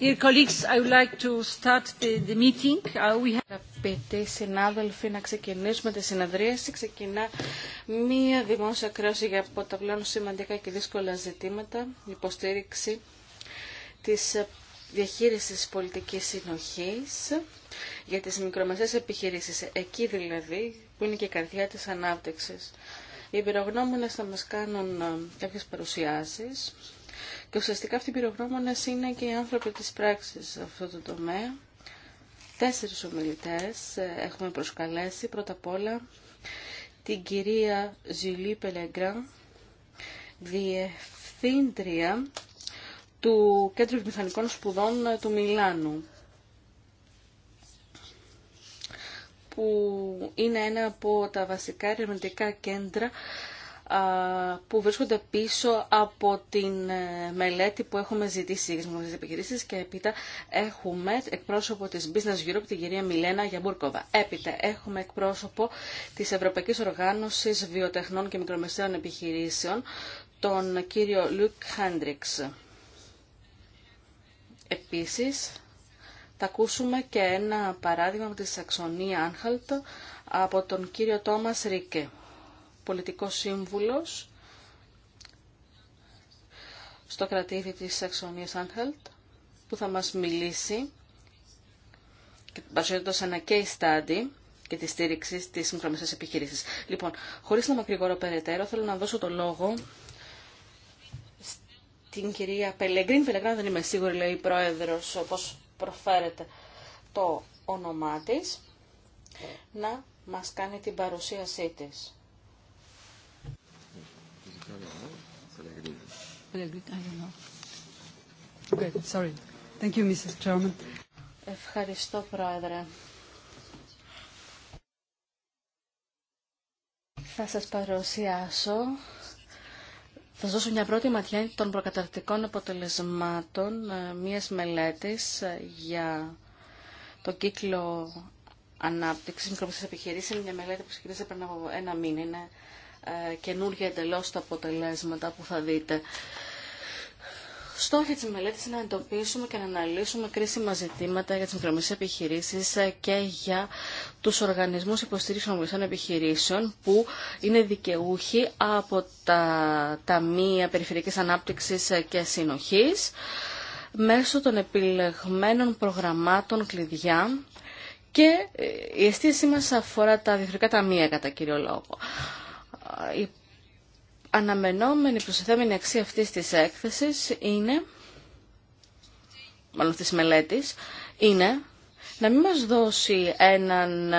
Dear I would like to start the, meeting. Uh, Αγαπητοί συνάδελφοι, να ξεκινήσουμε τη συνεδρίαση. Ξεκινά μία δημόσια κρέωση για από τα πλέον σημαντικά και δύσκολα ζητήματα, υποστήριξη της διαχείρισης πολιτικής συνοχής για τις μικρομεσαίες επιχειρήσεις, εκεί δηλαδή που είναι και η καρδιά της ανάπτυξης. Οι εμπειρογνώμονες θα μας κάνουν ε, κάποιες παρουσιάσεις και ουσιαστικά αυτοί οι πυρογνώμονε είναι και οι άνθρωποι τη πράξη σε αυτό το τομέα. Τέσσερι ομιλητέ, ε, έχουμε προσκαλέσει. Πρώτα απ' όλα την κυρία Ζιλή Πελεγκρά, διευθύντρια του Κέντρου Μηχανικών Σπουδών ε, του Μιλάνου, που είναι ένα από τα βασικά ερευνητικά κέντρα που βρίσκονται πίσω από την ε, μελέτη που έχουμε ζητήσει για τις επιχειρήσεις και έπειτα έχουμε εκπρόσωπο της Business Europe, την κυρία Μιλένα Γιαμπούρκοβα. Έπειτα έχουμε εκπρόσωπο της Ευρωπαϊκής Οργάνωσης Βιοτεχνών και Μικρομεσαίων Επιχειρήσεων, τον κύριο Λουκ Χάντριξ. Επίσης, θα ακούσουμε και ένα παράδειγμα από τη Σαξονία Άνχαλτ από τον κύριο Τόμας Ρίκε πολιτικό σύμβουλος στο κρατήδι της Σαξονίας Άνχελτ που θα μας μιλήσει και παρουσιάζοντας ένα case study και τη στήριξη τη μικρομεσαία επιχειρήσεις. Λοιπόν, χωρίς να μακρηγορώ περαιτέρω, θέλω να δώσω το λόγο στην κυρία Πελεγκρίν. Πελεγκρίν δεν είμαι σίγουρη, λέει η πρόεδρος, όπως προφέρεται το όνομά της, να μας κάνει την παρουσίασή της. Ευχαριστώ, Πρόεδρε. Θα σας παρουσιάσω, θα σας δώσω μια πρώτη ματιά των προκαταρκτικών αποτελεσμάτων ε, μιας μελέτης ε, για το κύκλο ανάπτυξης μικροπιστής επιχειρήσεων, μια μελέτη που ξεκίνησε πριν από ένα μήνα. Ε, καινούργια εντελώ τα αποτελέσματα που θα δείτε. Στόχοι τη μελέτη είναι να εντοπίσουμε και να αναλύσουμε κρίσιμα ζητήματα για τι μικρομεσαίες επιχειρήσει και για τους οργανισμούς υποστήριξης μικρομεσαίων επιχειρήσεων που είναι δικαιούχοι από τα Ταμεία Περιφερειακής ανάπτυξη και Συνοχής μέσω των επιλεγμένων προγραμμάτων κλειδιά και η αισθήση μα αφορά τα διευθυντικά ταμεία κατά κύριο λόγο η αναμενόμενη προσθέμενη αξία αυτής της έκθεσης είναι, μάλλον της μελέτης, είναι να μην μας δώσει έναν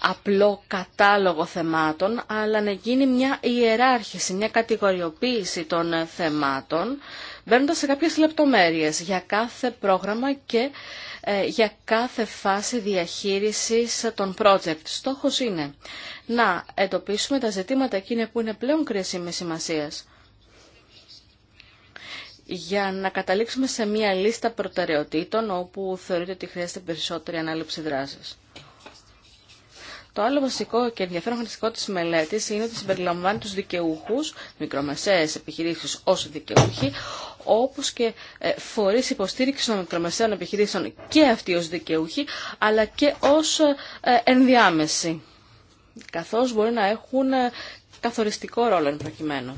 απλό κατάλογο θεμάτων, αλλά να γίνει μια ιεράρχηση, μια κατηγοριοποίηση των θεμάτων, μπαίνοντας σε κάποιες λεπτομέρειες για κάθε πρόγραμμα και ε, για κάθε φάση διαχείρισης των project. Στόχος είναι να εντοπίσουμε τα ζητήματα εκείνα που είναι πλέον κρίσιμη σημασία για να καταλήξουμε σε μία λίστα προτεραιοτήτων όπου θεωρείται ότι χρειάζεται περισσότερη ανάληψη δράσης. Το άλλο βασικό και ενδιαφέρον χαρακτηριστικό τη μελέτη είναι ότι συμπεριλαμβάνει του δικαιούχου, μικρομεσαίες επιχειρήσει ω δικαιούχοι, όπως και ε, φορεί υποστήριξη των μικρομεσαίων επιχειρήσεων και αυτοί ω δικαιούχοι, αλλά και ως ε, ενδιάμεση, καθώ μπορεί να έχουν ε, καθοριστικό ρόλο εν προκειμένου.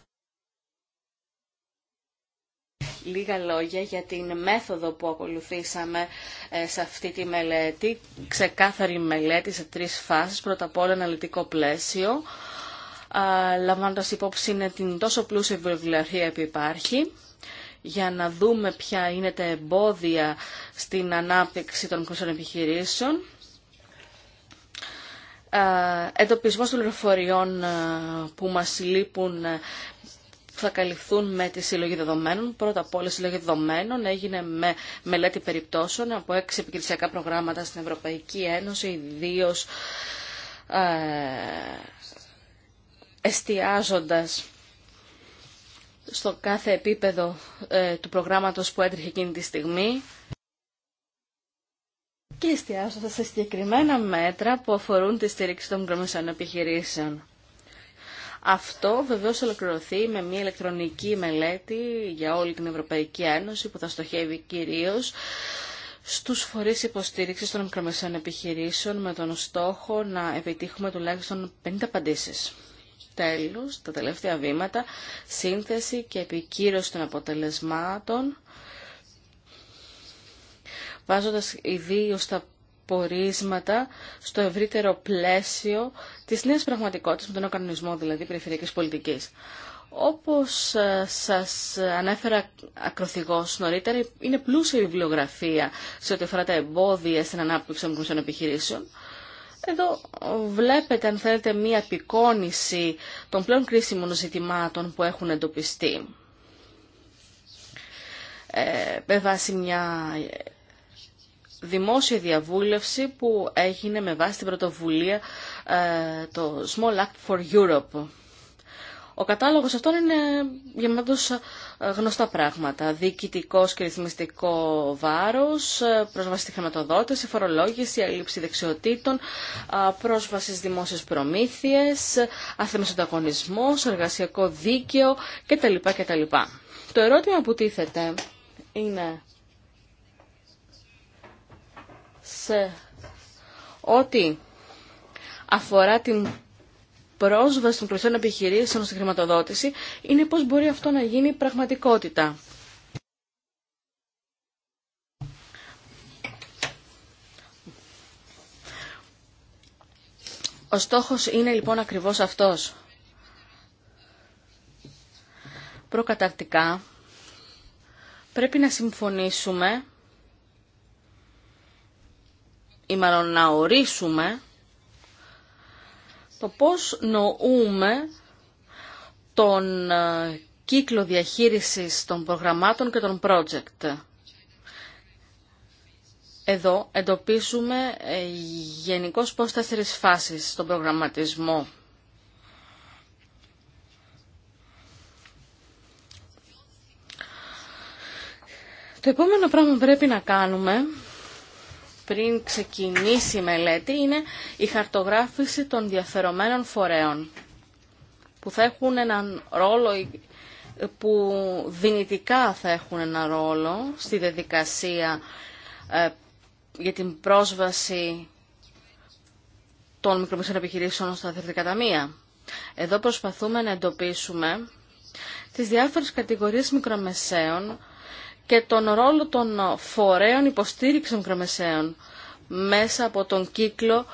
Λίγα λόγια για την μέθοδο που ακολουθήσαμε ε, σε αυτή τη μελέτη. Ξεκάθαρη μελέτη σε τρεις φάσεις. Πρώτα απ' όλα αναλυτικό πλαίσιο, λαμβάνοντας υπόψη είναι την τόσο πλούσια βιβλιογραφία που υπάρχει για να δούμε ποια είναι τα εμπόδια στην ανάπτυξη των μικρών επιχειρήσεων. Εντοπισμός των πληροφοριών που μας λείπουν θα καλυφθούν με τη συλλογή δεδομένων. Πρώτα απ' όλα, η συλλογή δεδομένων έγινε με μελέτη περιπτώσεων από έξι επικοινωνιακά προγράμματα στην Ευρωπαϊκή Ένωση, ιδίω ε, εστιάζοντας στο κάθε επίπεδο ε, του προγράμματος που έτρεχε εκείνη τη στιγμή και εστιάζοντας σε συγκεκριμένα μέτρα που αφορούν τη στήριξη των μικρομεσαίων επιχειρήσεων. Αυτό βεβαίως ολοκληρωθεί με μια ηλεκτρονική μελέτη για όλη την Ευρωπαϊκή Ένωση που θα στοχεύει κυρίως στους φορείς υποστήριξης των μικρομεσαίων επιχειρήσεων με τον στόχο να επιτύχουμε τουλάχιστον 50 απαντήσεις. Τέλος, τα τελευταία βήματα, σύνθεση και επικύρωση των αποτελεσμάτων, βάζοντας ιδίως τα πορίσματα στο ευρύτερο πλαίσιο της νέας πραγματικότητας με τον κανονισμό δηλαδή περιφερειακής πολιτικής. Όπως ε, σας ανέφερα ακροθυγώς νωρίτερα, είναι πλούσια η βιβλιογραφία σε ό,τι αφορά τα εμπόδια στην ανάπτυξη των επιχειρήσεων. Εδώ βλέπετε, αν θέλετε, μία απεικόνηση των πλέον κρίσιμων ζητημάτων που έχουν εντοπιστεί. Ε, με βάση μια δημόσια διαβούλευση που έγινε με βάση την πρωτοβουλία ε, το Small Act for Europe. Ο κατάλογος αυτών είναι γεμάτος ε, γνωστά πράγματα. Διοικητικό και ρυθμιστικό βάρος, ε, πρόσβαση στη χρηματοδότηση, φορολόγηση, έλλειψη δεξιοτήτων, πρόσβαση στις δημόσιες προμήθειες, άθεμος ανταγωνισμός, εργασιακό δίκαιο κτλ. κτλ. Το ερώτημα που τίθεται είναι σε ό,τι αφορά την πρόσβαση των πλουσίων επιχειρήσεων στη χρηματοδότηση είναι πώς μπορεί αυτό να γίνει πραγματικότητα. Ο στόχος είναι λοιπόν ακριβώς αυτός. Προκαταρτικά πρέπει να συμφωνήσουμε ή μάλλον να ορίσουμε το πώς νοούμε τον ε, κύκλο διαχείρισης των προγραμμάτων και των project. Εδώ εντοπίζουμε ε, γενικώ πώς τέσσερις φάσεις στον προγραμματισμό. Το επόμενο πράγμα που πρέπει να κάνουμε πριν ξεκινήσει η μελέτη είναι η χαρτογράφηση των διαφερομένων φορέων που θα έχουν έναν ρόλο που δυνητικά θα έχουν ένα ρόλο στη διαδικασία ε, για την πρόσβαση των μικρομεσαίων επιχειρήσεων στα διευθυντικά ταμεία. Εδώ προσπαθούμε να εντοπίσουμε τις διάφορες κατηγορίες μικρομεσαίων και τον ρόλο των φορέων υποστήριξης μικρομεσαίων μέσα από τον κύκλο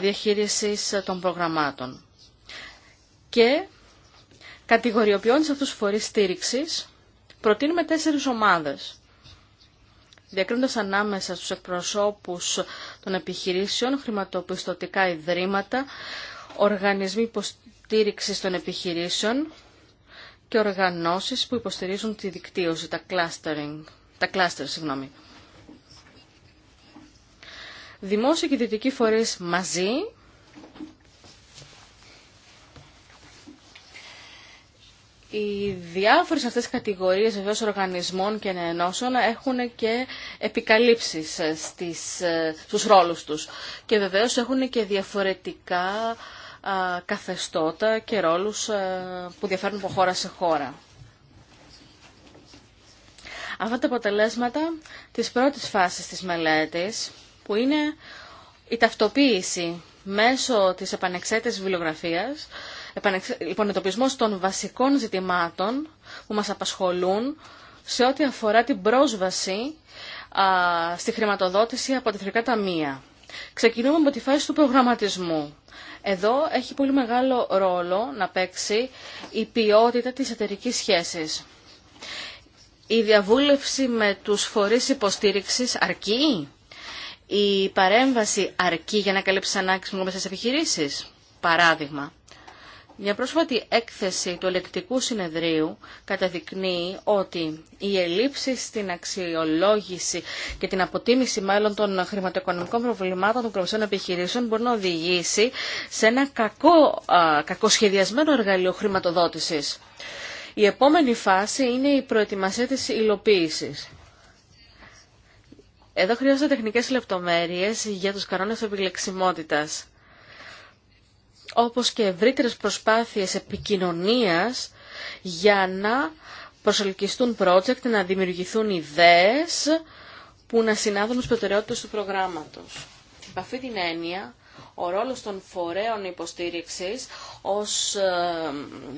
διαχείρισης των προγραμμάτων. Και κατηγοριοποιώντας αυτούς τους φορείς στήριξης, προτείνουμε τέσσερις ομάδες. Διακρίνοντας ανάμεσα στους εκπροσώπους των επιχειρήσεων, χρηματοπιστωτικά ιδρύματα, οργανισμοί υποστήριξης των επιχειρήσεων, και οργανώσεις που υποστηρίζουν τη δικτύωση, τα clustering, τα cluster, συγγνώμη. Δημόσια και ιδιωτικοί φορείς μαζί Οι διάφορες αυτές κατηγορίες βεβαίως οργανισμών και ενώσεων έχουν και επικαλύψεις ε, στις, ε, στους ρόλους τους και βεβαίως έχουν και διαφορετικά καθεστώτα και ρόλους που διαφέρουν από χώρα σε χώρα. Αυτά τα αποτελέσματα της πρώτης φάσης της μελέτης, που είναι η ταυτοποίηση μέσω της επανεξέτησης βιβλιογραφίας, λοιπόν, των βασικών ζητημάτων που μας απασχολούν σε ό,τι αφορά την πρόσβαση στη χρηματοδότηση από τα ταμεία. Ξεκινούμε από τη φάση του προγραμματισμού. Εδώ έχει πολύ μεγάλο ρόλο να παίξει η ποιότητα της εταιρική σχέσης. Η διαβούλευση με τους φορείς υποστήριξης αρκεί. Η παρέμβαση αρκεί για να καλύψει ανάγκες μέσα σε επιχειρήσεις. Παράδειγμα. Μια πρόσφατη έκθεση του ελεκτικού συνεδρίου καταδεικνύει ότι οι ελλείψεις στην αξιολόγηση και την αποτίμηση μάλλον των χρηματοοικονομικών προβλημάτων των κρομισμένων επιχειρήσεων μπορεί να οδηγήσει σε ένα κακό, κακοσχεδιασμένο εργαλείο χρηματοδότησης. Η επόμενη φάση είναι η προετοιμασία της υλοποίησης. Εδώ χρειάζονται τεχνικές λεπτομέρειες για τους κανόνες επιλεξιμότητας όπως και ευρύτερες προσπάθειες επικοινωνίας για να προσελκυστούν project, να δημιουργηθούν ιδέες που να συνάδουν με προτεραιότητες του προγράμματος. Με αυτή την έννοια, ο ρόλος των φορέων υποστήριξης ως ε,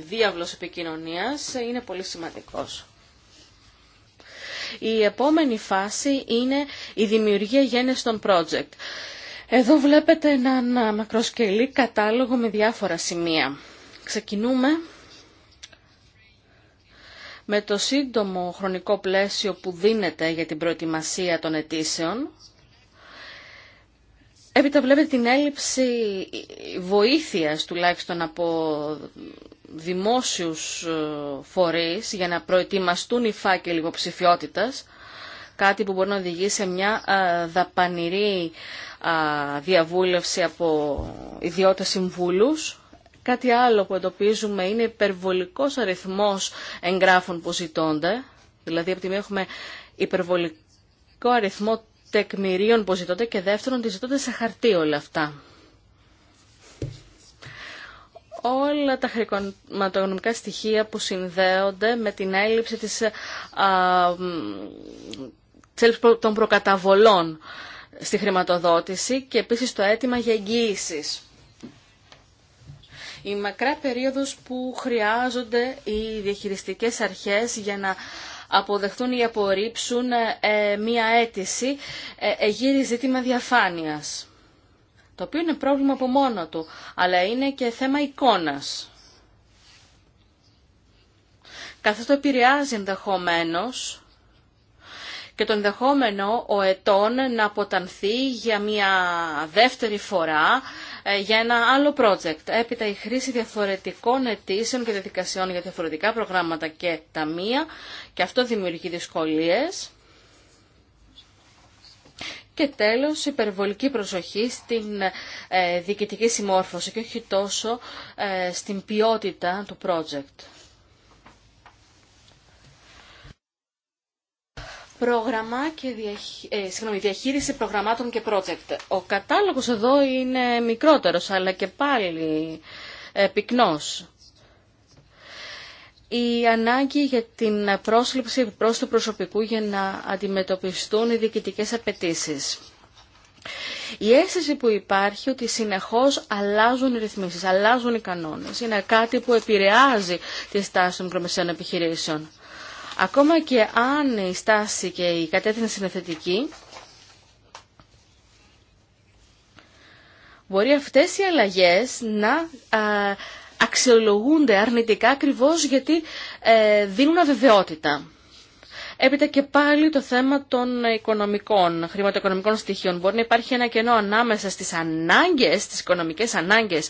διάβλος επικοινωνίας είναι πολύ σημαντικός. Η επόμενη φάση είναι η δημιουργία γέννηση των project. Εδώ βλέπετε έναν μακροσκελή κατάλογο με διάφορα σημεία. Ξεκινούμε με το σύντομο χρονικό πλαίσιο που δίνεται για την προετοιμασία των αιτήσεων. Έπειτα βλέπετε την έλλειψη βοήθειας τουλάχιστον από δημόσιους ε, φορείς για να προετοιμαστούν οι φάκελοι υποψηφιότητας κάτι που μπορεί να οδηγήσει σε μια δαπανηρή διαβούλευση από ιδιώτες συμβούλους. Κάτι άλλο που εντοπίζουμε είναι υπερβολικός αριθμός εγγράφων που ζητώνται. Δηλαδή, από τη μία έχουμε υπερβολικό αριθμό τεκμηρίων που ζητώνται και δεύτερον, τη ζητώνται σε χαρτί όλα αυτά. Όλα τα χρηματογνωμικά στοιχεία που συνδέονται με την έλλειψη της των προκαταβολών στη χρηματοδότηση και επίσης το αίτημα για εγγύησης. Η μακρά περίοδος που χρειάζονται οι διαχειριστικές αρχές για να αποδεχτούν ή απορρίψουν ε, μία αίτηση ε, γύρει ζήτημα διαφάνειας, το οποίο είναι πρόβλημα από μόνο του, αλλά είναι και θέμα εικόνας. Καθώς το επηρεάζει ενδεχομένως και το ενδεχόμενο ο ετών να αποτανθεί για μια δεύτερη φορά ε, για ένα άλλο project. Έπειτα η χρήση διαφορετικών αιτήσεων και διαδικασιών για διαφορετικά προγράμματα και ταμεία και αυτό δημιουργεί δυσκολίες. Και τέλος, υπερβολική προσοχή στην ε, διοικητική συμμόρφωση και όχι τόσο ε, στην ποιότητα του project. πρόγραμμα και διαχείριση, ε, συγγνώμη, προγραμμάτων και project. Ο κατάλογος εδώ είναι μικρότερος, αλλά και πάλι ε, πυκνός. Η ανάγκη για την πρόσληψη προς το προσωπικού για να αντιμετωπιστούν οι διοικητικές απαιτήσεις. Η αίσθηση που υπάρχει ότι συνεχώς αλλάζουν οι ρυθμίσεις, αλλάζουν οι κανόνες, είναι κάτι που επηρεάζει τη στάση των μικρομεσαίων επιχειρήσεων. Ακόμα και αν η στάση και η κατεύθυνση είναι θετική, μπορεί αυτές οι αλλαγές να αξιολογούνται αρνητικά ακριβώς γιατί ε, δίνουν αβεβαιότητα. Έπειτα και πάλι το θέμα των οικονομικών, χρηματοοικονομικών στοιχείων. Μπορεί να υπάρχει ένα κενό ανάμεσα στις ανάγκες, τις οικονομικές ανάγκες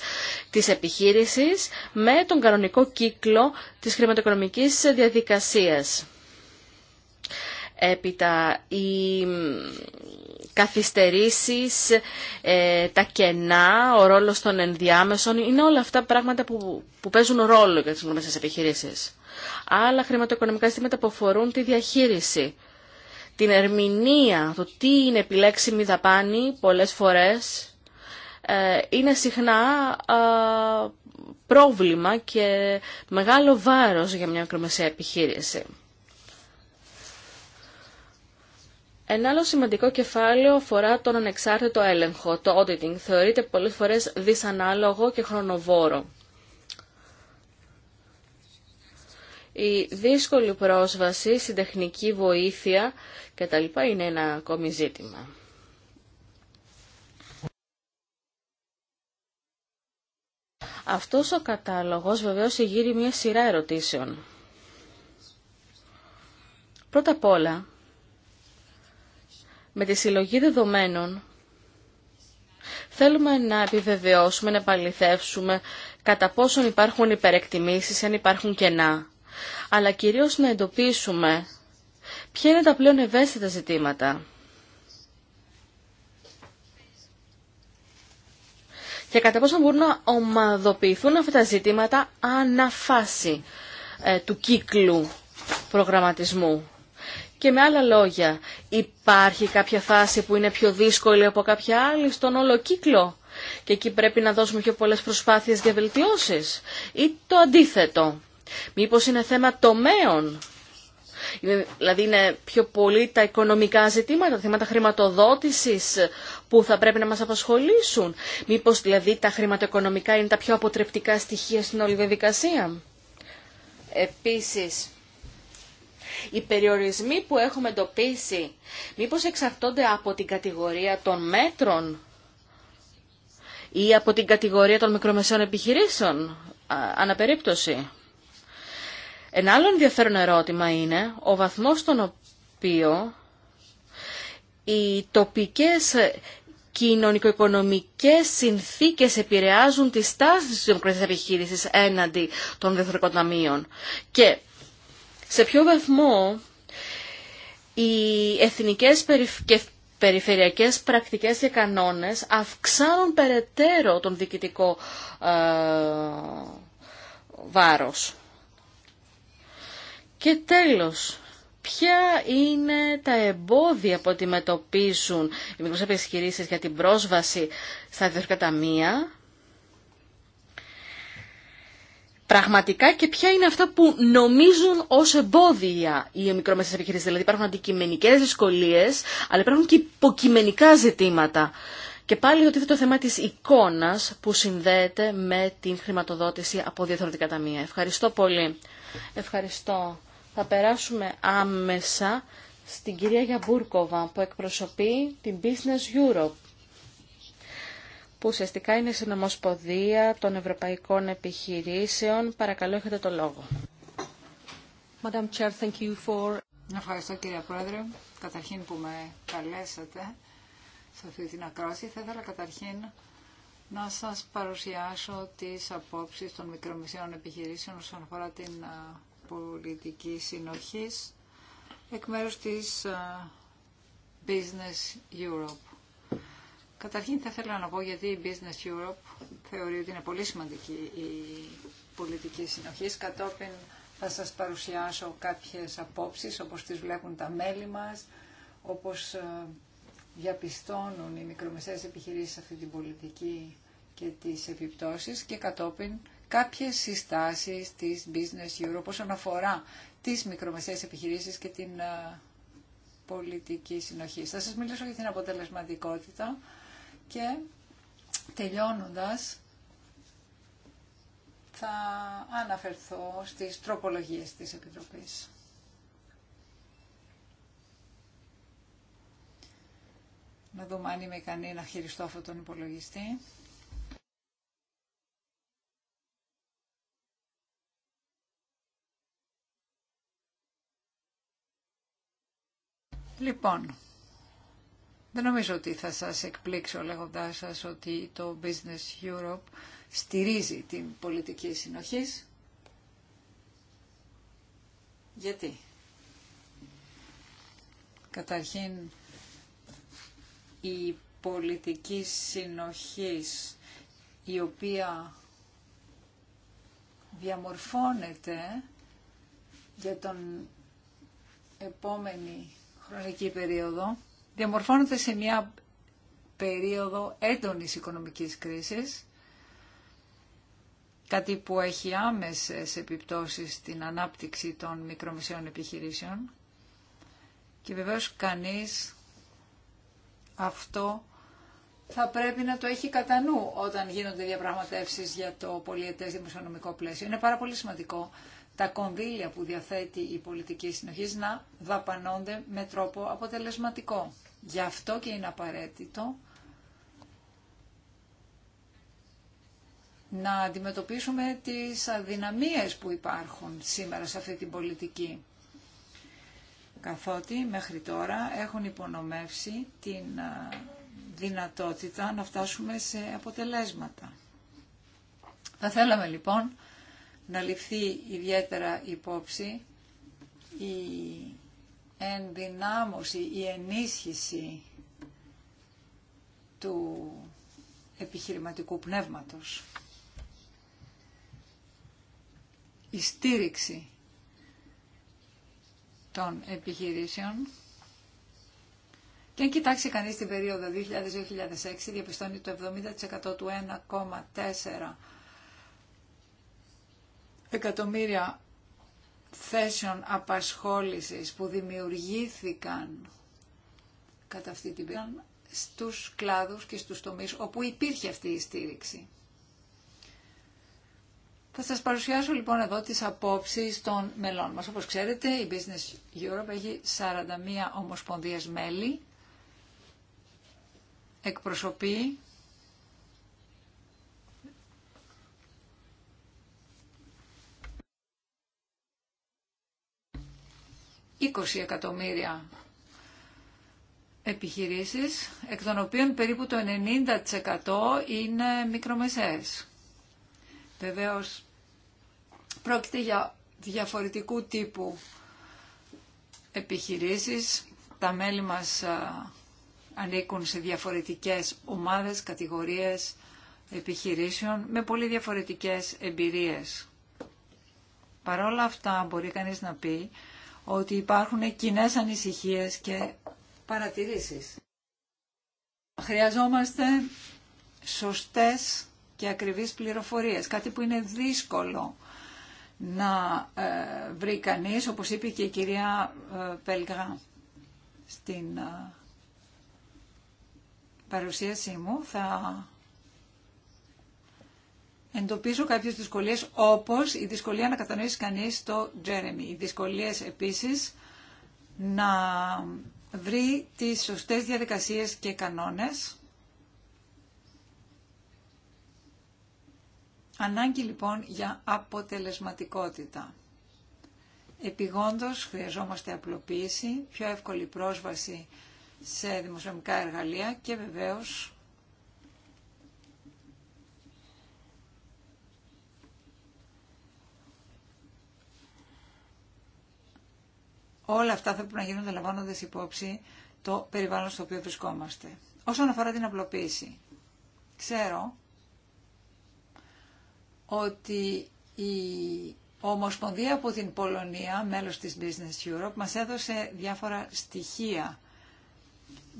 της επιχείρησης με τον κανονικό κύκλο της χρηματοοικονομικής διαδικασίας. Έπειτα οι καθυστερήσεις, ε, τα κενά, ο ρόλος των ενδιάμεσων, είναι όλα αυτά πράγματα που, που παίζουν ρόλο για τις γνωμένες επιχειρήσεις. Άλλα χρηματοοικονομικά ζητήματα που αφορούν τη διαχείριση, την ερμηνεία, το τι είναι επιλέξιμη δαπάνη πολλές φορές, ε, είναι συχνά ε, πρόβλημα και μεγάλο βάρος για μια μικρομεσαία επιχείρηση. Ένα άλλο σημαντικό κεφάλαιο αφορά τον ανεξάρτητο έλεγχο, το auditing. Θεωρείται πολλές φορές δυσανάλογο και χρονοβόρο. Η δύσκολη πρόσβαση στην τεχνική βοήθεια κτλ. είναι ένα ακόμη ζήτημα. Αυτός ο κατάλογος βεβαίως εγείρει μια σειρά ερωτήσεων. Πρώτα απ' όλα, με τη συλλογή δεδομένων θέλουμε να επιβεβαιώσουμε, να επαληθεύσουμε κατά πόσον υπάρχουν υπερεκτιμήσεις, αν υπάρχουν κενά. Αλλά κυρίως να εντοπίσουμε ποια είναι τα πλέον ευαίσθητα ζητήματα. και κατά πόσο μπορούν να ομαδοποιηθούν αυτά τα ζητήματα αναφάση ε, του κύκλου προγραμματισμού. Και με άλλα λόγια, υπάρχει κάποια φάση που είναι πιο δύσκολη από κάποια άλλη στον όλο κύκλο και εκεί πρέπει να δώσουμε πιο πολλές προσπάθειες για βελτιώσεις ή το αντίθετο. Μήπως είναι θέμα τομέων, δηλαδή είναι πιο πολύ τα οικονομικά ζητήματα, τα θέματα χρηματοδότησης που θα πρέπει να μας απασχολήσουν. Μήπως δηλαδή τα χρηματοοικονομικά είναι τα πιο αποτρεπτικά στοιχεία στην όλη διαδικασία. Επίσης, οι περιορισμοί που έχουμε εντοπίσει, μήπως εξαρτώνται από την κατηγορία των μέτρων ή από την κατηγορία των μικρομεσαίων επιχειρήσεων, αναπερίπτωση. Ένα άλλο ενδιαφέρον ερώτημα είναι ο βαθμός στον οποίο οι τοπικές κοινωνικο-οικονομικές συνθήκες επηρεάζουν τις στάση της δημοκρατίας επιχείρησης έναντι των διεθνικών ταμείων. Και σε ποιο βαθμό οι εθνικές και περιφερειακές πρακτικές και κανόνες αυξάνουν περαιτέρω τον διοικητικό ε, βάρος. Και τέλος, ποια είναι τα εμπόδια που αντιμετωπίζουν οι μικρές επιχειρήσεις για την πρόσβαση στα διευθυντικά ταμεία πραγματικά και ποια είναι αυτά που νομίζουν ως εμπόδια οι μικρομεσαίες επιχειρήσει. Δηλαδή υπάρχουν αντικειμενικές δυσκολίε, αλλά υπάρχουν και υποκειμενικά ζητήματα. Και πάλι το το θέμα της εικόνας που συνδέεται με την χρηματοδότηση από διεθνωτικά ταμεία. Ευχαριστώ πολύ. Ευχαριστώ. Θα περάσουμε άμεσα στην κυρία Γιαμπούρκοβα που εκπροσωπεί την Business Europe που ουσιαστικά είναι συνομοσποδία των ευρωπαϊκών επιχειρήσεων. Παρακαλώ, έχετε το λόγο. Chair, thank you for... Ευχαριστώ κύριε Πρόεδρε. Καταρχήν που με καλέσατε σε αυτή την ακρόαση. Θα ήθελα καταρχήν να σας παρουσιάσω τις απόψεις των μικρομεσαίων επιχειρήσεων όσον αφορά την πολιτική συνοχής εκ μέρους της Business Europe. Καταρχήν θα ήθελα να πω γιατί η Business Europe θεωρεί ότι είναι πολύ σημαντική η πολιτική συνοχή. Κατόπιν θα σας παρουσιάσω κάποιες απόψεις όπως τις βλέπουν τα μέλη μας, όπως ε, διαπιστώνουν οι μικρομεσαίες επιχειρήσεις αυτή την πολιτική και τις επιπτώσεις και κατόπιν κάποιες συστάσεις της Business Europe όσον αφορά τις μικρομεσαίες επιχειρήσεις και την ε, πολιτική συνοχή. Θα σας μιλήσω για την αποτελεσματικότητα και τελειώνοντας θα αναφερθώ στις τροπολογίες της Επιτροπής. Να δούμε αν είμαι ικανή να χειριστώ αυτόν τον υπολογιστή. Λοιπόν, δεν νομίζω ότι θα σας εκπλήξω λέγοντάς σας ότι το Business Europe στηρίζει την πολιτική συνοχής. Γιατί. Καταρχήν, η πολιτική συνοχής η οποία διαμορφώνεται για τον επόμενη χρονική περίοδο Διαμορφώνονται σε μια περίοδο έντονης οικονομικής κρίσης, κάτι που έχει άμεσες επιπτώσεις στην ανάπτυξη των μικρομεσαίων επιχειρήσεων και βεβαίως κανείς αυτό θα πρέπει να το έχει κατά νου όταν γίνονται διαπραγματεύσεις για το πολιετές δημοσιονομικό πλαίσιο. Είναι πάρα πολύ σημαντικό τα κονδύλια που διαθέτει η πολιτική συνοχή να δαπανώνται με τρόπο αποτελεσματικό. Γι' αυτό και είναι απαραίτητο να αντιμετωπίσουμε τις αδυναμίες που υπάρχουν σήμερα σε αυτή την πολιτική. Καθότι μέχρι τώρα έχουν υπονομεύσει την δυνατότητα να φτάσουμε σε αποτελέσματα. Θα θέλαμε λοιπόν να ληφθεί ιδιαίτερα υπόψη η ενδυνάμωση, η ενίσχυση του επιχειρηματικού πνεύματος. Η στήριξη των επιχειρήσεων. Και αν κοιτάξει κανείς την περίοδο 2000-2006, διαπιστώνει το 70% του 1,4 εκατομμύρια θέσεων απασχόλησης που δημιουργήθηκαν κατά αυτή την στους κλάδους και στους τομείς όπου υπήρχε αυτή η στήριξη. Θα σας παρουσιάσω λοιπόν εδώ τις απόψεις των μελών μας. Όπως ξέρετε η Business Europe έχει 41 ομοσπονδίες μέλη, εκπροσωπεί 20 εκατομμύρια επιχειρήσεις, εκ των οποίων περίπου το 90% είναι μικρομεσαίες. Βεβαίως, πρόκειται για διαφορετικού τύπου επιχειρήσεις. Τα μέλη μας ανήκουν σε διαφορετικές ομάδες, κατηγορίες επιχειρήσεων με πολύ διαφορετικές εμπειρίες. Παρόλα αυτά μπορεί κανείς να πει ότι υπάρχουν κοινέ ανησυχίες και παρατηρήσεις. Χρειαζόμαστε σωστές και ακριβείς πληροφορίες, κάτι που είναι δύσκολο να ε, βρει κανείς, όπως είπε και η κυρία ε, Πελγά στην ε, παρουσίασή μου. Θα εντοπίζω κάποιες δυσκολίες όπως η δυσκολία να κατανοήσει κανείς το Τζέρεμι. Οι δυσκολίες επίσης να βρει τις σωστές διαδικασίες και κανόνες. Ανάγκη λοιπόν για αποτελεσματικότητα. Επιγόντως χρειαζόμαστε απλοποίηση, πιο εύκολη πρόσβαση σε δημοσιονομικά εργαλεία και βεβαίως Όλα αυτά θα πρέπει να γίνονται λαμβάνοντα υπόψη το περιβάλλον στο οποίο βρισκόμαστε. Όσον αφορά την απλοποίηση, ξέρω ότι η Ομοσπονδία από την Πολωνία, μέλος της Business Europe, μας έδωσε διάφορα στοιχεία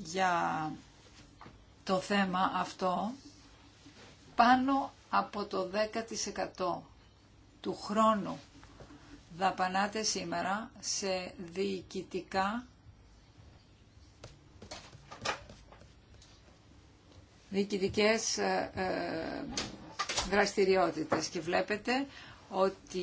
για το θέμα αυτό. Πάνω από το 10% του χρόνου δαπανάτε σήμερα σε διοικητικά διοικητικές ε, ε δραστηριότητες και βλέπετε ότι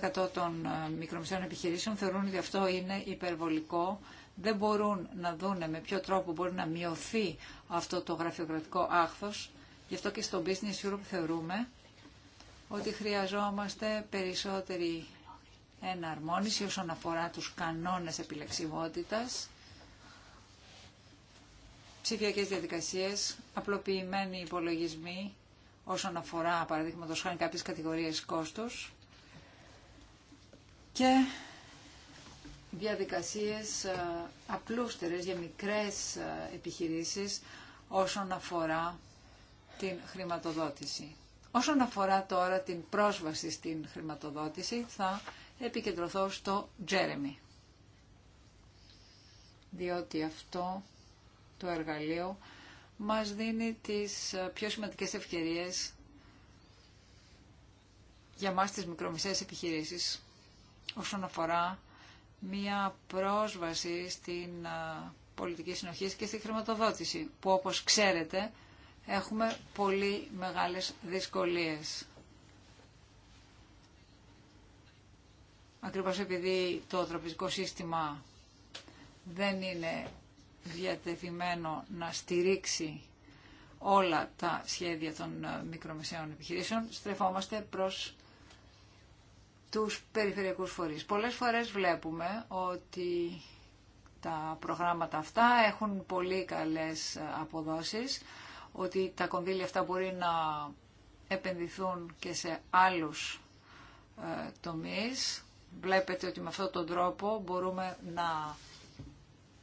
10% των ε, μικρομεσαίων επιχειρήσεων θεωρούν ότι αυτό είναι υπερβολικό, δεν μπορούν να δούνε με ποιο τρόπο μπορεί να μειωθεί αυτό το γραφειοκρατικό άχθος. Γι' αυτό και στο Business Europe θεωρούμε ότι χρειαζόμαστε περισσότερη εναρμόνιση όσον αφορά τους κανόνες επιλεξιμότητας, ψηφιακές διαδικασίες, απλοποιημένοι υπολογισμοί όσον αφορά παραδείγματο χάνει κάποιες κατηγορίες κόστους και διαδικασίες ε, απλούστερες για μικρές ε, επιχειρήσεις όσον αφορά την χρηματοδότηση. Όσον αφορά τώρα την πρόσβαση στην χρηματοδότηση, θα επικεντρωθώ στο Τζέρεμι. Διότι αυτό το εργαλείο μας δίνει τις ε, πιο σημαντικές ευκαιρίες για μας τις μικρομεσαίες επιχειρήσεις όσον αφορά μία πρόσβαση στην ε, πολιτική συνοχή και στη χρηματοδότηση, που όπως ξέρετε έχουμε πολύ μεγάλες δυσκολίες. ακριβώς επειδή το τραπεζικό σύστημα δεν είναι διατεθειμένο να στηρίξει όλα τα σχέδια των ε, μικρομεσαίων επιχειρήσεων, στρεφόμαστε προς τους περιφερειακούς φορείς. Πολλές φορές βλέπουμε ότι τα προγράμματα αυτά έχουν πολύ καλές ε, αποδόσεις, ότι τα κονδύλια αυτά μπορεί να επενδυθούν και σε άλλους ε, τομείς, Βλέπετε ότι με αυτόν τον τρόπο μπορούμε να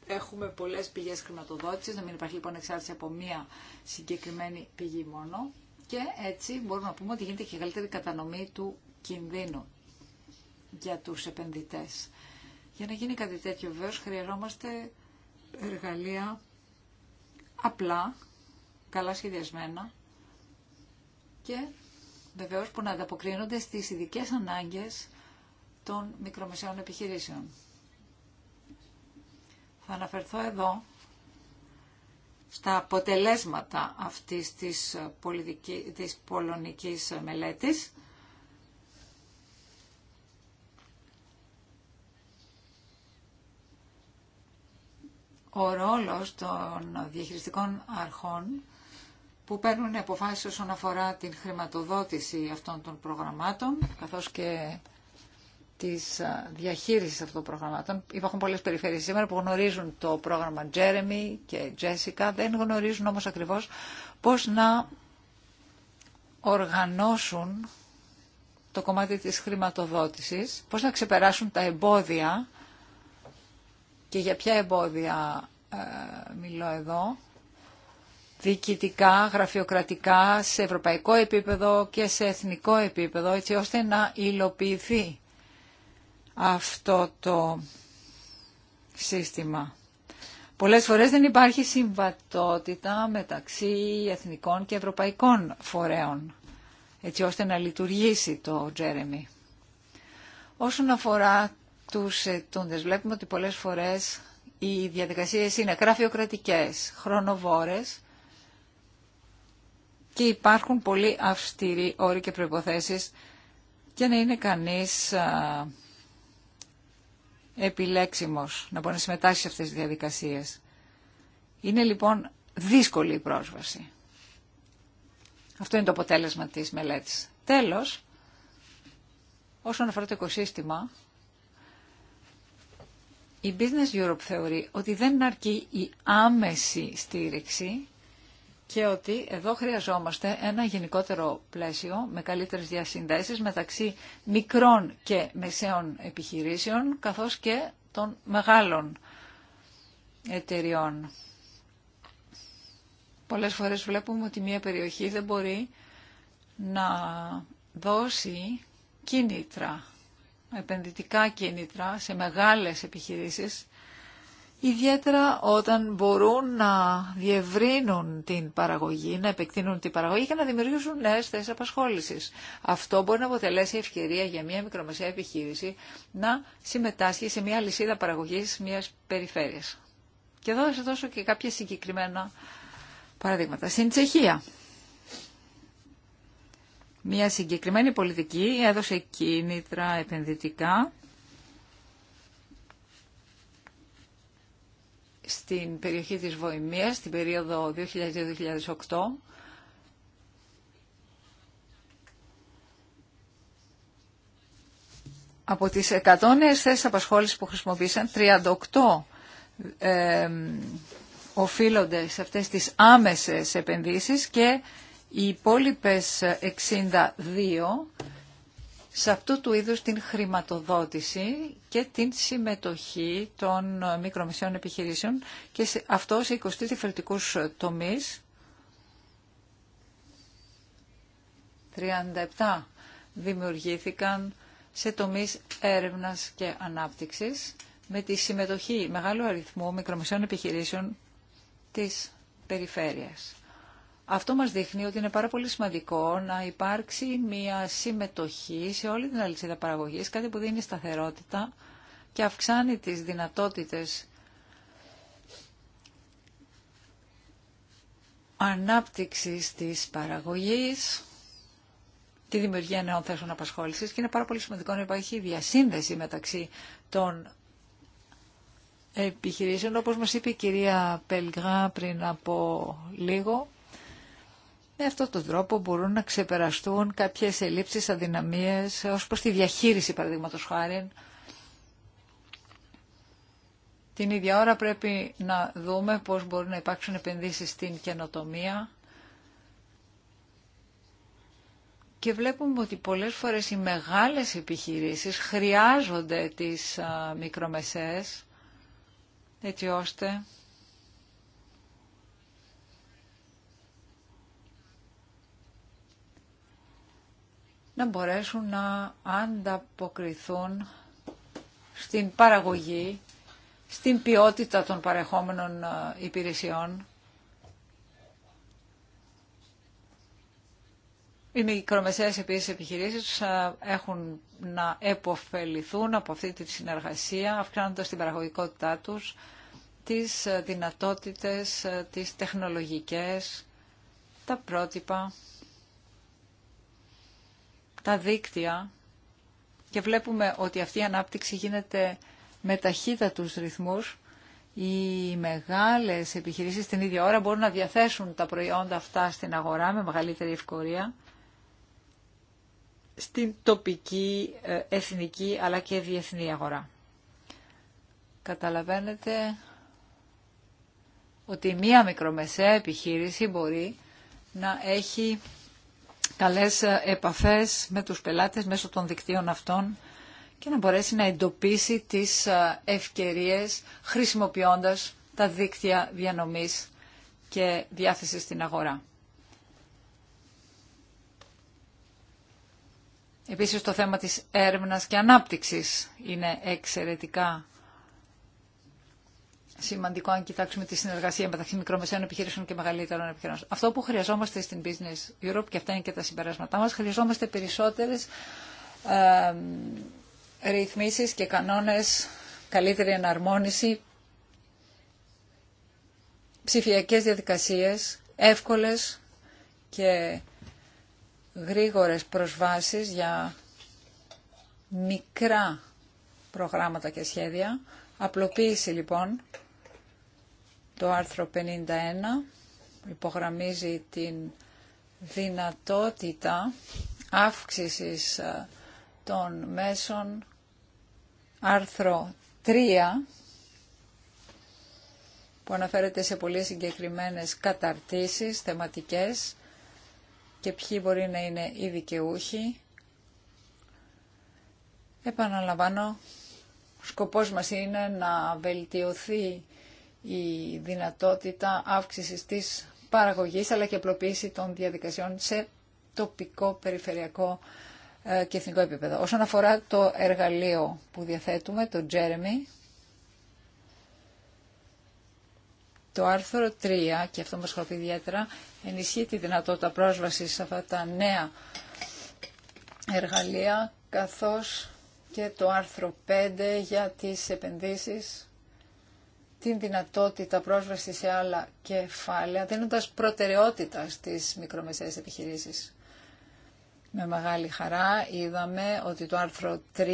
έχουμε πολλές πηγές χρηματοδότησης, να μην υπάρχει λοιπόν εξάρτηση από μία συγκεκριμένη πηγή μόνο και έτσι μπορούμε να πούμε ότι γίνεται και καλύτερη κατανομή του κινδύνου για τους επενδυτές. Για να γίνει κάτι τέτοιο βεβαίω χρειαζόμαστε εργαλεία απλά, καλά σχεδιασμένα και βεβαίως που να ανταποκρίνονται στις ειδικέ ανάγκες των μικρομεσαίων επιχειρήσεων. Θα αναφερθώ εδώ στα αποτελέσματα αυτής της, πολιτική, της πολωνικής μελέτης. Ο ρόλος των διαχειριστικών αρχών που παίρνουν αποφάσεις όσον αφορά την χρηματοδότηση αυτών των προγραμμάτων, καθώς και Τη διαχείριση αυτών των προγραμμάτων. Υπάρχουν πολλές περιφέρειες σήμερα που γνωρίζουν το πρόγραμμα Jeremy και Jessica, δεν γνωρίζουν όμως ακριβώς πώς να οργανώσουν το κομμάτι της χρηματοδότησης, πώς να ξεπεράσουν τα εμπόδια και για ποια εμπόδια ε, μιλώ εδώ, διοικητικά, γραφειοκρατικά, σε ευρωπαϊκό επίπεδο και σε εθνικό επίπεδο, έτσι ώστε να υλοποιηθεί αυτό το σύστημα. Πολλές φορές δεν υπάρχει συμβατότητα μεταξύ εθνικών και ευρωπαϊκών φορέων, έτσι ώστε να λειτουργήσει το Τζέρεμι. Όσον αφορά τους ετούντες, βλέπουμε ότι πολλές φορές οι διαδικασίες είναι γραφειοκρατικές, χρονοβόρες και υπάρχουν πολύ αυστηροί όροι και προϋποθέσεις και να είναι κανείς επιλέξιμος να μπορεί να συμμετάσχει σε αυτές τις διαδικασίες. Είναι λοιπόν δύσκολη η πρόσβαση. Αυτό είναι το αποτέλεσμα της μελέτης. Τέλος, όσον αφορά το οικοσύστημα, η Business Europe θεωρεί ότι δεν αρκεί η άμεση στήριξη και ότι εδώ χρειαζόμαστε ένα γενικότερο πλαίσιο με καλύτερες διασυνδέσεις μεταξύ μικρών και μεσαίων επιχειρήσεων καθώς και των μεγάλων εταιριών. Πολλές φορές βλέπουμε ότι μια περιοχή δεν μπορεί να δώσει κίνητρα, επενδυτικά κίνητρα σε μεγάλες επιχειρήσεις ιδιαίτερα όταν μπορούν να διευρύνουν την παραγωγή, να επεκτείνουν την παραγωγή και να δημιουργήσουν νέε θέσει απασχόληση. Αυτό μπορεί να αποτελέσει ευκαιρία για μια μικρομεσαία επιχείρηση να συμμετάσχει σε μια λυσίδα παραγωγή μια περιφέρεια. Και εδώ θα σα δώσω και κάποια συγκεκριμένα παραδείγματα. Στην Τσεχία. Μια συγκεκριμένη πολιτική έδωσε κίνητρα επενδυτικά στην περιοχή της Βοημίας, στην περίοδο 2002-2008, από τις 100 νέες θέσεις απασχόλησης που χρησιμοποίησαν, 38 ε, οφείλονται σε αυτές τις άμεσες επενδύσεις και οι υπόλοιπες 62 σε αυτού του είδους την χρηματοδότηση και την συμμετοχή των μικρομεσαίων επιχειρήσεων και αυτό σε 20 διαφορετικούς τομείς. 37 δημιουργήθηκαν σε τομείς έρευνας και ανάπτυξης με τη συμμετοχή μεγάλου αριθμού μικρομεσαίων επιχειρήσεων της περιφέρειας. Αυτό μας δείχνει ότι είναι πάρα πολύ σημαντικό να υπάρξει μια συμμετοχή σε όλη την αλυσίδα παραγωγής, κάτι που δίνει σταθερότητα και αυξάνει τις δυνατότητες ανάπτυξης της παραγωγής, τη δημιουργία νέων θέσεων απασχόλησης και είναι πάρα πολύ σημαντικό να υπάρχει διασύνδεση μεταξύ των επιχειρήσεων. Όπως μας είπε η κυρία Πελγρά πριν από λίγο, με αυτόν τον τρόπο μπορούν να ξεπεραστούν κάποιες ελλείψεις, αδυναμίες ως προς τη διαχείριση παραδείγματος χάρη. Την ίδια ώρα πρέπει να δούμε πώς μπορούν να υπάρξουν επενδύσεις στην καινοτομία. Και βλέπουμε ότι πολλές φορές οι μεγάλες επιχειρήσεις χρειάζονται τις μικρομεσαίες έτσι ώστε να μπορέσουν να ανταποκριθούν στην παραγωγή, στην ποιότητα των παρεχόμενων ε, υπηρεσιών. Οι μικρομεσαίες επίσης επιχειρήσεις ε, έχουν να επωφεληθούν από αυτή τη συνεργασία, αυξάνοντας την παραγωγικότητά τους, τις ε, δυνατότητες, τις τεχνολογικές, τα πρότυπα τα δίκτυα και βλέπουμε ότι αυτή η ανάπτυξη γίνεται με ταχύτατους ρυθμούς. Οι μεγάλες επιχειρήσεις την ίδια ώρα μπορούν να διαθέσουν τα προϊόντα αυτά στην αγορά με μεγαλύτερη ευκορία στην τοπική, ε, εθνική αλλά και διεθνή αγορά. Καταλαβαίνετε ότι μία μικρομεσαία επιχείρηση μπορεί να έχει καλές ε, επαφές με τους πελάτες μέσω των δικτύων αυτών και να μπορέσει να εντοπίσει τις ε, ευκαιρίες χρησιμοποιώντας τα δίκτυα διανομής και διάθεσης στην αγορά. Επίσης το θέμα της έρευνας και ανάπτυξης είναι εξαιρετικά σημαντικό αν κοιτάξουμε τη συνεργασία μεταξύ μικρομεσαίων επιχειρήσεων και μεγαλύτερων επιχειρήσεων. Αυτό που χρειαζόμαστε στην Business Europe, και αυτά είναι και τα συμπεράσματά μας, χρειαζόμαστε περισσότερες ε, ρυθμίσεις και κανόνες, καλύτερη εναρμόνιση, ψηφιακές διαδικασίες, εύκολες και γρήγορες προσβάσεις για μικρά προγράμματα και σχέδια. Απλοποίηση λοιπόν το άρθρο 51 υπογραμμίζει την δυνατότητα αύξησης ε, των μέσων άρθρο 3 που αναφέρεται σε πολύ συγκεκριμένες καταρτήσεις θεματικές και ποιοι μπορεί να είναι οι δικαιούχοι. Επαναλαμβάνω, σκοπός μας είναι να βελτιωθεί η δυνατότητα αύξησης της παραγωγής αλλά και απλοποίηση των διαδικασιών σε τοπικό, περιφερειακό ε, και εθνικό επίπεδο. Όσον αφορά το εργαλείο που διαθέτουμε, το Jeremy, το άρθρο 3, και αυτό μας ιδιαίτερα, ενισχύει τη δυνατότητα πρόσβασης σε αυτά τα νέα εργαλεία, καθώς και το άρθρο 5 για τις επενδύσεις την δυνατότητα πρόσβαση σε άλλα κεφάλαια, δίνοντας προτεραιότητα στις μικρομεσαίες επιχειρήσεις. Με μεγάλη χαρά είδαμε ότι το άρθρο 3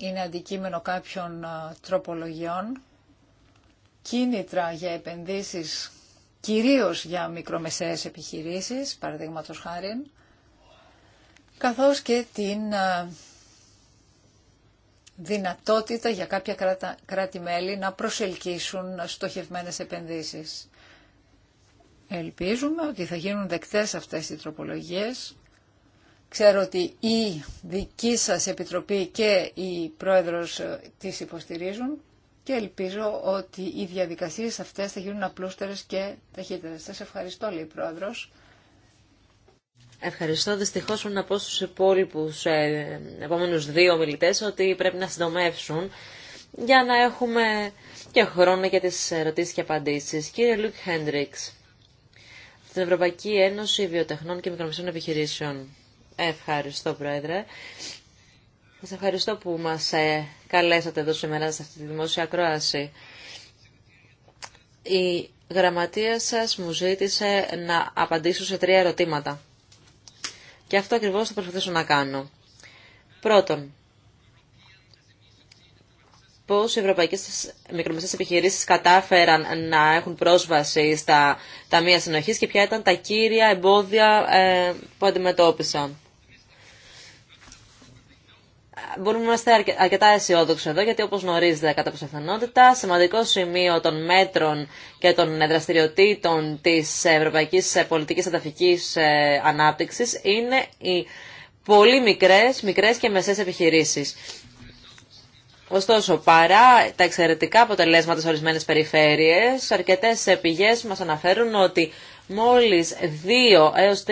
είναι αντικείμενο κάποιων τροπολογιών, κίνητρα για επενδύσεις κυρίως για μικρομεσαίες επιχειρήσεις, παραδείγματος χάρη, καθώς και την δυνατότητα για κάποια κράτη-μέλη να προσελκύσουν στοχευμένες επενδύσεις. Ελπίζουμε ότι θα γίνουν δεκτές αυτές οι τροπολογίες. Ξέρω ότι η δική σας Επιτροπή και η Πρόεδρος ε, τις υποστηρίζουν και ελπίζω ότι οι διαδικασίες αυτές θα γίνουν απλούστερες και ταχύτερες. Σας ευχαριστώ, λέει η Πρόεδρος. Ευχαριστώ. Δυστυχώ να πω στου υπόλοιπου ε, επόμενου δύο ομιλητέ, ότι πρέπει να συντομεύσουν για να έχουμε και χρόνο για τι ερωτήσει και απαντήσει. Κύριε Λουκ Χέντριξ, την Ευρωπαϊκή Ένωση Βιοτεχνών και Μικρομεσαίων Επιχειρήσεων. Ευχαριστώ, Πρόεδρε. Σα ευχαριστώ που μα ε, καλέσατε εδώ σήμερα σε αυτή τη δημόσια ακρόαση. Η γραμματεία σας μου ζήτησε να απαντήσω σε τρία ερωτήματα. Και αυτό ακριβώς θα προσπαθήσω να κάνω. Πρώτον, πώς οι ευρωπαϊκές μικρομεσαίες επιχειρήσεις κατάφεραν να έχουν πρόσβαση στα ταμεία συνοχής και ποια ήταν τα κύρια εμπόδια ε, που αντιμετώπισαν μπορούμε να είμαστε αρκετά αισιόδοξοι εδώ, γιατί όπω γνωρίζετε κατά πιθανότητα, σημαντικό σημείο των μέτρων και των δραστηριοτήτων τη Ευρωπαϊκή πολιτική Ανταφικής ε, ανάπτυξη είναι οι πολύ μικρέ, μικρές και μεσές επιχειρήσει. Ωστόσο, παρά τα εξαιρετικά αποτελέσματα σε ορισμένε περιφέρειες, αρκετές πηγές μας αναφέρουν ότι μόλις 2 έως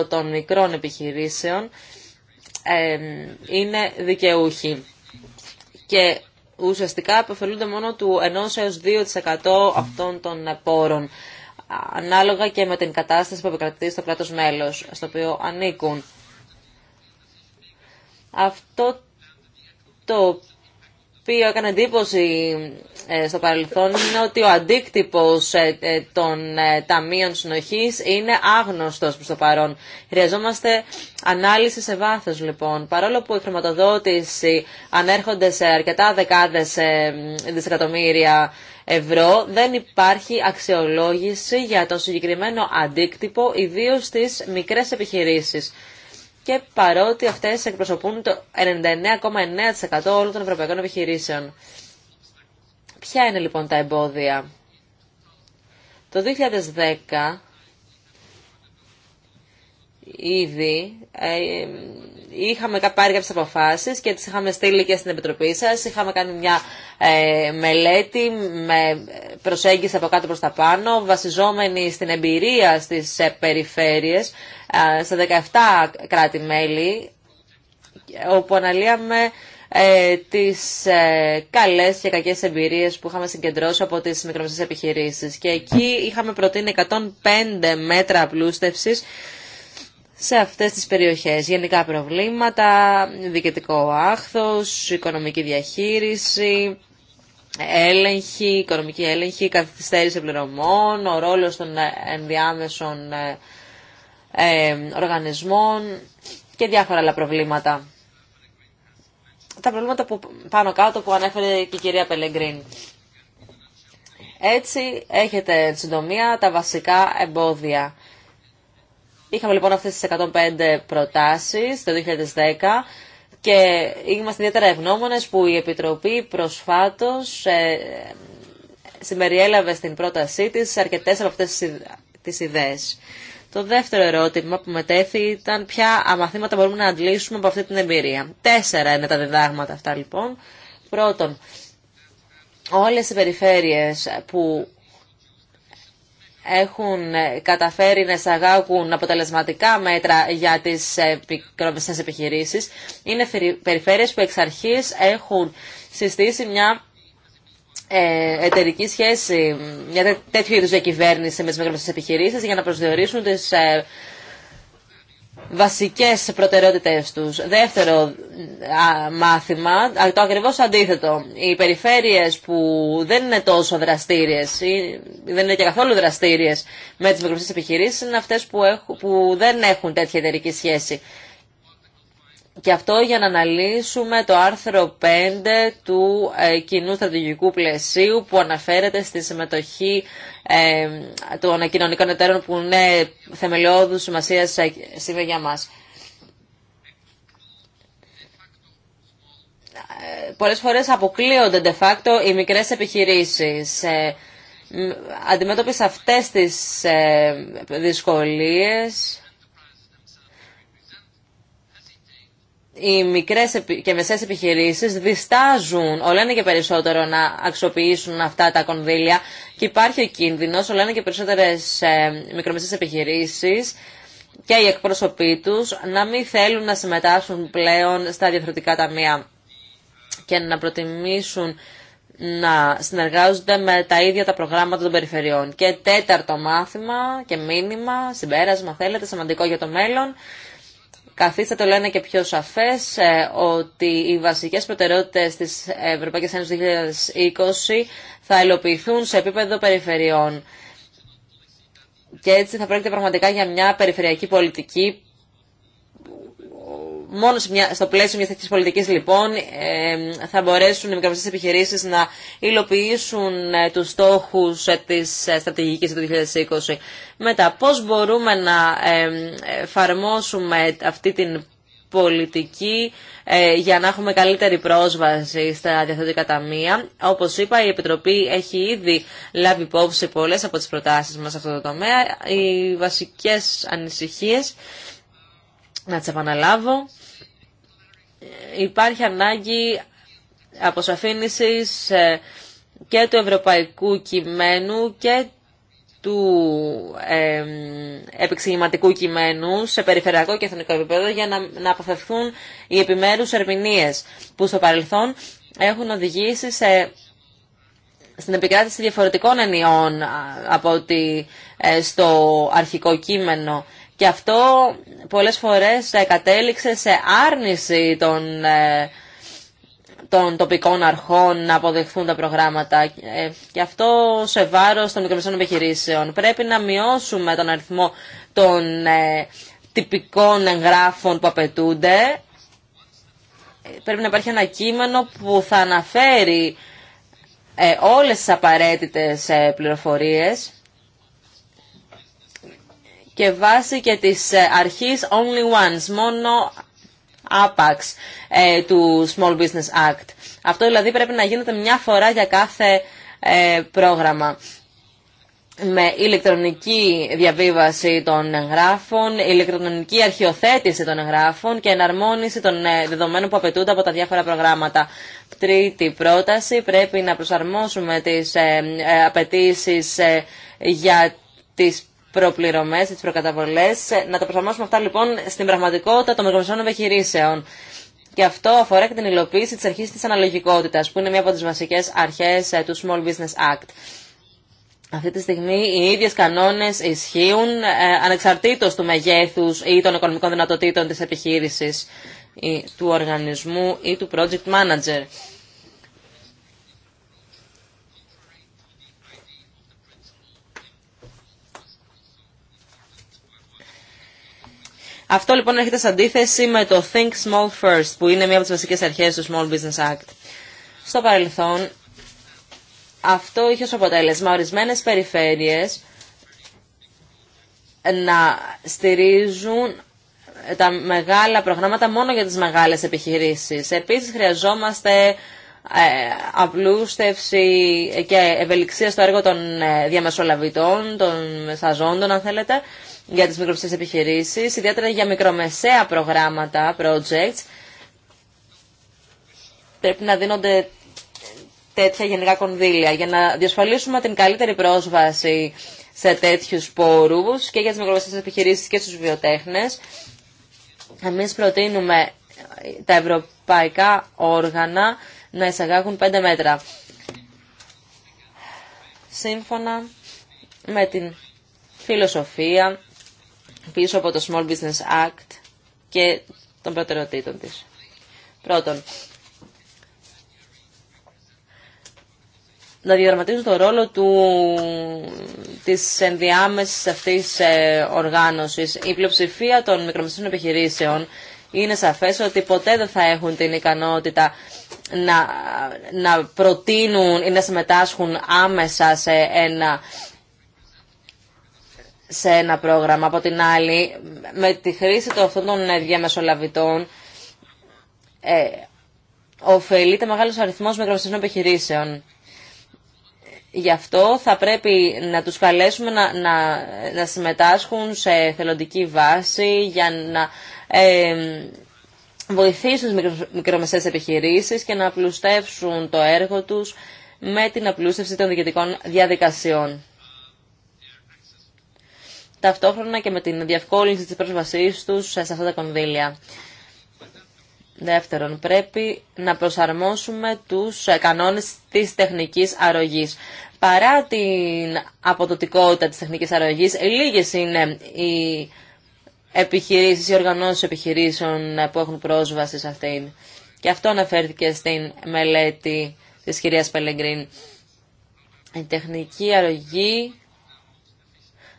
3% των μικρών επιχειρήσεων είναι δικαιούχοι. Και ουσιαστικά αποφελούνται μόνο του 1 έως 2% αυτών των πόρων, ανάλογα και με την κατάσταση που επικρατεί στο κράτος μέλος, στο οποίο ανήκουν. Αυτό το οποίο έκανε εντύπωση ε, στο παρελθόν είναι ότι ο αντίκτυπος ε, ε, των ταμείων συνοχής είναι άγνωστος προς το παρόν. Χρειαζόμαστε ανάλυση σε βάθος λοιπόν. Παρόλο που η χρηματοδότηση ανέρχονται σε αρκετά δεκάδες δισεκατομμύρια ευρώ, δεν υπάρχει αξιολόγηση για τον συγκεκριμένο αντίκτυπο, ιδίως στις μικρές επιχειρήσεις και παρότι αυτέ εκπροσωπούν το 99,9% όλων των ευρωπαϊκών επιχειρήσεων. Ποια είναι λοιπόν τα εμπόδια. Το 2010 ήδη ε, είχαμε πάρει κάποιες αποφάσεις και τις είχαμε στείλει και στην Επιτροπή σας. Είχαμε κάνει μια ε, μελέτη με προσέγγιση από κάτω προς τα πάνω, βασιζόμενη στην εμπειρία στις ε, περιφέρειες, σε 17 κράτη-μέλη, όπου αναλύαμε τις καλές και κακές εμπειρίες που είχαμε συγκεντρώσει από τις μικρομεσαίες επιχειρήσεις. Και εκεί είχαμε προτείνει 105 μέτρα απλούστευσης, σε αυτές τις περιοχές. Γενικά προβλήματα, διοικητικό άχθος, οικονομική διαχείριση, έλεγχη, οικονομική έλεγχη, καθυστέρηση πληρωμών, ο ρόλος των ενδιάμεσων ε, ε, οργανισμών και διάφορα άλλα προβλήματα. Τα προβλήματα που πάνω κάτω που ανέφερε και η κυρία Πελεγκρίν. Έτσι έχετε συντομία τα βασικά εμπόδια Είχαμε λοιπόν αυτές τις 105 προτάσεις το 2010 και είμαστε ιδιαίτερα ευγνώμονες που η Επιτροπή προσφάτως ε, συμπεριέλαβε στην πρότασή της αρκετές από αυτές τις ιδέες. Το δεύτερο ερώτημα που μετέθη ήταν ποια αμαθήματα μπορούμε να αντλήσουμε από αυτή την εμπειρία. Τέσσερα είναι τα διδάγματα αυτά λοιπόν. Πρώτον, όλες οι περιφέρειες που έχουν ε, καταφέρει να εισαγάγουν αποτελεσματικά μέτρα για τις ε, μικρομεσαίες επιχειρήσεις. Είναι περιφέρειες που εξ αρχής έχουν συστήσει μια ε, εταιρική σχέση, μια τέτοιου είδους διακυβέρνηση με τις μικρομεσαίες επιχειρήσεις για να προσδιορίσουν τις βασικές προτεραιότητες τους. Δεύτερο μάθημα, το ακριβώς αντίθετο. Οι περιφέρειες που δεν είναι τόσο δραστήριες ή δεν είναι και καθόλου δραστήριες με τις μικροπιστές επιχειρήσεις είναι αυτές που, έχουν, που δεν έχουν τέτοια εταιρική σχέση. Και αυτό για να αναλύσουμε το άρθρο 5 του ε, κοινού στρατηγικού πλαισίου που αναφέρεται στη συμμετοχή ε, των κοινωνικών εταίρων που είναι θεμελιώδους σημασία σήμερα για μας. Ε, πολλές φορές αποκλείονται de facto οι μικρές επιχειρήσεις. Αντιμέτωπες αυτές τις δυσκολίες... οι μικρέ και μεσές επιχειρήσει διστάζουν όλο και περισσότερο να αξιοποιήσουν αυτά τα κονδύλια και υπάρχει ο κίνδυνος όλο και περισσότερες ε, μικρομεσές επιχειρήσεις και οι εκπρόσωποι του να μην θέλουν να συμμετάσχουν πλέον στα διαφορετικά ταμεία και να προτιμήσουν να συνεργάζονται με τα ίδια τα προγράμματα των περιφερειών. Και τέταρτο μάθημα και μήνυμα, συμπέρασμα θέλετε, σημαντικό για το μέλλον, Καθίστε το λένε και πιο σαφές ε, ότι οι βασικές προτεραιότητες της Ευρωπαϊκής Ένωσης 2020 θα υλοποιηθούν σε επίπεδο περιφερειών. Και έτσι θα πρόκειται πραγματικά για μια περιφερειακή πολιτική μόνο μια, στο πλαίσιο μιας τέτοια πολιτικής λοιπόν θα μπορέσουν οι μικρομεσαίε επιχειρήσεις να υλοποιήσουν ε, τους στόχους ε, της ε, στρατηγικής του 2020. Μετά, πώς μπορούμε να εφαρμόσουμε αυτή την πολιτική για να έχουμε καλύτερη πρόσβαση στα διαθέτικα ταμεία. Όπως είπα, η Επιτροπή έχει ήδη λάβει υπόψη πολλές από τις προτάσεις μας σε αυτό το τομέα. Οι βασικές ανησυχίες να τις επαναλάβω. Υπάρχει ανάγκη αποσαφήνισης ε, και του ευρωπαϊκού κειμένου και του ε, επεξηγηματικού κειμένου σε περιφερειακό και εθνικό επίπεδο για να, να αποφευθούν οι επιμέρους ερμηνείες που στο παρελθόν έχουν οδηγήσει σε, στην επικράτηση διαφορετικών ενιών ε, από ότι ε, στο αρχικό κείμενο και αυτό πολλές φορές κατέληξε σε άρνηση ε, των, τοπικών αρχών να αποδεχθούν τα προγράμματα. Ε, και αυτό σε βάρος των μικρομεσαίων επιχειρήσεων. Πρέπει να μειώσουμε τον αριθμό των ε, τυπικών εγγράφων που απαιτούνται. Πρέπει να υπάρχει ένα κείμενο που θα αναφέρει όλες τις απαραίτητες πληροφορίες και βάσει και της ε, αρχής only once, μόνο άπαξ ε, του Small Business Act. Αυτό δηλαδή πρέπει να γίνεται μια φορά για κάθε ε, πρόγραμμα. Με ηλεκτρονική διαβίβαση των εγγράφων, ηλεκτρονική αρχιοθέτηση των εγγράφων και εναρμόνιση των δεδομένων που απαιτούνται από τα διάφορα προγράμματα. Τρίτη πρόταση, πρέπει να προσαρμόσουμε τις ε, για τις προπληρωμέ, τι προκαταβολέ, ε, Να τα προσαρμόσουμε αυτά λοιπόν στην πραγματικότητα των μικρομεσαίων επιχειρήσεων. Και αυτό αφορά και την υλοποίηση τη αρχή τη Αναλογικότητα, που είναι μία από τι βασικέ αρχέ ε, του Small Business Act. Αυτή τη στιγμή οι ίδιες κανόνες ισχύουν ε, ανεξαρτήτως του μεγέθους ή των οικονομικών δυνατοτήτων τη επιχείρηση, του οργανισμού ή του project manager. Αυτό λοιπόν έρχεται σε αντίθεση με το Think Small First, που είναι μία από τις βασικές αρχές του Small Business Act. Στο παρελθόν, αυτό είχε ως αποτέλεσμα ορισμένες περιφέρειες να στηρίζουν τα μεγάλα προγράμματα μόνο για τις μεγάλες επιχειρήσεις. Επίσης χρειαζόμαστε ε, απλούστευση και ευελιξία στο έργο των ε, διαμεσολαβητών, των μεσαζόντων αν θέλετε, για τις μικροψηφίες επιχειρήσεις, ιδιαίτερα για μικρομεσαία προγράμματα, projects. Πρέπει να δίνονται τέτοια γενικά κονδύλια για να διασφαλίσουμε την καλύτερη πρόσβαση σε τέτοιους πόρους και για τις μικρομεσαίες επιχειρήσεις και στους βιοτέχνες. Εμείς προτείνουμε τα ευρωπαϊκά όργανα να εισαγάγουν πέντε μέτρα. Σύμφωνα με την φιλοσοφία πίσω από το Small Business Act και των προτεραιοτήτων της. Πρώτον, να διαδραματίζουν το ρόλο του, της ενδιάμεσης αυτής ε, οργάνωσης. Η πλειοψηφία των μικρομεσαίων επιχειρήσεων είναι σαφές ότι ποτέ δεν θα έχουν την ικανότητα να, να προτείνουν ή να συμμετάσχουν άμεσα σε ένα σε ένα πρόγραμμα. Από την άλλη, με τη χρήση των αυτών των ε, διαμεσολαβητών, ε, ωφελείται μεγάλος αριθμός μικρομεσαίων επιχειρήσεων. Γι' αυτό θα πρέπει να τους καλέσουμε να, να, συμμετάσχουν σε θελοντική βάση για να ε, βοηθήσουν τις μικρομεσαίες επιχειρήσεις και να απλουστεύσουν το έργο τους με την απλούστευση των διοικητικών διαδικασιών ταυτόχρονα και με την διευκόλυνση της πρόσβασής τους σε αυτά τα κονδύλια. Δεύτερον, πρέπει να προσαρμόσουμε τους ε, κανόνες της τεχνικής αρρωγής. Παρά την αποδοτικότητα της τεχνικής αρρωγής, λίγες είναι οι επιχειρήσεις, οι οργανώσεις επιχειρήσεων ε, που έχουν πρόσβαση σε αυτήν. Και αυτό αναφέρθηκε στην μελέτη της κυρίας Πελεγκρίν. Η τεχνική αρρωγή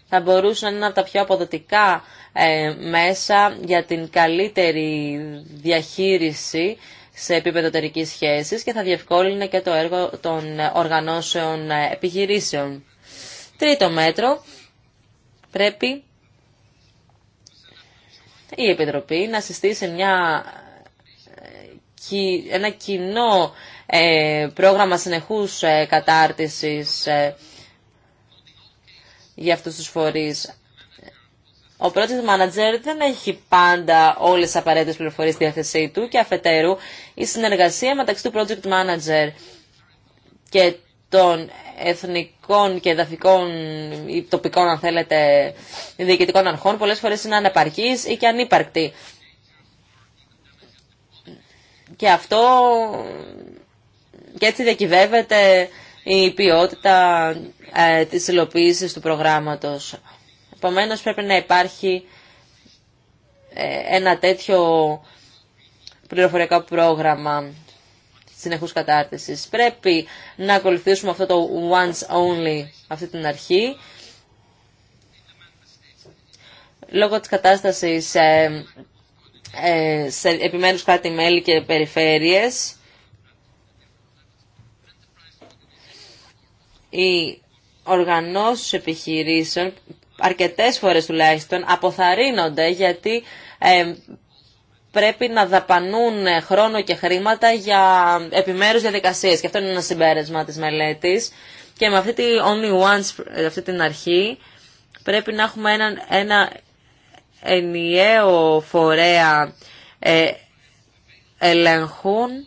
θα μπορούσε να είναι από τα πιο αποδοτικά ε, μέσα για την καλύτερη διαχείριση σε επίπεδο εταιρική και θα διευκόλυνε και το έργο των οργανώσεων ε, επιχειρήσεων. Τρίτο μέτρο, πρέπει η Επιτροπή να συστήσει μια, ε, ένα κοινό πρόγραμμα συνεχούς κατάρτισης για αυτούς τους φορείς. Ο project manager δεν έχει πάντα όλες τις απαραίτητες πληροφορίες στη διάθεσή του και αφετέρου η συνεργασία μεταξύ του project manager και των εθνικών και εδαφικών ή τοπικών αν θέλετε διοικητικών αρχών πολλές φορές είναι ανεπαρκής ή και ανύπαρκτη. Και αυτό και έτσι διακυβεύεται η ποιότητα ε, της υλοποίησης του προγράμματος. Επομένως πρέπει να υπάρχει ε, ένα τέτοιο πληροφοριακό πρόγραμμα συνεχούς κατάρτισης. Πρέπει να ακολουθήσουμε αυτό το once only, αυτή την αρχή. Λόγω της κατάστασης σε, ε, σε επιμέρους κράτη-μέλη και περιφέρειες, οι οργανώσεις επιχειρήσεων αρκετές φορές τουλάχιστον αποθαρρύνονται γιατί ε, πρέπει να δαπανούν χρόνο και χρήματα για επιμέρους διαδικασίες. Και αυτό είναι ένα συμπέρασμα της μελέτης. Και με αυτή, τη only once, αυτή την αρχή πρέπει να έχουμε ένα, ένα ενιαίο φορέα ε, ελεγχούν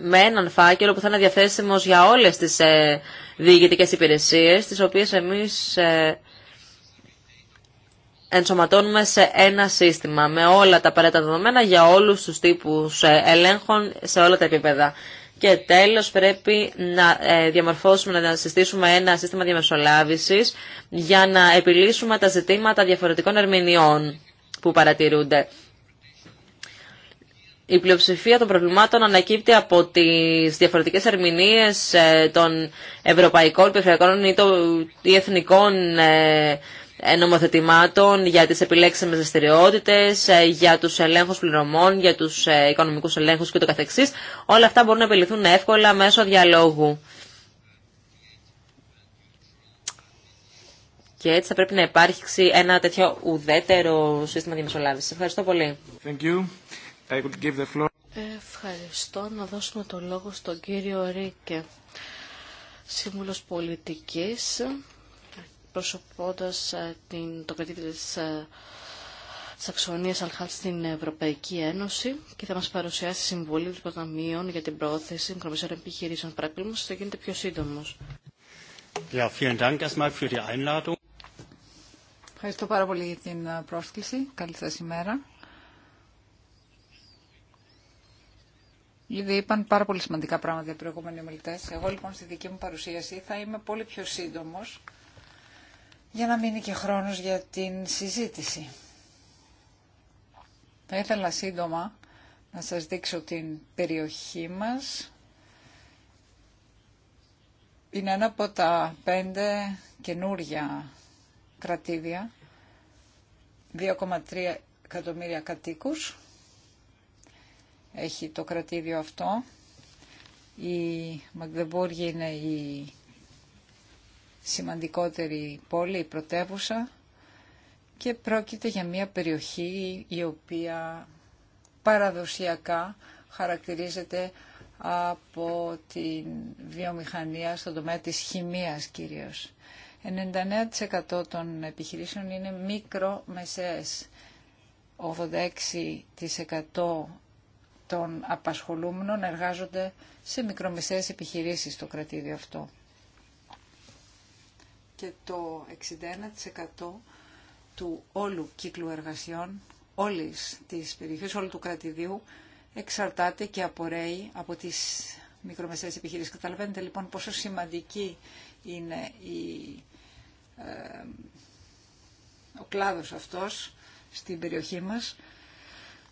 με έναν φάκελο που θα είναι διαθέσιμος για όλες τις ε, διοικητικές υπηρεσίες, τις οποίες εμείς ε, ενσωματώνουμε σε ένα σύστημα, με όλα τα απαραίτητα για όλους τους τύπους ε, ελέγχων σε όλα τα επίπεδα. Και τέλος πρέπει να ε, διαμορφώσουμε, να συστήσουμε ένα σύστημα διαμεσολάβησης για να επιλύσουμε τα ζητήματα διαφορετικών ερμηνεών που παρατηρούνται η πλειοψηφία των προβλημάτων ανακύπτει από τις διαφορετικές ερμηνείες ε, των ευρωπαϊκών, περιφερειακών ή εθνικών ε, ε, νομοθετημάτων για τις επιλέξιμες δραστηριότητε, για τους ελέγχους πληρωμών, για τους οικονομικούς ελέγχους και το καθεξής. Όλα αυτά μπορούν να επιληθούν εύκολα μέσω διαλόγου. Και έτσι θα πρέπει να υπάρξει ένα τέτοιο ουδέτερο σύστημα διαμεσολάβησης. Ευχαριστώ πολύ. Thank you. Ευχαριστώ. Να δώσουμε το λόγο στον κύριο Ρίκε, σύμβουλος πολιτικής, προσωπώντας ε, την, το τη της Σαξονίας ε, Αλχάλ στην Ευρωπαϊκή Ένωση και θα μας παρουσιάσει συμβολή των ταμείων για την πρόθεση μικρομεσαίων επιχειρήσεων. Παρακαλώ, θα γίνεται πιο σύντομος. Ευχαριστώ πάρα πολύ για την ε, πρόσκληση. Καλή σας ημέρα. Ήδη είπαν πάρα πολύ σημαντικά πράγματα οι προηγούμενοι ομιλητέ. Εγώ λοιπόν στη δική μου παρουσίαση θα είμαι πολύ πιο σύντομο για να μείνει και χρόνο για την συζήτηση. Θα ήθελα σύντομα να σας δείξω την περιοχή μας. Είναι ένα από τα πέντε καινούρια κρατήδια, 2,3 εκατομμύρια κατοίκους έχει το κρατήδιο αυτό. Η Μαγδεμπούργη είναι η σημαντικότερη πόλη, η πρωτεύουσα και πρόκειται για μια περιοχή η οποία παραδοσιακά χαρακτηρίζεται από την βιομηχανία στον τομέα της χημίας κυρίως. 99% των επιχειρήσεων είναι μικρομεσαίες. 86% των απασχολούμενων εργάζονται σε μικρομεσαίες επιχειρήσεις στο κρατήδιο αυτό. Και το 61% του όλου κύκλου εργασιών, όλης της περιοχής, όλου του κρατηδίου, εξαρτάται και απορρέει από τις μικρομεσαίες επιχειρήσεις. Καταλαβαίνετε λοιπόν πόσο σημαντική είναι η, ε, ο κλάδος αυτός στην περιοχή μας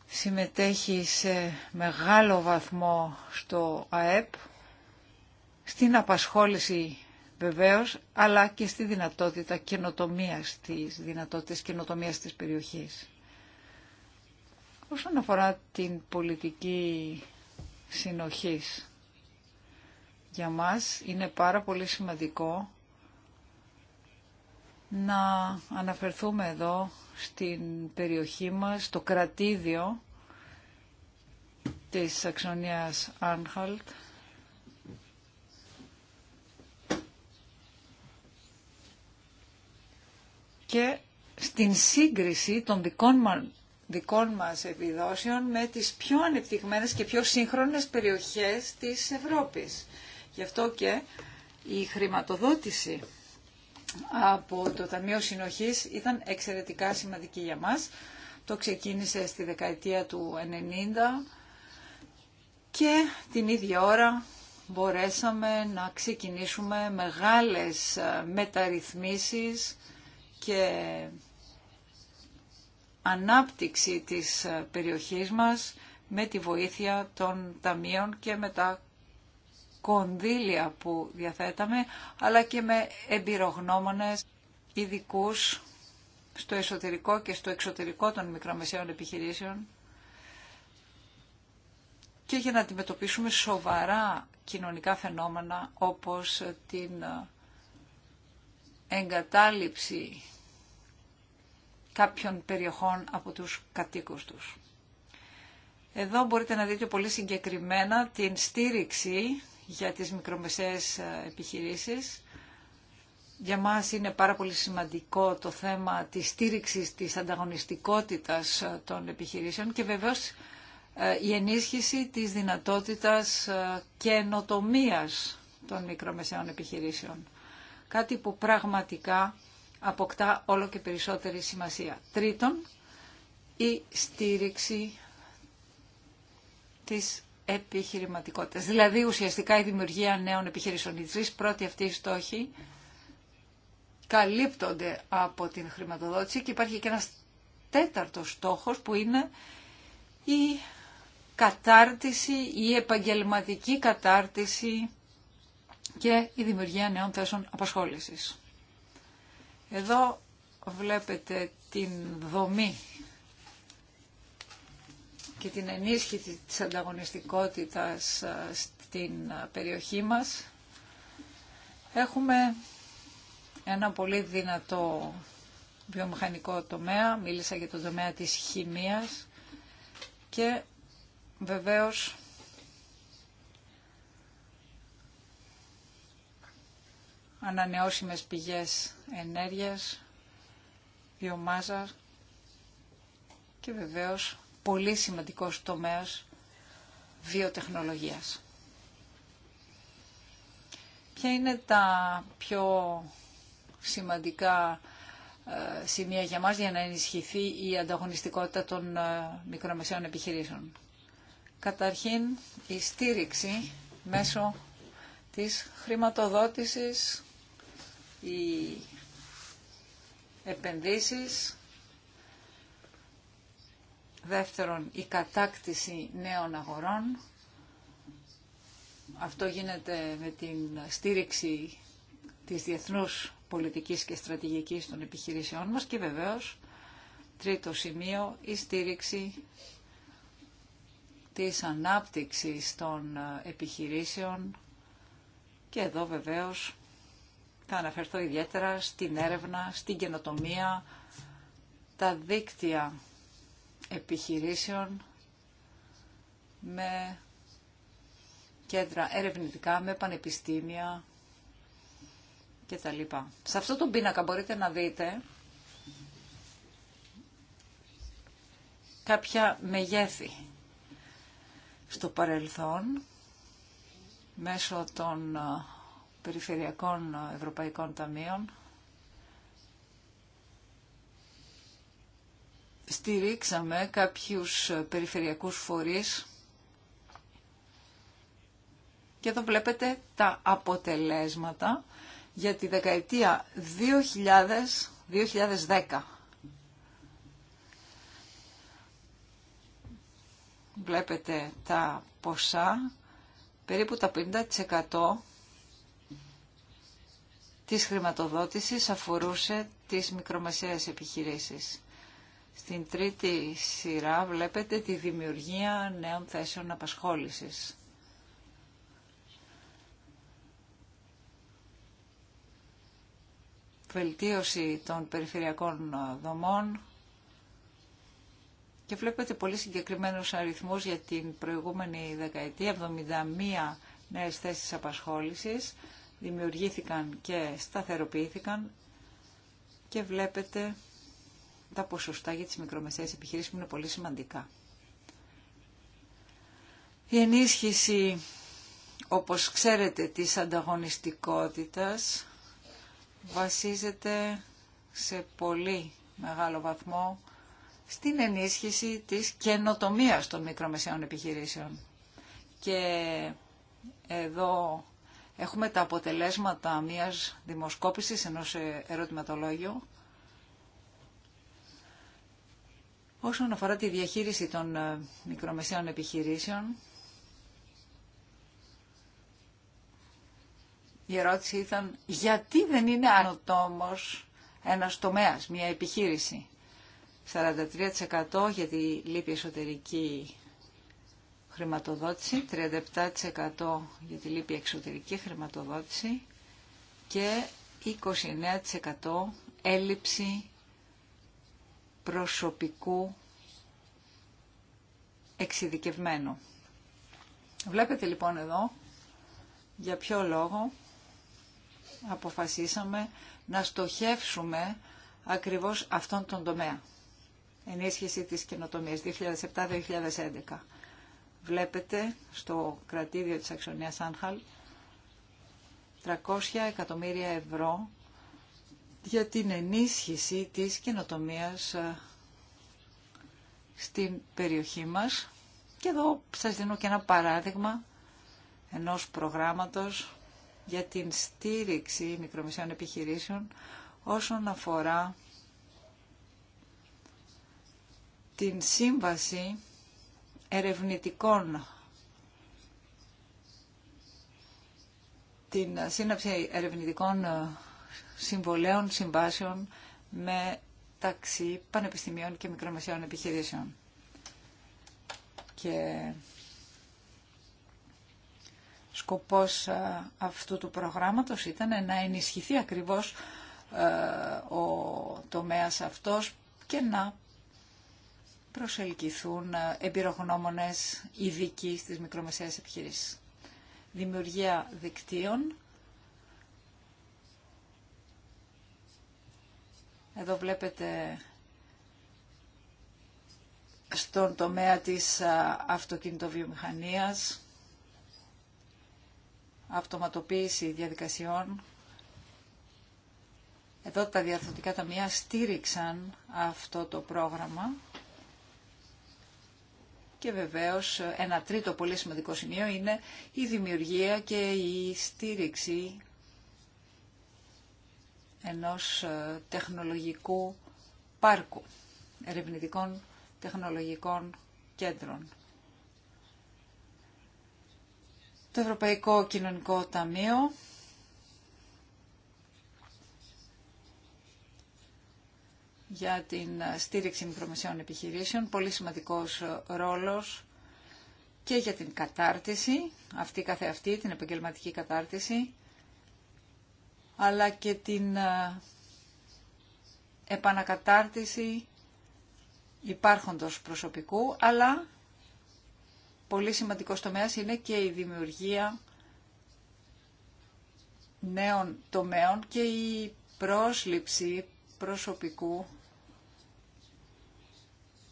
συμμετέχει σε μεγάλο βαθμό στο ΑΕΠ, στην απασχόληση βεβαίως, αλλά και στη δυνατότητα καινοτομίας της, δυνατότητες καινοτομίας της περιοχής. Όσον αφορά την πολιτική συνοχής, για μας είναι πάρα πολύ σημαντικό να αναφερθούμε εδώ στην περιοχή μας, στο κρατήδιο της Σαξονίας Άνχαλτ. Και στην σύγκριση των δικών μα δικών επιδόσεων με τις πιο ανεπτυγμένες και πιο σύγχρονες περιοχές της Ευρώπης. Γι' αυτό και η χρηματοδότηση από το Ταμείο Συνοχής ήταν εξαιρετικά σημαντική για μας. Το ξεκίνησε στη δεκαετία του 90 και την ίδια ώρα μπορέσαμε να ξεκινήσουμε μεγάλες ε, μεταρρυθμίσεις και ανάπτυξη της ε, περιοχής μας με τη βοήθεια των ταμείων και μετά κονδύλια που διαθέταμε, αλλά και με εμπειρογνώμονες ειδικού στο εσωτερικό και στο εξωτερικό των μικρομεσαίων επιχειρήσεων και για να αντιμετωπίσουμε σοβαρά κοινωνικά φαινόμενα όπως την εγκατάλειψη κάποιων περιοχών από τους κατοίκους τους. Εδώ μπορείτε να δείτε πολύ συγκεκριμένα την στήριξη για τις μικρομεσαίες ε, επιχειρήσεις. Για μας είναι πάρα πολύ σημαντικό το θέμα της στήριξης της ανταγωνιστικότητας ε, των επιχειρήσεων και βεβαίως ε, η ενίσχυση της δυνατότητας καινοτομίας των μικρομεσαίων επιχειρήσεων. Κάτι που πραγματικά αποκτά όλο και περισσότερη σημασία. Τρίτον, η στήριξη της επιχειρηματικότητας. Δηλαδή ουσιαστικά η δημιουργία νέων επιχειρήσεων. Οι πρώτοι αυτοί οι στόχοι καλύπτονται από την χρηματοδότηση και υπάρχει και ένας τέταρτος στόχος που είναι η κατάρτιση, η επαγγελματική κατάρτιση και η δημιουργία νέων θέσεων απασχόλησης. Εδώ βλέπετε την δομή και την ενίσχυση της ανταγωνιστικότητας ε, στην ε, περιοχή μας. Έχουμε ένα πολύ δυνατό βιομηχανικό τομέα, μίλησα για το τομέα της χημίας και βεβαίως ανανεώσιμες πηγές ενέργειας, βιομάζα και βεβαίως πολύ σημαντικός τομέας βιοτεχνολογίας. Ποια είναι τα πιο σημαντικά ε, σημεία για μας για να ενισχυθεί η ανταγωνιστικότητα των ε, μικρομεσαίων επιχειρήσεων. Καταρχήν, η στήριξη μέσω της χρηματοδότησης, οι επενδύσεις Δεύτερον, η κατάκτηση νέων αγορών. Αυτό γίνεται με την στήριξη της διεθνούς πολιτικής και στρατηγικής των επιχειρήσεών μας και βεβαίως, τρίτο σημείο, η στήριξη της ανάπτυξης των ε, επιχειρήσεων και εδώ βεβαίως θα αναφερθώ ιδιαίτερα στην έρευνα, στην καινοτομία, τα δίκτυα επιχειρήσεων με κέντρα ερευνητικά, με πανεπιστήμια κτλ. Σε αυτό το πίνακα μπορείτε να δείτε κάποια μεγέθη στο παρελθόν μέσω των ε, περιφερειακών ε, ευρωπαϊκών ταμείων στηρίξαμε κάποιους περιφερειακούς φορείς και εδώ βλέπετε τα αποτελέσματα για τη δεκαετία 2000-2010. Βλέπετε τα ποσά, περίπου τα 50% της χρηματοδότησης αφορούσε τις μικρομεσαίες επιχειρήσεις. Στην τρίτη σειρά βλέπετε τη δημιουργία νέων θέσεων απασχόλησης. Βελτίωση των περιφερειακών δομών και βλέπετε πολύ συγκεκριμένους αριθμούς για την προηγούμενη δεκαετία, 71 νέες θέσεις απασχόλησης δημιουργήθηκαν και σταθεροποιήθηκαν και βλέπετε τα ποσοστά για τις μικρομεσαίες επιχειρήσεις είναι πολύ σημαντικά. Η ενίσχυση, όπως ξέρετε, της ανταγωνιστικότητας βασίζεται σε πολύ μεγάλο βαθμό στην ενίσχυση της καινοτομίας των μικρομεσαίων επιχειρήσεων. Και εδώ έχουμε τα αποτελέσματα μιας δημοσκόπησης ενός ερωτηματολόγιου Όσον αφορά τη διαχείριση των ε, μικρομεσαίων επιχειρήσεων, η ερώτηση ήταν γιατί δεν είναι ανωτόμος ένας τομέας, μια επιχείρηση. 43% για λείπει εσωτερική χρηματοδότηση, 37% για λείπει εξωτερική χρηματοδότηση και 29% έλλειψη προσωπικού εξειδικευμένου. Βλέπετε λοιπόν εδώ για ποιο λόγο αποφασίσαμε να στοχεύσουμε ακριβώς αυτόν τον τομέα. Ενίσχυση της καινοτομίας 2007-2011. Βλέπετε στο κρατήδιο της Αξιονίας Άνχαλ 300 εκατομμύρια ευρώ για την ενίσχυση της καινοτομίας ε, στην περιοχή μας. Και εδώ σας δίνω και ένα παράδειγμα ενός προγράμματος για την στήριξη μικρομεσαίων επιχειρήσεων όσον αφορά την σύμβαση ερευνητικών την σύναψη ερευνητικών ε, συμβολέων συμβάσεων με ταξί πανεπιστημίων και μικρομεσαίων επιχειρήσεων. Και σκοπός αυτού του προγράμματος ήταν να ενισχυθεί ακριβώς ο τομέας αυτός και να προσελκυθούν εμπειρογνώμονες ειδικοί στις μικρομεσαίες επιχειρήσεις. Δημιουργία δικτύων Εδώ βλέπετε στον τομέα της αυτοκινητοβιομηχανίας, αυτοματοποίηση διαδικασιών. Εδώ τα διαρθρωτικά ταμεία στήριξαν αυτό το πρόγραμμα και βεβαίως ένα τρίτο πολύ σημαντικό σημείο είναι η δημιουργία και η στήριξη ενός ε, τεχνολογικού πάρκου, ερευνητικών τεχνολογικών κέντρων. Το Ευρωπαϊκό Κοινωνικό Ταμείο για την ε, στήριξη μικρομεσαίων επιχειρήσεων, πολύ σημαντικός ε, ρόλος και για την κατάρτιση, αυτή καθεαυτή, την επαγγελματική κατάρτιση, αλλά και την ε, επανακατάρτιση υπάρχοντος προσωπικού, αλλά πολύ σημαντικό τομέας είναι και η δημιουργία νέων τομέων και η πρόσληψη προσωπικού.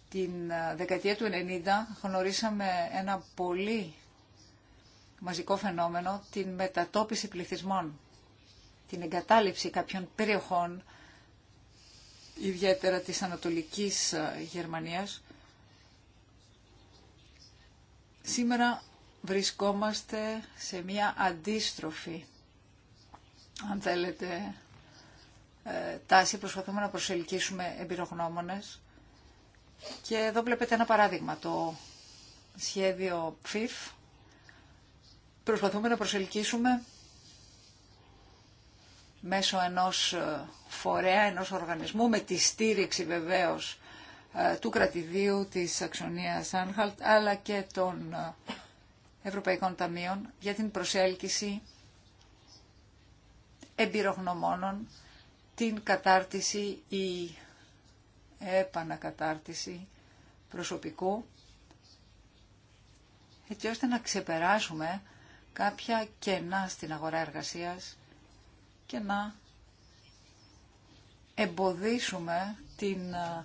Την ε, δεκαετία του 90 γνωρίσαμε ένα πολύ μαζικό φαινόμενο, την μετατόπιση πληθυσμών την εγκατάλειψη κάποιων περιοχών, ιδιαίτερα της Ανατολικής ε, Γερμανίας. Σήμερα βρισκόμαστε σε μια αντίστροφη, αν θέλετε, ε, τάση. Προσπαθούμε να προσελκύσουμε εμπειρογνώμονες. Και εδώ βλέπετε ένα παράδειγμα, το σχέδιο PFIF. Προσπαθούμε να προσελκύσουμε μέσω ενός ε, φορέα, ενός οργανισμού, με τη στήριξη βεβαίως ε, του κρατηδίου της Αξονίας Άνχαλτ, αλλά και των ε, Ευρωπαϊκών Ταμείων για την προσέλκυση εμπειρογνωμόνων, την κατάρτιση ή επανακατάρτιση προσωπικού, έτσι ώστε να ξεπεράσουμε κάποια κενά στην αγορά εργασίας και να εμποδίσουμε την ε,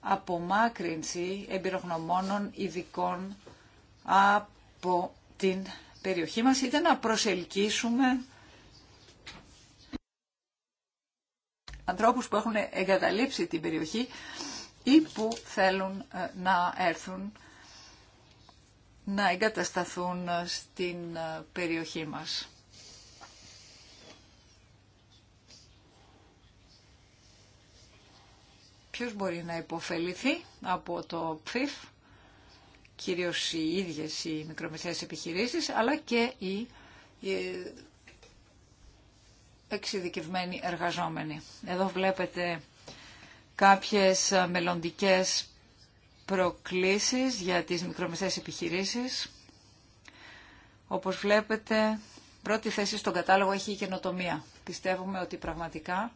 απομάκρυνση εμπειρογνωμόνων ειδικών από την περιοχή μας, είτε να προσελκύσουμε ανθρώπους που έχουν εγκαταλείψει την περιοχή ή που θέλουν ε, να έρθουν να εγκατασταθούν ε, στην περιοχή μας. Ποιος μπορεί να υποφεληθεί από το ΠΦΙΦ, κυρίως οι ίδιες οι μικρομεσαίες επιχειρήσεις, αλλά και οι εξειδικευμένοι εργαζόμενοι. Εδώ βλέπετε κάποιες μελλοντικές προκλήσεις για τις μικρομεσαίες επιχειρήσεις. Όπως βλέπετε, πρώτη θέση στον κατάλογο έχει η καινοτομία. Πιστεύουμε ότι πραγματικά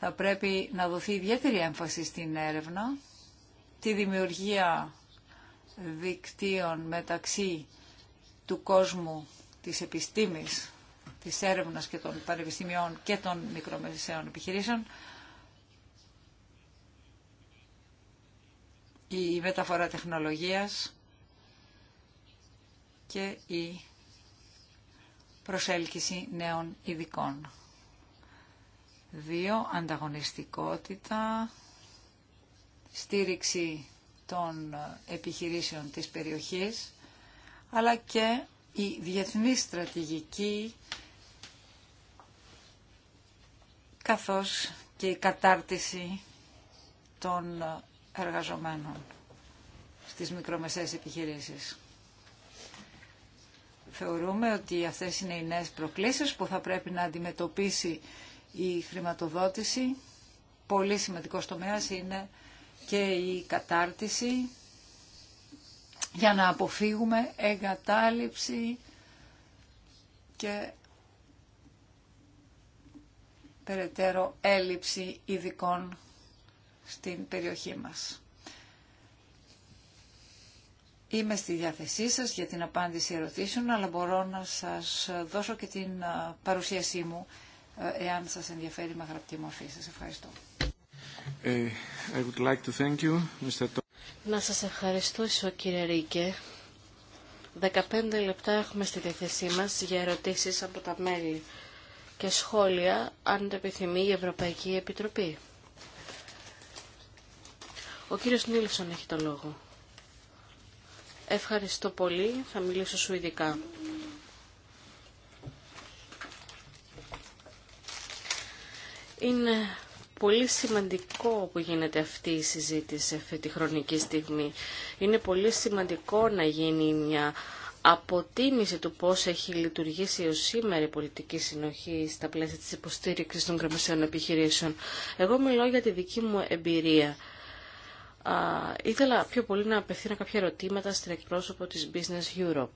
θα πρέπει να δοθεί ιδιαίτερη έμφαση στην έρευνα, τη δημιουργία δικτύων μεταξύ του κόσμου της επιστήμης, της έρευνας και των πανεπιστημιών και των μικρομεσαίων επιχειρήσεων, η μεταφορά τεχνολογίας και η προσέλκυση νέων ειδικών. Δύο, ανταγωνιστικότητα, στήριξη των επιχειρήσεων της περιοχής, αλλά και η διεθνή στρατηγική, καθώς και η κατάρτιση των εργαζομένων στις μικρομεσαίες επιχειρήσεις. Θεωρούμε ότι αυτές είναι οι νέες προκλήσεις που θα πρέπει να αντιμετωπίσει η χρηματοδότηση. Πολύ σημαντικός τομέας είναι και η κατάρτιση για να αποφύγουμε εγκατάλειψη και περαιτέρω έλλειψη ειδικών στην περιοχή μας. Είμαι στη διάθεσή σας για την απάντηση ερωτήσεων, αλλά μπορώ να σας δώσω και την παρουσίασή μου ε, εάν σας ενδιαφέρει με γραπτή μορφή. Σας ευχαριστώ. Ε, I would like to thank you, Mr. Να σας ευχαριστήσω κύριε Ρίκε. 15 λεπτά έχουμε στη διαθέσή μας για ερωτήσεις από τα μέλη και σχόλια, αν το επιθυμεί, η Ευρωπαϊκή Επιτροπή. Ο κύριος Νίλσον έχει το λόγο. Ευχαριστώ πολύ. Θα μιλήσω σου ειδικά. Είναι πολύ σημαντικό που γίνεται αυτή η συζήτηση αυτή τη χρονική στιγμή. Είναι πολύ σημαντικό να γίνει μια αποτίμηση του πώς έχει λειτουργήσει ως σήμερα η πολιτική συνοχή στα πλαίσια της υποστήριξης των κρεμασιών επιχειρήσεων. Εγώ μιλώ για τη δική μου εμπειρία. ήθελα πιο πολύ να απευθύνω κάποια ερωτήματα στην εκπρόσωπο της Business Europe.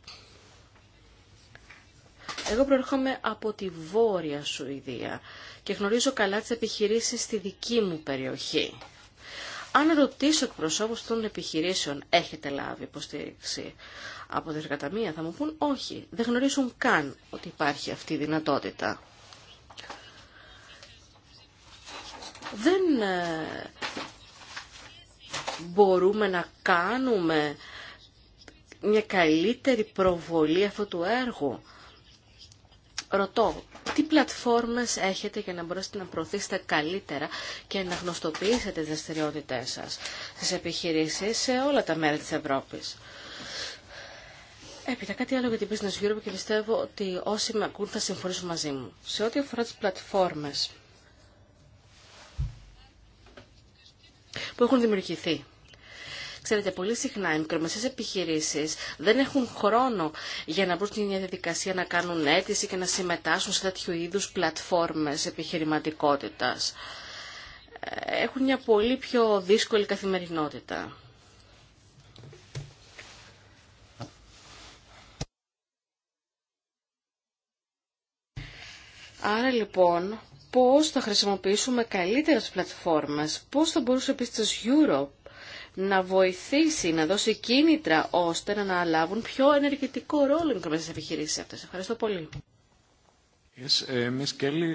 Εγώ προερχόμαι από τη Βόρεια Σουηδία και γνωρίζω καλά τις επιχειρήσεις στη δική μου περιοχή. Αν ρωτήσω εκπροσώπους των επιχειρήσεων έχετε λάβει υποστήριξη από δεργαταμία θα μου πούν όχι, δεν γνωρίζουν καν ότι υπάρχει αυτή η δυνατότητα. Δεν ε, μπορούμε να κάνουμε μια καλύτερη προβολή αυτού του έργου ρωτώ, τι πλατφόρμες έχετε για να μπορέσετε να προωθήσετε καλύτερα και να γνωστοποιήσετε τις δραστηριότητές σας στις επιχειρήσεις σε όλα τα μέρη της Ευρώπης. Έπειτα κάτι άλλο για την Business Europe και πιστεύω ότι όσοι με ακούν θα συμφωνήσουν μαζί μου. Σε ό,τι αφορά τις πλατφόρμες που έχουν δημιουργηθεί Ξέρετε, πολύ συχνά οι μικρομεσαίες επιχειρήσεις δεν έχουν χρόνο για να μπουν στην διαδικασία να κάνουν αίτηση και να συμμετάσχουν σε τέτοιου είδου πλατφόρμες επιχειρηματικότητας. Ε, έχουν μια πολύ πιο δύσκολη καθημερινότητα. Άρα λοιπόν, πώς θα χρησιμοποιήσουμε καλύτερες πλατφόρμες, πώς θα μπορούσε επίσης Europe να βοηθήσει, να δώσει κίνητρα ώστε να αναλάβουν πιο ενεργητικό ρόλο οι μικρομεσαίες επιχειρήσεις αυτές. Ευχαριστώ πολύ. Yes, uh, Kelly,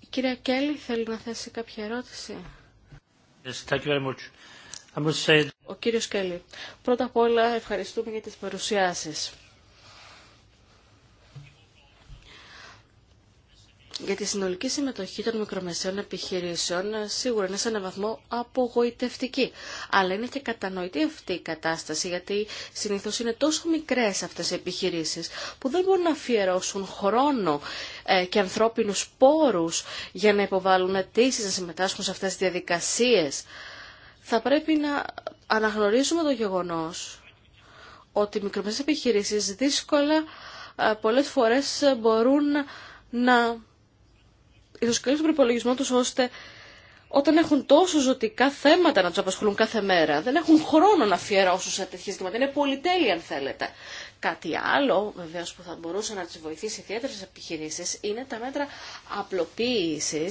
Η ε, Κέλλη θέλει να θέσει κάποια ερώτηση. Yes, thank you very much. Ο κύριος Κέλλη, πρώτα απ' όλα ευχαριστούμε για τις παρουσιάσεις. για τη συνολική συμμετοχή των μικρομεσαίων επιχειρήσεων ε, σίγουρα είναι σε έναν βαθμό απογοητευτική. Αλλά είναι και κατανοητή αυτή η κατάσταση γιατί συνήθως είναι τόσο μικρές αυτές οι επιχειρήσεις που δεν μπορούν να αφιερώσουν χρόνο ε, και ανθρώπινους πόρους για να υποβάλουν αιτήσει να συμμετάσχουν σε αυτές τις διαδικασίες. Θα πρέπει να αναγνωρίσουμε το γεγονός ότι οι μικρομεσαίες επιχειρήσεις δύσκολα ε, πολλές φορές μπορούν να ισοσκελής του προπολογισμού τους ώστε όταν έχουν τόσο ζωτικά θέματα να του απασχολούν κάθε μέρα, δεν έχουν χρόνο να αφιερώσουν σε τέτοια ζητήματα. Είναι πολυτέλεια, αν θέλετε. Κάτι άλλο, βεβαίω, που θα μπορούσε να τι βοηθήσει ιδιαίτερα στι επιχειρήσει είναι τα μέτρα απλοποίηση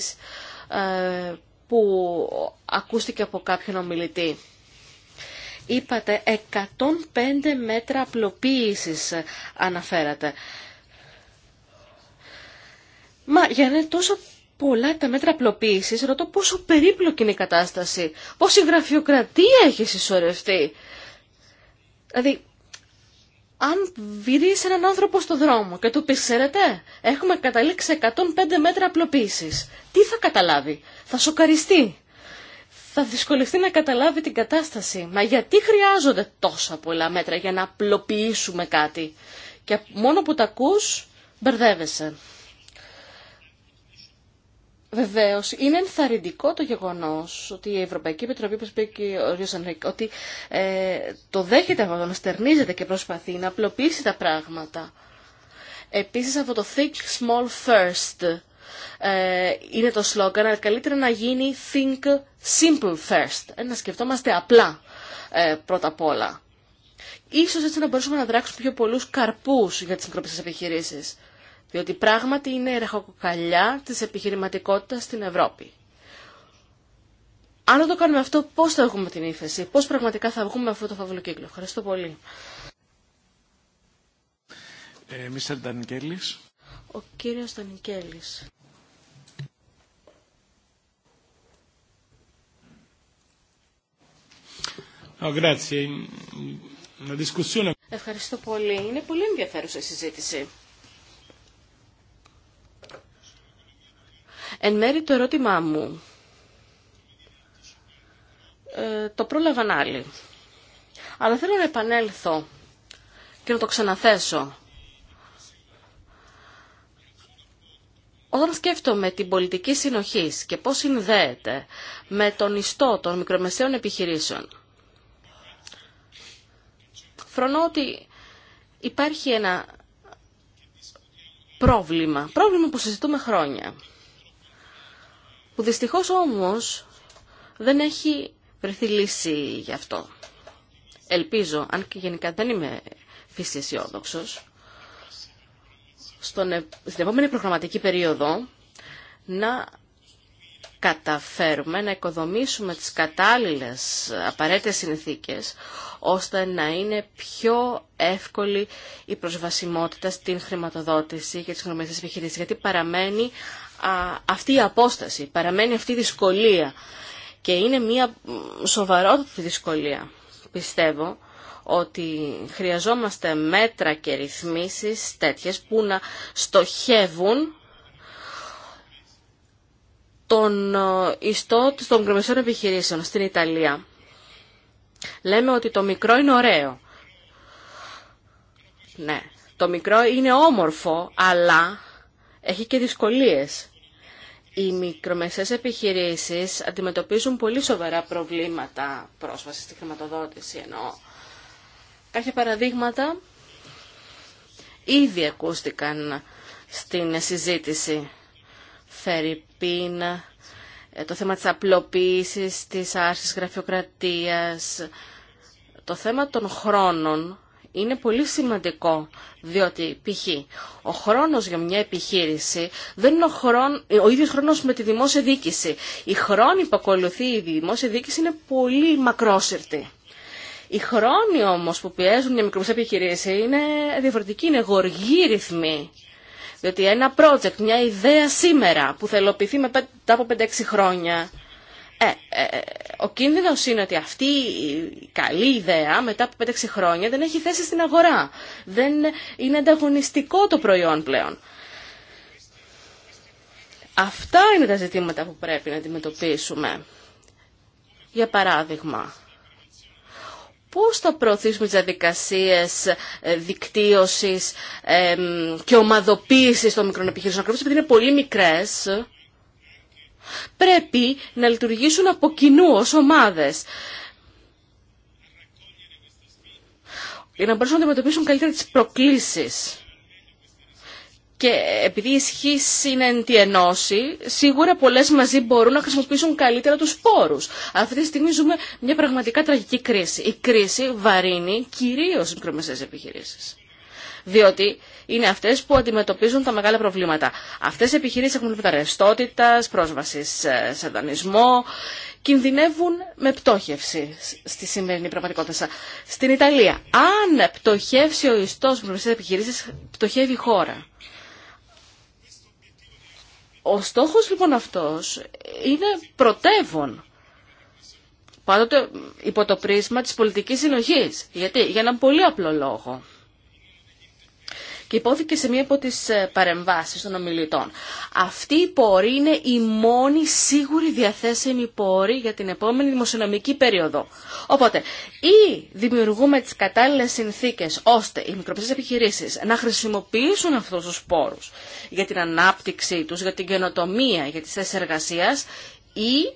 ε, που ακούστηκε από κάποιον ομιλητή. Είπατε 105 μέτρα απλοποίησης ε, αναφέρατε. Μα για να είναι τόσο πολλά τα μέτρα απλοποίησης, ρωτώ πόσο περίπλοκη είναι η κατάσταση, πόση γραφειοκρατία έχει συσσωρευτεί. Δηλαδή, αν βυρίσει έναν άνθρωπο στο δρόμο και του πει, ξέρετε, έχουμε καταλήξει 105 μέτρα απλοποίησης, τι θα καταλάβει, θα σοκαριστεί. Θα δυσκολευτεί να καταλάβει την κατάσταση. Μα γιατί χρειάζονται τόσα πολλά μέτρα για να απλοποιήσουμε κάτι. Και μόνο που τα ακούς, μπερδεύεσαι. Βεβαίω, είναι ενθαρρυντικό το γεγονό ότι η Ευρωπαϊκή Επιτροπή, όπω είπε και ο Ρίο Ανρίκ, ότι ε, το δέχεται αυτό, να στερνίζεται και προσπαθεί να απλοποιήσει τα πράγματα. Επίση, αυτό το Think Small First ε, είναι το σλόγγαν, αλλά καλύτερα να γίνει Think Simple First. Ε, να σκεφτόμαστε απλά πρώτα απ' όλα. Ίσως έτσι να μπορούσαμε να δράξουμε πιο πολλούς καρπούς για τις μικροπιστές επιχειρήσεις διότι πράγματι είναι η ρεχοκοκαλιά της επιχειρηματικότητας στην Ευρώπη. Αν το κάνουμε αυτό, πώς θα έχουμε την ύφεση, πώς πραγματικά θα βγούμε αυτό το φαύλο κύκλο. Ευχαριστώ πολύ. Ε, Ο κύριος Ντανικέλης. Ευχαριστώ πολύ. Είναι πολύ ενδιαφέρουσα η συζήτηση. Εν μέρη το ερώτημά μου ε, το πρόλαβαν άλλοι. Αλλά θέλω να επανέλθω και να το ξαναθέσω. Όταν σκέφτομαι την πολιτική συνοχής και πώς συνδέεται με τον ιστό των μικρομεσαίων επιχειρήσεων, φρονώ ότι υπάρχει ένα πρόβλημα, πρόβλημα που συζητούμε χρόνια που δυστυχώς όμως δεν έχει βρεθεί λύση γι' αυτό. Ελπίζω, αν και γενικά δεν είμαι φύση αισιόδοξο, ε, στην επόμενη προγραμματική περίοδο να καταφέρουμε να οικοδομήσουμε τις κατάλληλες απαραίτητες συνθήκες ώστε να είναι πιο εύκολη η προσβασιμότητα στην χρηματοδότηση και τις γνωμές επιχειρήσεις. Γιατί παραμένει αυτή η απόσταση, παραμένει αυτή η δυσκολία και είναι μια σοβαρότητη δυσκολία. Πιστεύω ότι χρειαζόμαστε μέτρα και ρυθμίσεις τέτοιες που να στοχεύουν τον ε, ιστό των μικρομεσαίων επιχειρήσεων στην Ιταλία. Λέμε ότι το μικρό είναι ωραίο. Ναι, το μικρό είναι όμορφο, αλλά έχει και δυσκολίες. Οι μικρομεσαίες επιχειρήσεις αντιμετωπίζουν πολύ σοβαρά προβλήματα πρόσβασης στη χρηματοδότηση. Ενώ κάποια παραδείγματα ήδη ακούστηκαν στην συζήτηση. Φερρυπίν, ε, το θέμα της απλοποίησης, της άρσης γραφειοκρατίας, το θέμα των χρόνων είναι πολύ σημαντικό, διότι π.χ. ο χρόνος για μια επιχείρηση δεν είναι ο, χρόν, ο ίδιος χρόνος με τη δημόσια δίκηση. Η χρόνη που ακολουθεί η δημόσια δίκηση είναι πολύ μακρόσυρτη. Οι χρόνοι όμως που πιέζουν μια μικρομεσαία επιχειρήση είναι διαφορετικοί, είναι γοργοί ρυθμοί. Διότι ένα project, μια ιδέα σήμερα που θα μετα μετά από 5-6 χρόνια, ε, ε, ε, ο κίνδυνος είναι ότι αυτή η καλή ιδέα μετά από 5-6 χρόνια δεν έχει θέση στην αγορά. Δεν είναι ανταγωνιστικό το προϊόν πλέον. Αυτά είναι τα ζητήματα που πρέπει να αντιμετωπίσουμε. Για παράδειγμα, πώς θα προωθήσουμε τις διαδικασίες ε, δικτύωσης και ομαδοποίησης των μικρών επιχειρήσεων. Ακριβώς επειδή είναι πολύ μικρές, πρέπει να λειτουργήσουν από κοινού ως ομάδες. Για να μπορέσουν να αντιμετωπίσουν καλύτερα τις προκλήσεις. Και επειδή η ισχύ είναι εν τη ενώση, σίγουρα πολλέ μαζί μπορούν να χρησιμοποιήσουν καλύτερα του πόρου. Αυτή τη στιγμή ζούμε μια πραγματικά τραγική κρίση. Η κρίση βαρύνει κυρίω τι μικρομεσαίε επιχειρήσει. Διότι είναι αυτέ που αντιμετωπίζουν τα μεγάλα προβλήματα. Αυτέ οι επιχειρήσει έχουν προβλήματα ρευστότητα, πρόσβαση σε δανεισμό, κινδυνεύουν με πτώχευση στη σημερινή πραγματικότητα. Στην Ιταλία, αν πτωχεύσει ο ιστό μικρομεσαίε επιχειρήσει, πτωχεύει η χώρα. Ο στόχος λοιπόν αυτός είναι πρωτεύων. Πάντοτε υπό το πρίσμα της πολιτικής συνοχής. Γιατί, για έναν πολύ απλό λόγο και υπόθηκε σε μία από τις ε, παρεμβάσεις των ομιλητών. Αυτή η πόρη είναι η μόνη σίγουρη διαθέσιμη πόρη για την επόμενη δημοσιονομική περίοδο. Οπότε, ή δημιουργούμε τις κατάλληλες συνθήκες ώστε οι μικροπιστέ επιχειρήσεις να χρησιμοποιήσουν αυτούς τους πόρους για την ανάπτυξή τους, για την καινοτομία, για τις θέσεις εργασίας ή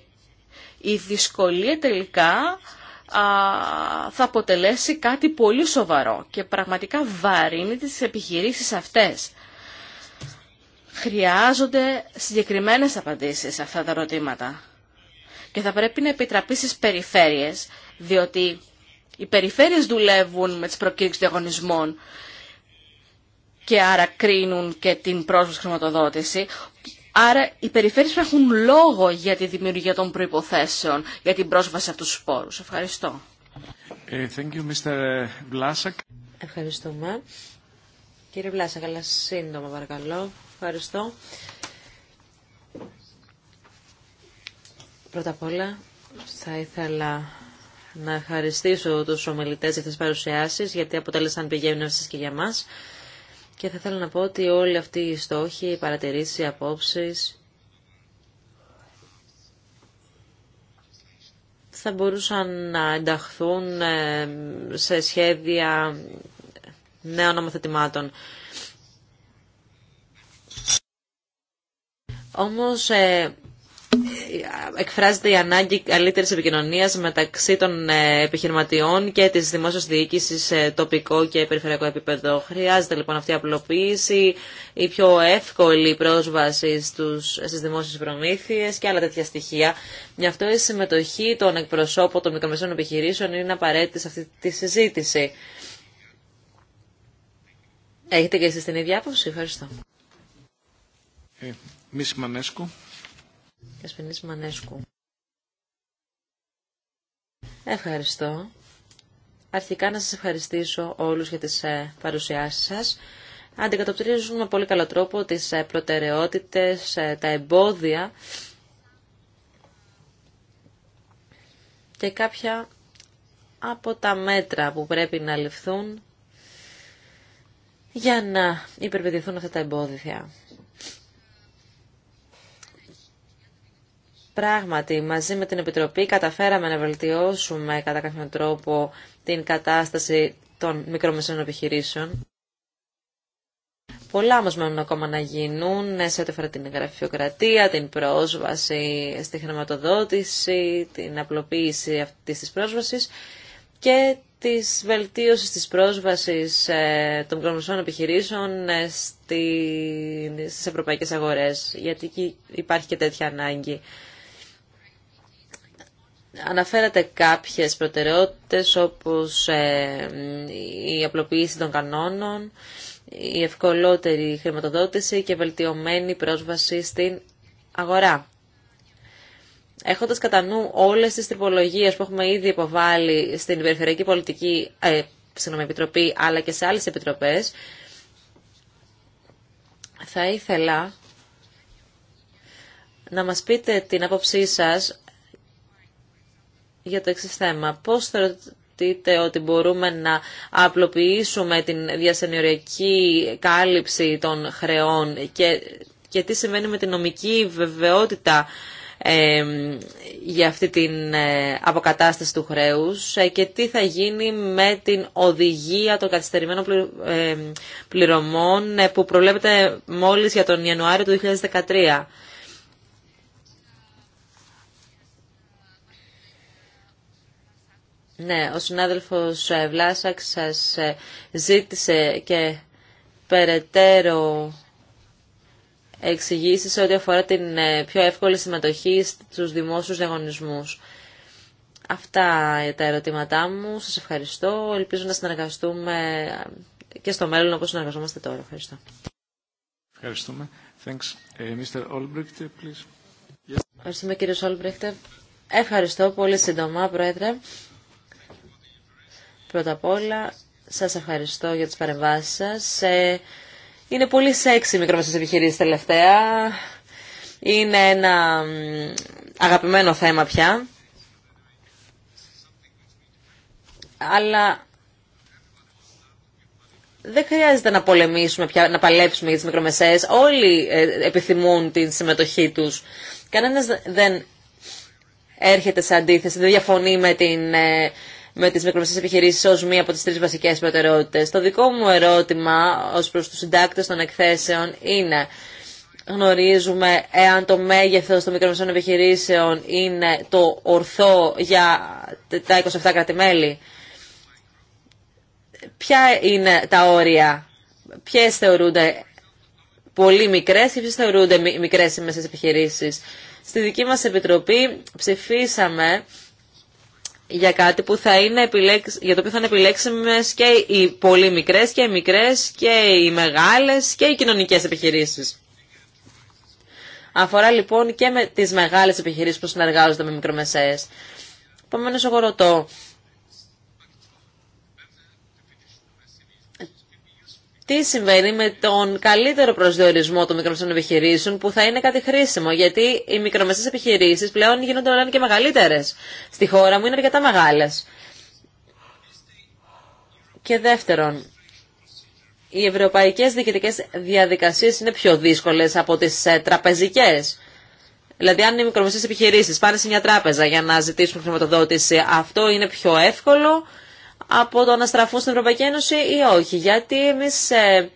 η δυσκολία τελικά θα αποτελέσει κάτι πολύ σοβαρό και πραγματικά βαρύνει τις επιχειρήσεις αυτές. Χρειάζονται συγκεκριμένες απαντήσεις σε αυτά τα ερωτήματα και θα πρέπει να επιτραπεί στις περιφέρειες, διότι οι περιφέρειες δουλεύουν με τις προκήρυξεις διαγωνισμών και άρα κρίνουν και την πρόσβαση χρηματοδότηση. Άρα οι περιφέρειες που έχουν λόγο για τη δημιουργία των προϋποθέσεων για την πρόσβαση αυτούς τους σπόρους. Ευχαριστώ. Thank you, Mr. Ευχαριστούμε. Κύριε Βλάσσα, αλλά σύντομα παρακαλώ. Ευχαριστώ. Πρώτα απ' όλα θα ήθελα να ευχαριστήσω τους ομιλητές για τις παρουσιάσεις γιατί αποτέλεσαν πηγαίνουν και για μας. Και θα ήθελα να πω ότι όλοι αυτοί οι στόχοι, οι παρατηρήσεις, οι απόψεις θα μπορούσαν να ενταχθούν ε, σε σχέδια νέων νομοθετημάτων. Όμως ε, εκφράζεται η ανάγκη καλύτερη επικοινωνία μεταξύ των ε, επιχειρηματιών και τη δημόσια διοίκηση σε τοπικό και περιφερειακό επίπεδο. Χρειάζεται λοιπόν αυτή η απλοποίηση, η πιο εύκολη πρόσβαση στι δημόσιε προμήθειε και άλλα τέτοια στοιχεία. Γι' αυτό η συμμετοχή των εκπροσώπων των μικρομεσαίων επιχειρήσεων είναι απαραίτητη σε αυτή τη συζήτηση. Έχετε και εσεί την ίδια άποψη. Ευχαριστώ. Ε, μη Κασπινής Ευχαριστώ. Αρχικά να σας ευχαριστήσω όλους για τις ε, παρουσιάσεις σας. Αντικατοπτρίζουν με πολύ καλό τρόπο τις ε, προτεραιότητες, ε, τα εμπόδια και κάποια από τα μέτρα που πρέπει να ληφθούν για να υπερπαιδηθούν αυτά τα εμπόδια. Πράγματι, μαζί με την Επιτροπή καταφέραμε να βελτιώσουμε κατά κάποιον τρόπο την κατάσταση των μικρομεσαίων επιχειρήσεων. Πολλά όμως μένουν ακόμα να γίνουν σε ό,τι αφορά την γραφειοκρατία, την πρόσβαση στη χρηματοδότηση, την απλοποίηση αυτής της πρόσβασης και της βελτίωσης της πρόσβασης ε, των μικρομεσαίων επιχειρήσεων ε, στις ευρωπαϊκές αγορές, γιατί υπάρχει και τέτοια ανάγκη. Αναφέρατε κάποιες προτεραιότητες όπως ε, η απλοποίηση των κανόνων, η ευκολότερη χρηματοδότηση και βελτιωμένη πρόσβαση στην αγορά. Έχοντας κατά νου όλες τις τρυπολογίες που έχουμε ήδη υποβάλει στην Περιφερειακή Πολιτική ε, Επιτροπή αλλά και σε άλλες επιτροπές, θα ήθελα να μας πείτε την άποψή σας για το εξή θέμα. Πώς θεωρείτε ότι μπορούμε να απλοποιήσουμε την διασενιωριακή κάλυψη των χρεών και, και τι σημαίνει με την νομική βεβαιότητα για αυτή την ε, αποκατάσταση του χρέους ε, και τι θα γίνει με την οδηγία των καθυστερημένων ε, πληρωμών που προβλέπεται μόλις για τον Ιανουάριο του 2013. Ναι, ο συνάδελφος ε, Βλάσακ σας ε, ζήτησε και περαιτέρω εξηγήσεις σε ό,τι αφορά την ε, πιο εύκολη συμμετοχή στους δημόσιους διαγωνισμούς. Αυτά τα ερωτήματά μου. Σας ευχαριστώ. Ελπίζω να συνεργαστούμε και στο μέλλον όπως συνεργαζόμαστε τώρα. Ευχαριστώ. Ευχαριστούμε. Thanks. Mr. please. Yes. Ευχαριστούμε κύριε Σόλμπρεχτε. Ευχαριστώ πολύ σύντομα, Πρόεδρε. Πρώτα απ' όλα, σας ευχαριστώ για τις παρεμβάσεις σας. Είναι πολύ σεξι μικρομεσαίες επιχειρήσεις τελευταία. Είναι ένα αγαπημένο θέμα πια. Αλλά δεν χρειάζεται να πολεμήσουμε, πια, να παλέψουμε για τις μικρομεσαίες. Όλοι ε, επιθυμούν την συμμετοχή τους. Κανένας δεν έρχεται σε αντίθεση, δεν διαφωνεί με την ε, με τι μικρομεσαίε επιχειρήσει ω μία από τις τρεις βασικές προτεραιότητε. Το δικό μου ερώτημα ως προς τους συντάκτε των εκθέσεων είναι γνωρίζουμε εάν το μέγεθος των μικρομεσαίων επιχειρήσεων είναι το ορθό για τα 27 κρατημέλη. Ποια είναι τα όρια, ποιες θεωρούνται πολύ μικρές και ποιες θεωρούνται μικρές ή μεσές επιχειρήσεις. Στη δική μας επιτροπή ψηφίσαμε για κάτι που θα είναι επιλέξ... για το οποίο θα είναι επιλέξιμες και οι πολύ μικρές και οι μικρές και οι μεγάλες και οι κοινωνικές επιχειρήσεις. Αφορά λοιπόν και με τις μεγάλες επιχειρήσεις που συνεργάζονται με μικρομεσαίες. Επομένως εγώ ρωτώ, τι συμβαίνει με τον καλύτερο προσδιορισμό των μικρομεσαίων επιχειρήσεων που θα είναι κάτι χρήσιμο. Γιατί οι μικρομεσαίες επιχειρήσει πλέον γίνονται όλα και μεγαλύτερες. Στη χώρα μου είναι αρκετά μεγάλε. Και δεύτερον, οι ευρωπαϊκές διοικητικέ διαδικασίες είναι πιο δύσκολε από τις ε, τραπεζικέ, Δηλαδή, αν οι μικρομεσαίε επιχειρήσει, πάνε σε μια τράπεζα για να ζητήσουν χρηματοδότηση, αυτό είναι πιο εύκολο από το να στραφούν στην Ευρωπαϊκή Ένωση ή όχι. Γιατί εμει ε,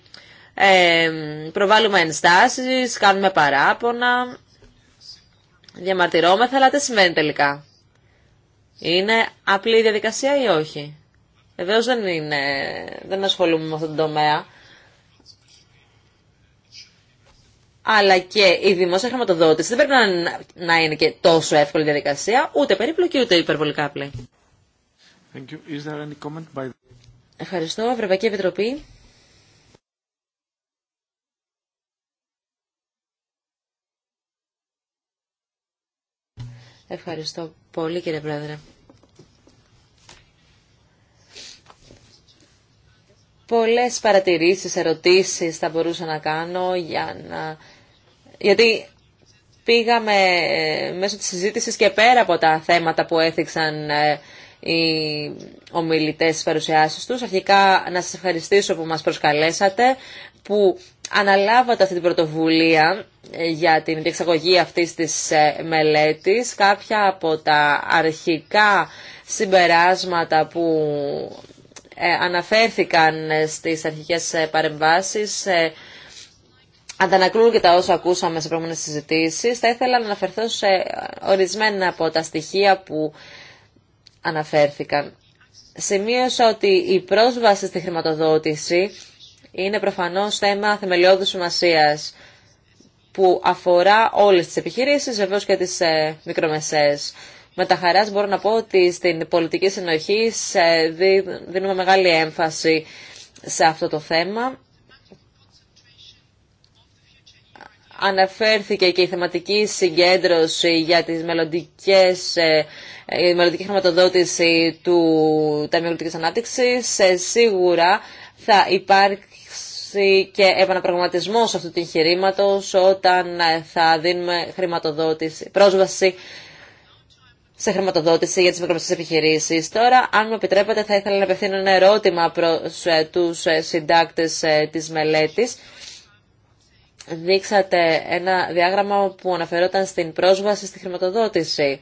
ε, προβάλλουμε ενστάσεις, κάνουμε παράπονα, διαμαρτυρόμεθα, αλλά τι σημαίνει τελικά. Είναι απλή η διαδικασία ή όχι. Βεβαίω δεν, είναι, δεν ασχολούμαι με αυτόν τον τομέα. Αλλά και η δημόσια χρηματοδότηση δεν πρέπει να είναι και τόσο εύκολη διαδικασία, ούτε περίπλοκη ούτε υπερβολικά απλή. Ευχαριστώ. Ευρωπαϊκή Επιτροπή. Ευχαριστώ πολύ κύριε Πρόεδρε. Πολλές παρατηρήσεις, ερωτήσεις θα μπορούσα να κάνω για να... γιατί πήγαμε ε, μέσω της συζήτησης και πέρα από τα θέματα που έθιξαν ε, οι ομιλητές στι παρουσιάσεις τους. Αρχικά να σας ευχαριστήσω που μας προσκαλέσατε, που αναλάβατε αυτή την πρωτοβουλία ε, για την διεξαγωγή αυτής της ε, μελέτης. Κάποια από τα αρχικά συμπεράσματα που ε, αναφέρθηκαν στις αρχικές παρεμβάσεις αντανακλούν και τα όσα ακούσαμε σε προηγούμενες συζητήσεις. Θα ήθελα να αναφερθώ σε ορισμένα από τα στοιχεία που αναφέρθηκαν. Σημείωσα ότι η πρόσβαση στη χρηματοδότηση είναι προφανώς θέμα θεμελιώδους σημασίας που αφορά όλες τις επιχειρήσεις, βεβαίω και τις ε, μικρομεσαίες. Με τα χαράς μπορώ να πω ότι στην πολιτική συνοχή δίνουμε μεγάλη έμφαση σε αυτό το θέμα Αναφέρθηκε και η θεματική συγκέντρωση για τις ε, ε, η μελλοντική χρηματοδότηση του Ταμείου ανάπτυξη. Ανάπτυξης. Ε, σίγουρα θα υπάρξει και επαναπραγματισμός αυτού του εγχειρήματο όταν θα δίνουμε χρηματοδότηση, πρόσβαση σε χρηματοδότηση για τις μικρομεσαίες επιχειρήσεις. Τώρα, αν μου επιτρέπετε, θα ήθελα να απευθύνω ένα ερώτημα προς τους συντάκτες της μελέτης δείξατε ένα διάγραμμα που αναφερόταν στην πρόσβαση στη χρηματοδότηση.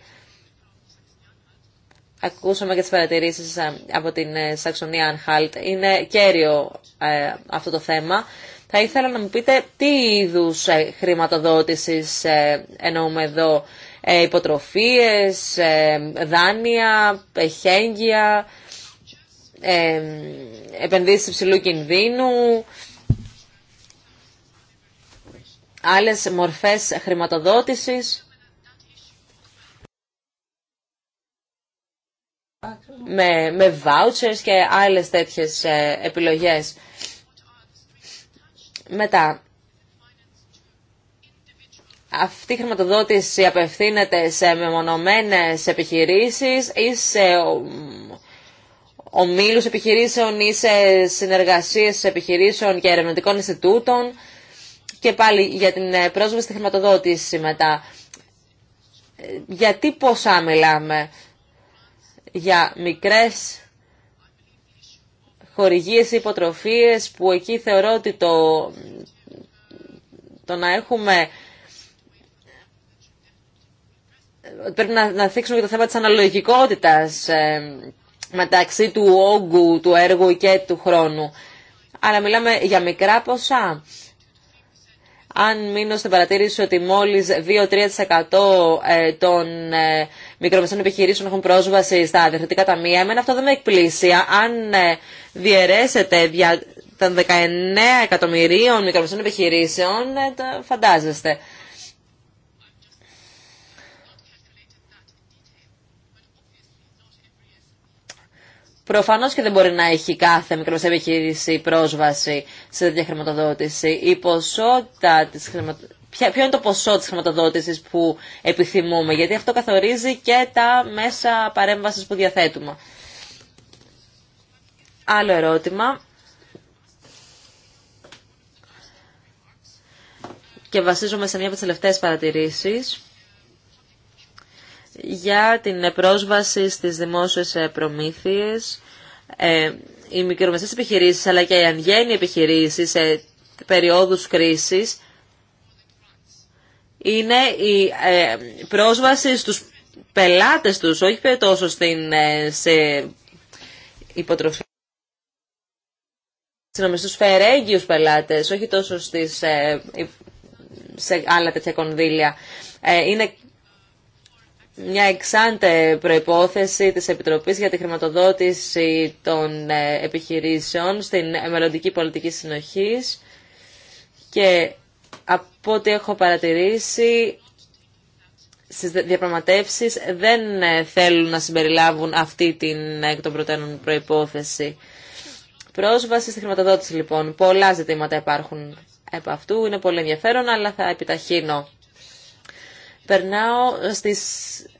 Ακούσαμε και τις παρατηρήσεις ε, από την ε, Σαξονία Ανχάλτ. Είναι κέριο ε, αυτό το θέμα. Θα ήθελα να μου πείτε τι είδους χρηματοδότησης εννοούμε εδώ. Υποτροφίες, δάνεια, ε, επενδύσεις υψηλού κινδύνου, άλλες μορφές χρηματοδότησης με, με vouchers και άλλες τέτοιες ε, επιλογές. Μετά, αυτή η χρηματοδότηση απευθύνεται σε μεμονωμένες επιχειρήσεις ή σε ομίλους επιχειρήσεων ή σε συνεργασίες επιχειρήσεων και ερευνητικών Ινστιτούτων. Και πάλι για την ε, πρόσβαση στη χρηματοδότηση μετά. Ε, γιατί ποσά μιλάμε για μικρές χορηγίες ή υποτροφίες που εκεί θεωρώ ότι το, το να έχουμε ε, πρέπει να, να θίξουμε και το θέμα της αναλογικότητας μεταξύ του όγκου, του έργου και του χρόνου. Αλλά μιλάμε για μικρά ποσά αν μείνω στην παρατήρηση ότι μόλις 2-3% ε, των ε, μικρομεσαίων επιχειρήσεων έχουν πρόσβαση στα διευθυντικά ταμεία, εμένα αυτό δεν με εκπλήσει. Αν ε, διαιρέσετε δια των 19 εκατομμυρίων μικρομεσαίων επιχειρήσεων, φαντάζεστε. Προφανώ και δεν μπορεί να έχει κάθε μικρομεσαία επιχείρηση πρόσβαση σε τέτοια χρηματοδότηση. Η ποσότητα ποιο είναι το ποσό της χρηματοδότησης που επιθυμούμε, γιατί αυτό καθορίζει και τα μέσα παρέμβασης που διαθέτουμε. Άλλο ερώτημα. Και βασίζομαι σε μια από τις τελευταίες παρατηρήσεις για την πρόσβαση στις δημόσιες ε, προμήθειες, ε, οι μικρομεσαίες επιχειρήσεις αλλά και οι ανγένειες επιχειρήσεις σε περιόδους κρίσης είναι η ε, πρόσβαση στους πελάτες τους, όχι τόσο στην, σε υποτροφία. Στους φερέγγιους πελάτες, όχι τόσο στις, σε άλλα τέτοια κονδύλια. είναι μια εξάντε προϋπόθεση της Επιτροπής για τη χρηματοδότηση των ε, επιχειρήσεων στην μελλοντική πολιτική συνοχής και από ό,τι έχω παρατηρήσει στις διαπραγματεύσεις δεν ε, θέλουν να συμπεριλάβουν αυτή την ε, εκ των προτέρων προϋπόθεση. Πρόσβαση στη χρηματοδότηση λοιπόν. Πολλά ζητήματα υπάρχουν από αυτού. Είναι πολύ ενδιαφέρον αλλά θα επιταχύνω Περνάω στη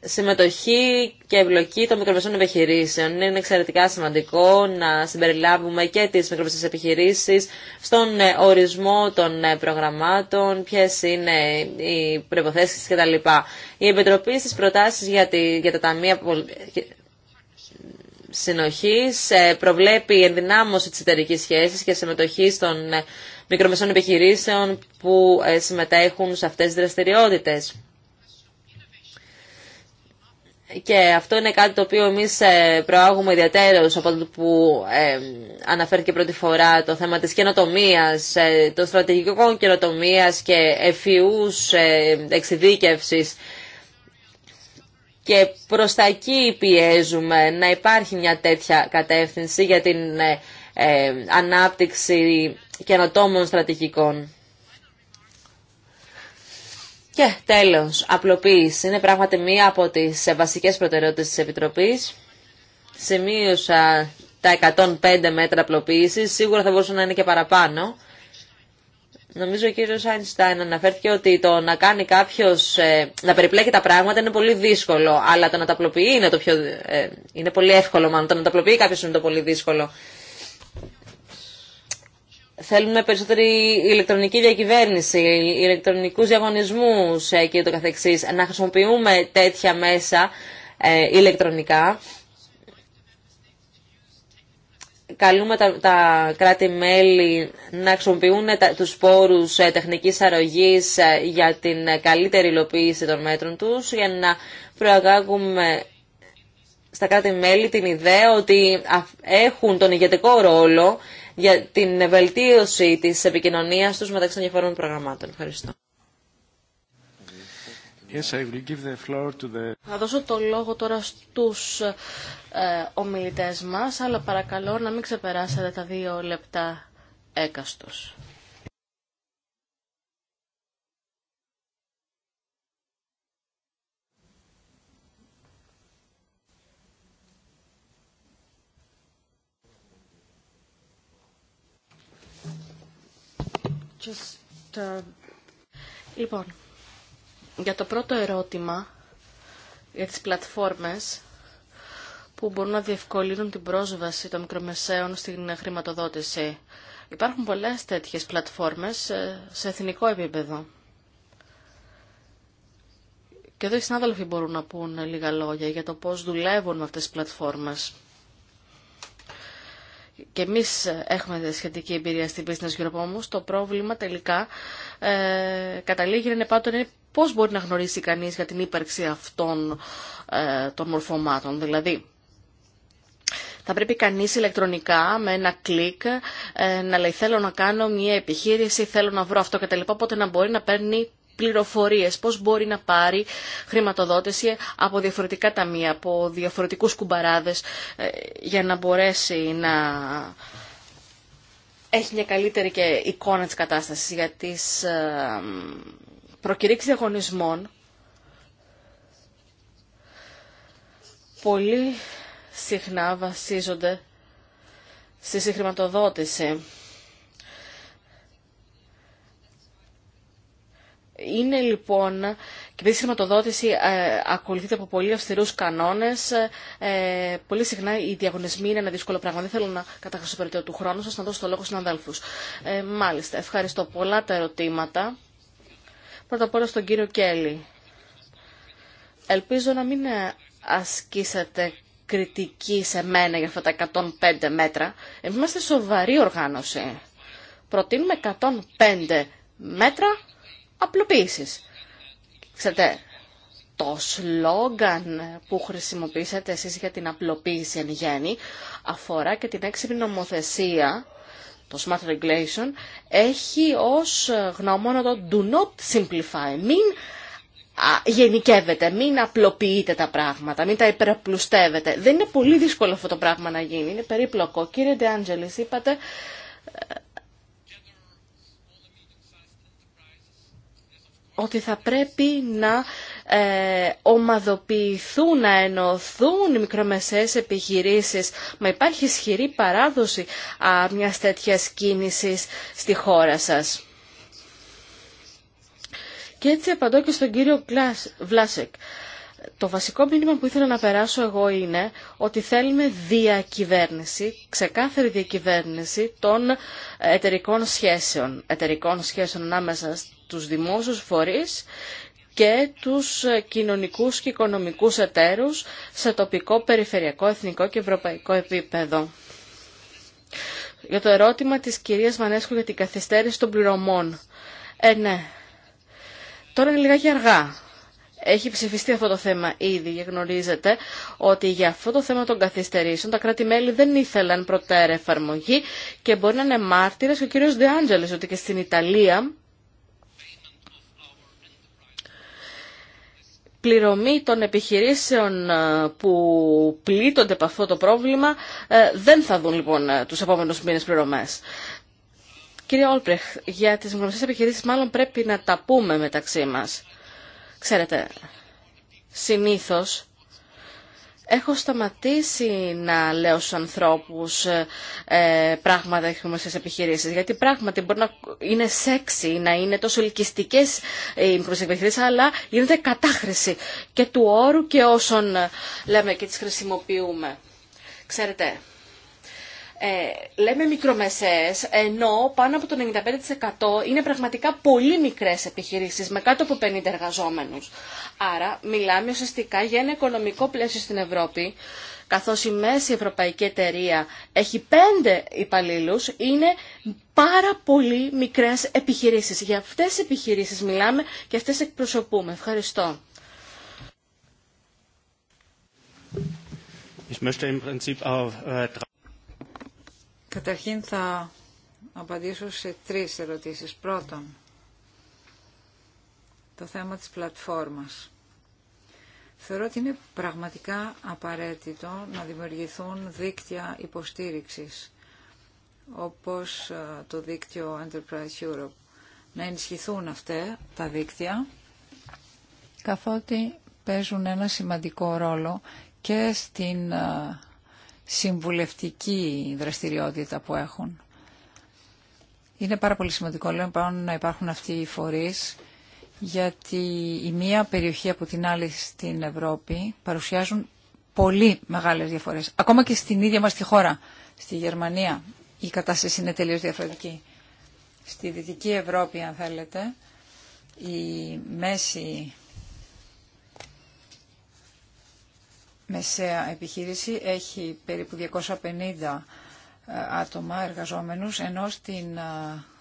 συμμετοχή και εμπλοκή των μικρομεσών επιχειρήσεων. Είναι εξαιρετικά σημαντικό να συμπεριλάβουμε και τις μικρομεσαίες επιχειρήσεις στον ε, ορισμό των ε, προγραμμάτων, ποιες είναι οι προϋποθέσεις κτλ. Η Επιτροπή στις προτάσεις για, τη, για τα ταμεία ε, συνοχής προβλέπει ενδυνάμωση της εταιρική σχέσης και συμμετοχή των μικρομεσών επιχειρήσεων που συμμετέχουν σε αυτές τις δραστηριότητες και αυτό είναι κάτι το οποίο εμείς ε, προάγουμε ιδιαίτερως από το που ε, αναφέρθηκε πρώτη φορά το θέμα της καινοτομίας, ε, των στρατηγικών καινοτομίας και εφιούς εξειδίκευσης. Και προς τα εκεί πιέζουμε να υπάρχει μια τέτοια κατεύθυνση για την ανάπτυξη καινοτόμων στρατηγικών. Και τέλος, απλοποίηση. Είναι πράγματι μία από τις βασικές προτεραιότητες της Επιτροπής. Σημείωσα τα 105 μέτρα απλοποίηση, σίγουρα θα μπορούσαν να είναι και παραπάνω. Νομίζω ο κύριος Άινστάιν αναφέρθηκε ότι το να κάνει κάποιος, ε, να περιπλέκει τα πράγματα είναι πολύ δύσκολο, αλλά το να τα απλοποιεί είναι το πιο, ε, είναι πολύ εύκολο μάλλον, το να τα απλοποιεί κάποιος είναι το πολύ δύσκολο. Θέλουν περισσότερη ηλεκτρονική διακυβέρνηση, ηλεκτρονικούς διαγωνισμούς ε, και το καθεξής. Να χρησιμοποιούμε τέτοια μέσα ε, ηλεκτρονικά. Καλούμε τα, κράτη-μέλη να χρησιμοποιούν τα, τους πόρους ε, τεχνικής αρρωγής για την καλύτερη υλοποίηση των μέτρων τους, για να προαγάγουμε στα κράτη-μέλη την ιδέα ότι έχουν τον ηγετικό ρόλο για την βελτίωση της επικοινωνίας τους μεταξύ των διαφορών προγραμμάτων. Ευχαριστώ. Θα δώσω το λόγο τώρα στους ε, ομιλητές μας, αλλά παρακαλώ να μην ξεπεράσετε τα δύο λεπτά έκαστος. Just, uh... Λοιπόν, για το πρώτο ερώτημα, για τις πλατφόρμες που μπορούν να διευκολύνουν την πρόσβαση των μικρομεσαίων στην χρηματοδότηση. Υπάρχουν πολλές τέτοιες πλατφόρμες ε, σε εθνικό επίπεδο. Και εδώ οι συνάδελφοι μπορούν να πούν λίγα λόγια για το πώς δουλεύουν με αυτές τις πλατφόρμες και εμεί έχουμε σχετική εμπειρία στην Business Europe όμω, το πρόβλημα τελικά ε, καταλήγει να είναι πάντοτε είναι πώς μπορεί να γνωρίσει κανείς για την ύπαρξη αυτών ε, των μορφωμάτων. Δηλαδή, θα πρέπει κανεί ηλεκτρονικά με ένα κλικ ε, να λέει θέλω να κάνω μια επιχείρηση, θέλω να βρω αυτό κτλ. Οπότε να μπορεί να παίρνει πληροφορίες, πώς μπορεί να πάρει χρηματοδότηση από διαφορετικά ταμεία, από διαφορετικούς κουμπαράδες ε, για να μπορέσει να έχει μια καλύτερη και εικόνα της κατάστασης για τις ε, προκηρύξεις διαγωνισμών. Πολύ συχνά βασίζονται στη συγχρηματοδότηση Είναι λοιπόν, και επειδή η χρηματοδότηση ε, ακολουθείται από πολύ αυστηρού κανόνε, ε, πολύ συχνά οι διαγωνισμοί είναι ένα δύσκολο πράγμα. Δεν θέλω να καταχρήσω περαιτέρω του χρόνου σα, να δώσω το λόγο στου αδέλφου. Ε, μάλιστα, ευχαριστώ πολλά τα ερωτήματα. Πρώτα απ' όλα στον κύριο Κέλλη. Ελπίζω να μην ε, ασκήσετε κριτική σε μένα για αυτά τα 105 μέτρα. Εμεί είμαστε σοβαρή οργάνωση. Προτείνουμε 105 μέτρα Απλοποίηση. Ξέρετε, το σλόγγαν που χρησιμοποιήσατε εσείς για την απλοποίηση εν γέννη αφορά και την έξυπνη νομοθεσία, το Smart Regulation, έχει ως γνώμονα το Do Not Simplify. Μην γενικεύετε, μην απλοποιείτε τα πράγματα, μην τα υπεραπλουστεύετε. Δεν είναι πολύ δύσκολο αυτό το πράγμα να γίνει, είναι περίπλοκο. Κύριε Ντεάντζελης, είπατε ε, ότι θα πρέπει να ε, ομαδοποιηθούν, να ενωθούν οι μικρομεσαίες επιχειρήσεις. Μα υπάρχει ισχυρή παράδοση α, μιας τέτοιας κίνησης στη χώρα σας. Και έτσι απαντώ και στον κύριο Βλάσεκ. Το βασικό μήνυμα που ήθελα να περάσω εγώ είναι ότι θέλουμε διακυβέρνηση, ξεκάθαρη διακυβέρνηση των εταιρικών σχέσεων. Εταιρικών σχέσεων ανάμεσα στους δημόσιους φορείς και τους κοινωνικούς και οικονομικούς εταίρους σε τοπικό, περιφερειακό, εθνικό και ευρωπαϊκό επίπεδο. Για το ερώτημα της κυρίας Μανέσκου για την καθυστέρηση των πληρωμών. Ε, ναι. Τώρα είναι λιγάκι αργά έχει ψηφιστεί αυτό το θέμα ήδη και γνωρίζετε ότι για αυτό το θέμα των καθυστερήσεων τα κράτη-μέλη δεν ήθελαν προτέρα εφαρμογή και μπορεί να είναι μάρτυρες και ο κύριος Ντεάντζελε ότι και στην Ιταλία πληρωμή των επιχειρήσεων ε, που πλήττονται από αυτό το πρόβλημα ε, δεν θα δουν λοιπόν ε, τους επόμενους μήνες πληρωμές. Κύριε Όλπρεχ, για τις γνωστές επιχειρήσεις μάλλον πρέπει να τα πούμε μεταξύ μας. Ξέρετε, συνήθως έχω σταματήσει να λέω στους ανθρώπους ε, ε πράγματα στις επιχειρήσεις, γιατί πράγματι μπορεί να είναι σεξι, να είναι τόσο ελκυστικές οι μικρές επιχειρήσεις, αλλά γίνεται κατάχρηση και του όρου και όσων ε, λέμε και τις χρησιμοποιούμε. Ξέρετε, ε, λέμε μικρομεσαίες, ενώ πάνω από το 95% είναι πραγματικά πολύ μικρές επιχειρήσεις με κάτω από 50 εργαζόμενους. Άρα μιλάμε ουσιαστικά για ένα οικονομικό πλαίσιο στην Ευρώπη, καθώς η μέση ευρωπαϊκή εταιρεία έχει 5 υπαλλήλους, είναι πάρα πολύ μικρές επιχειρήσεις. Για αυτές τις επιχειρήσεις μιλάμε και αυτές εκπροσωπούμε. Ευχαριστώ. Ich möchte im Prinzip äh, Καταρχήν θα απαντήσω σε τρεις ερωτήσεις. Πρώτον, το θέμα της πλατφόρμας. Θεωρώ ότι είναι πραγματικά απαραίτητο να δημιουργηθούν δίκτυα υποστήριξης, όπως ε, το δίκτυο Enterprise Europe. Να ενισχυθούν αυτά τα δίκτυα, καθότι παίζουν ένα σημαντικό ρόλο και στην ε, συμβουλευτική δραστηριότητα που έχουν. Είναι πάρα πολύ σημαντικό πάνω να υπάρχουν αυτοί οι φορείς γιατί η μία περιοχή από την άλλη στην Ευρώπη παρουσιάζουν πολύ μεγάλες διαφορές. Ακόμα και στην ίδια μας τη χώρα, στη Γερμανία, η κατάσταση είναι τελείως διαφορετική. Στη Δυτική Ευρώπη, αν θέλετε, η μέση μεσαία επιχείρηση έχει περίπου 250 ε, άτομα εργαζόμενους, ενώ στην ε,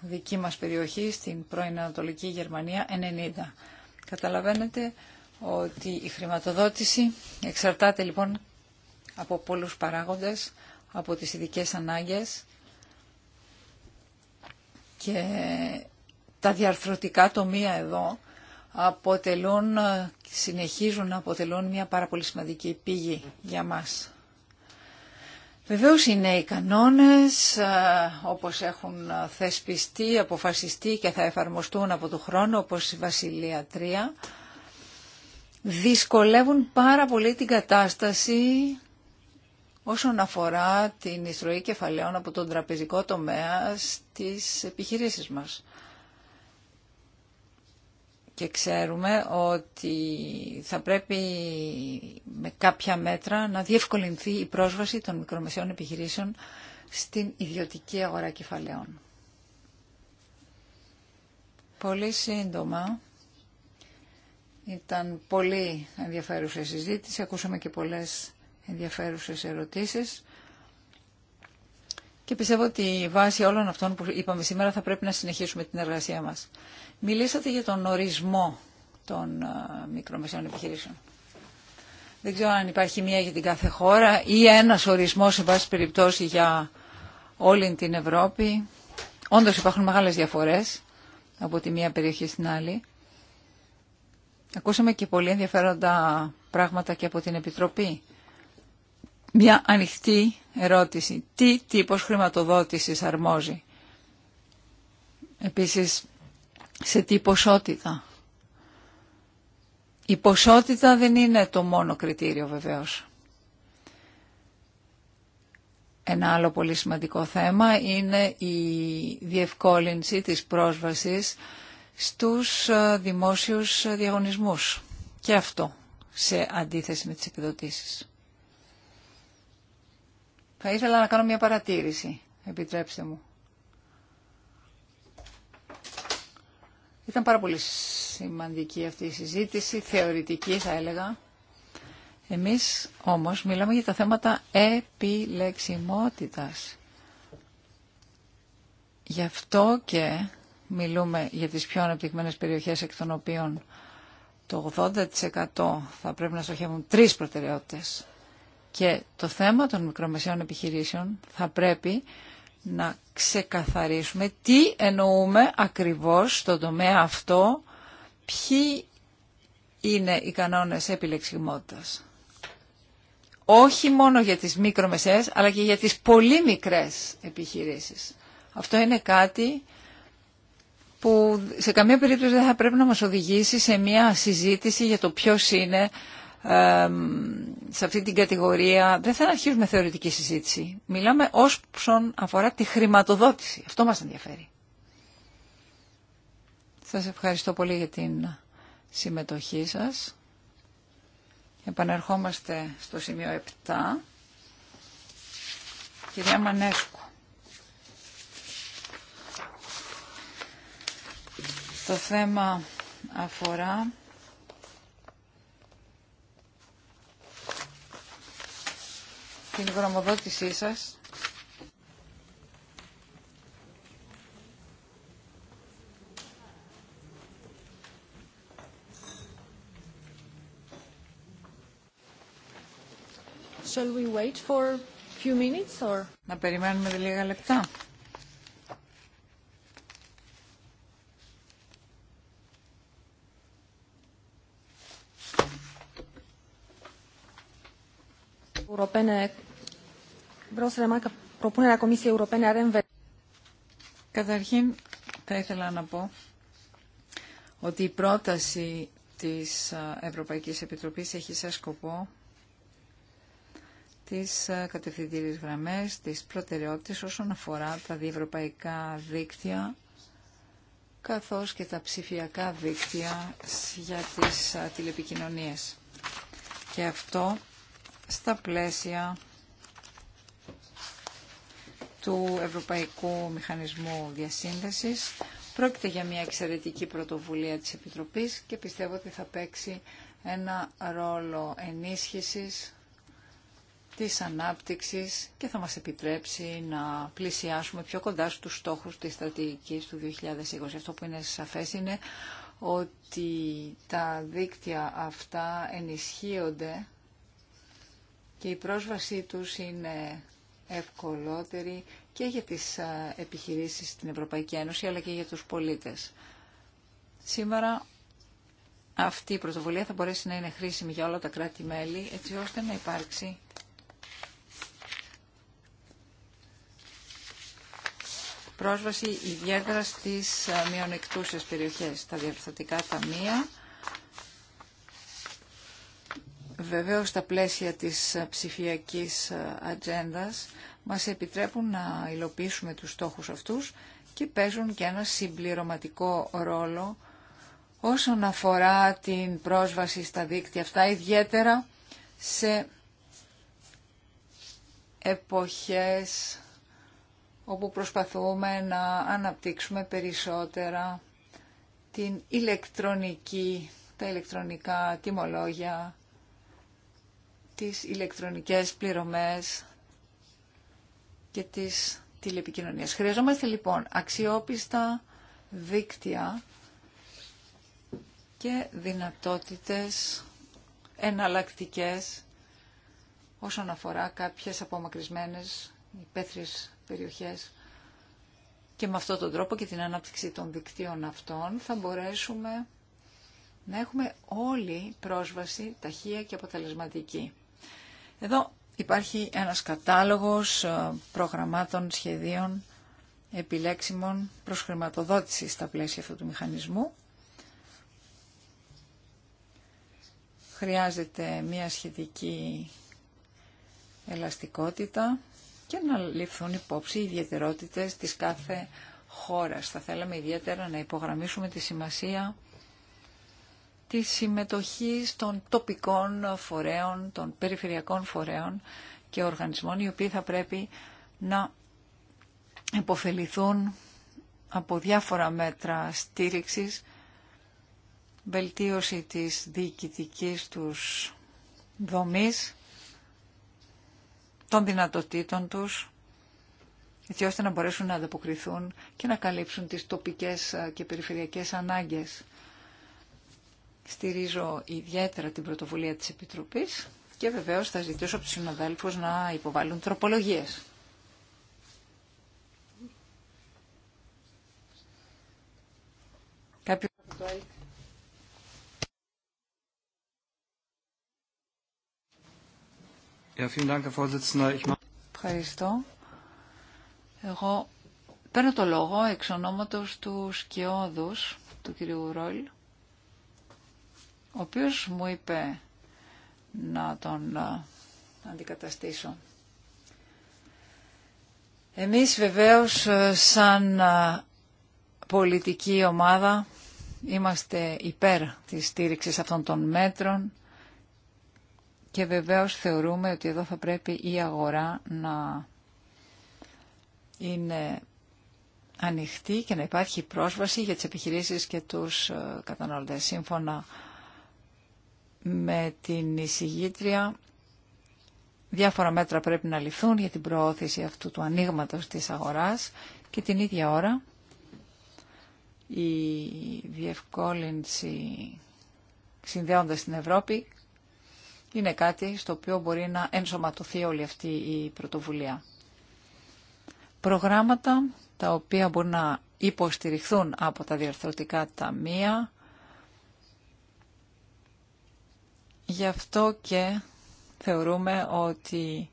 δική μας περιοχή, στην πρώην Ανατολική Γερμανία, 90. Καταλαβαίνετε ότι η χρηματοδότηση εξαρτάται λοιπόν από πολλούς παράγοντες, από τις ειδικέ ανάγκες και τα διαρθρωτικά τομεία εδώ αποτελούν, συνεχίζουν να αποτελούν μια πάρα πολύ σημαντική πηγή για μας. Βεβαίως είναι οι κανόνες όπως έχουν θεσπιστεί, αποφασιστεί και θα εφαρμοστούν από το χρόνο όπως η Βασιλεία 3 δυσκολεύουν πάρα πολύ την κατάσταση όσον αφορά την ιστροή κεφαλαίων από τον τραπεζικό τομέα στις επιχειρήσεις μας και ξέρουμε ότι θα πρέπει με κάποια μέτρα να διευκολυνθεί η πρόσβαση των μικρομεσαίων επιχειρήσεων στην ιδιωτική αγορά κεφαλαίων. Πολύ σύντομα. Ήταν πολύ ενδιαφέρουσα συζήτηση. Ακούσαμε και πολλές ενδιαφέρουσες ερωτήσεις. Και πιστεύω ότι βάσει όλων αυτών που είπαμε σήμερα θα πρέπει να συνεχίσουμε την εργασία μας. Μιλήσατε για τον ορισμό των ε, μικρομεσαίων επιχειρήσεων. Δεν ξέρω αν υπάρχει μία για την κάθε χώρα ή ένας ορισμός, σε βάση περιπτώσει, για όλη την Ευρώπη. Όντως υπάρχουν μεγάλες διαφορές από τη μία περιοχή στην άλλη. Ακούσαμε και πολύ ενδιαφέροντα πράγματα και από την Επιτροπή. Μια ανοιχτή ερώτηση. Τι τύπος χρηματοδότησης αρμόζει. Επίσης, σε τι ποσότητα. Η ποσότητα δεν είναι το μόνο κριτήριο βεβαίως. Ένα άλλο πολύ σημαντικό θέμα είναι η διευκόλυνση της πρόσβασης στους ε, δημόσιους διαγωνισμούς. Και αυτό σε αντίθεση με τις επιδοτήσεις. Θα ήθελα να κάνω μια παρατήρηση, επιτρέψτε μου. Ήταν πάρα πολύ σημαντική αυτή η συζήτηση, θεωρητική θα έλεγα. Εμείς όμως μιλάμε για τα θέματα επιλεξιμότητας. Γι' αυτό και μιλούμε για τις πιο αναπτυγμένες περιοχές εκ των οποίων το 80% θα πρέπει να στοχεύουν τρεις προτεραιότητες. Και το θέμα των μικρομεσαίων επιχειρήσεων θα πρέπει να ξεκαθαρίσουμε τι εννοούμε ακριβώς στον τομέα αυτό, ποιοι είναι οι κανόνες επιλεξιμότητας. Όχι μόνο για τις μικρομεσαίες, αλλά και για τις πολύ μικρές επιχειρήσεις. Αυτό είναι κάτι που σε καμία περίπτωση δεν θα πρέπει να μας οδηγήσει σε μια συζήτηση για το ποιος είναι σε αυτή την κατηγορία δεν θα αρχίσουμε θεωρητική συζήτηση. Μιλάμε όσον αφορά τη χρηματοδότηση. Αυτό μας ενδιαφέρει. Σας ευχαριστώ πολύ για την συμμετοχή σας. Επανερχόμαστε στο σημείο 7. Κυρία Μανέσκου. Το θέμα αφορά την γνωμοδότησή σας. Shall we wait for a few minutes or... Να περιμένουμε λίγα λεπτά. europene Καταρχήν, θα ήθελα να πω ότι η πρόταση της ε, Ευρωπαϊκής Επιτροπής έχει σαν σκοπό τις ε, κατευθυντήριες γραμμές, τις προτεραιότητες όσον αφορά τα διευρωπαϊκά δίκτυα καθώς και τα ψηφιακά δίκτυα για τις ε, τηλεπικοινωνίες. Και αυτό στα πλαίσια του Ευρωπαϊκού Μηχανισμού Διασύνδεσης. Πρόκειται για μια εξαιρετική πρωτοβουλία της Επιτροπής και πιστεύω ότι θα παίξει ένα ρόλο ενίσχυσης της ανάπτυξης και θα μας επιτρέψει να πλησιάσουμε πιο κοντά στους στόχους της στρατηγικής του 2020. Αυτό που είναι σαφές είναι ότι τα δίκτυα αυτά ενισχύονται και η πρόσβασή τους είναι ευκολότερη και για τις επιχειρήσεις στην Ευρωπαϊκή Ένωση αλλά και για τους πολίτες. Σήμερα αυτή η πρωτοβουλία θα μπορέσει να είναι χρήσιμη για όλα τα κράτη-μέλη έτσι ώστε να υπάρξει πρόσβαση ιδιαίτερα στις μειονεκτούσες περιοχές, τα τα ταμεία βεβαίως τα πλαίσια της ψηφιακής ατζέντα μας επιτρέπουν να υλοποιήσουμε τους στόχους αυτούς και παίζουν και ένα συμπληρωματικό ρόλο όσον αφορά την πρόσβαση στα δίκτυα αυτά, ιδιαίτερα σε εποχές όπου προσπαθούμε να αναπτύξουμε περισσότερα την ηλεκτρονική, τα ηλεκτρονικά τιμολόγια, τις ηλεκτρονικές πληρωμές και τις τηλεπικοινωνίες. Χρειαζόμαστε λοιπόν αξιόπιστα δίκτυα και δυνατότητες εναλλακτικές όσον αφορά κάποιες απομακρυσμένες υπαίθριες περιοχές και με αυτόν τον τρόπο και την ανάπτυξη των δικτύων αυτών θα μπορέσουμε να έχουμε όλη πρόσβαση ταχεία και αποτελεσματική. Εδώ υπάρχει ένας κατάλογος ε, προγραμμάτων, σχεδίων επιλέξιμων προς χρηματοδότηση στα πλαίσια αυτού του μηχανισμού. Χρειάζεται μια σχετική ελαστικότητα και να ληφθούν υπόψη οι ιδιαιτερότητες της κάθε χώρας. Θα θέλαμε ιδιαίτερα να υπογραμμίσουμε τη σημασία τη συμμετοχή των τοπικών φορέων, των περιφερειακών φορέων και οργανισμών, οι οποίοι θα πρέπει να υποφεληθούν από διάφορα μέτρα στήριξης, βελτίωση της διοικητικής τους δομής, των δυνατοτήτων τους, έτσι ώστε να μπορέσουν να ανταποκριθούν και να καλύψουν τις τοπικές και περιφερειακές ανάγκες. Στηρίζω ιδιαίτερα την πρωτοβουλία της Επιτροπής και βεβαίως θα ζητήσω από τους συναδέλφους να υποβάλουν τροπολογίες. Ευχαριστώ. Εγώ παίρνω το λόγο εξ ονόματος του Σκιώδους, του κυρίου Ρόιλ ο οποίος μου είπε να τον ε, αντικαταστήσω. Εμείς βεβαίως ε, σαν ε, πολιτική ομάδα είμαστε υπέρ της στήριξης αυτών των μέτρων και βεβαίως θεωρούμε ότι εδώ θα πρέπει η αγορά να είναι ανοιχτή και να υπάρχει πρόσβαση για τις επιχειρήσεις και τους καταναλωτές σύμφωνα με την εισηγήτρια. Διάφορα μέτρα πρέπει να ληφθούν για την προώθηση αυτού του ανοίγματο της αγοράς και την ίδια ώρα η διευκόλυνση συνδέοντας την Ευρώπη είναι κάτι στο οποίο μπορεί να ενσωματωθεί όλη αυτή η πρωτοβουλία. Προγράμματα τα οποία μπορούν να υποστηριχθούν από τα διαρθρωτικά ταμεία Γι' αυτό και θεωρούμε ότι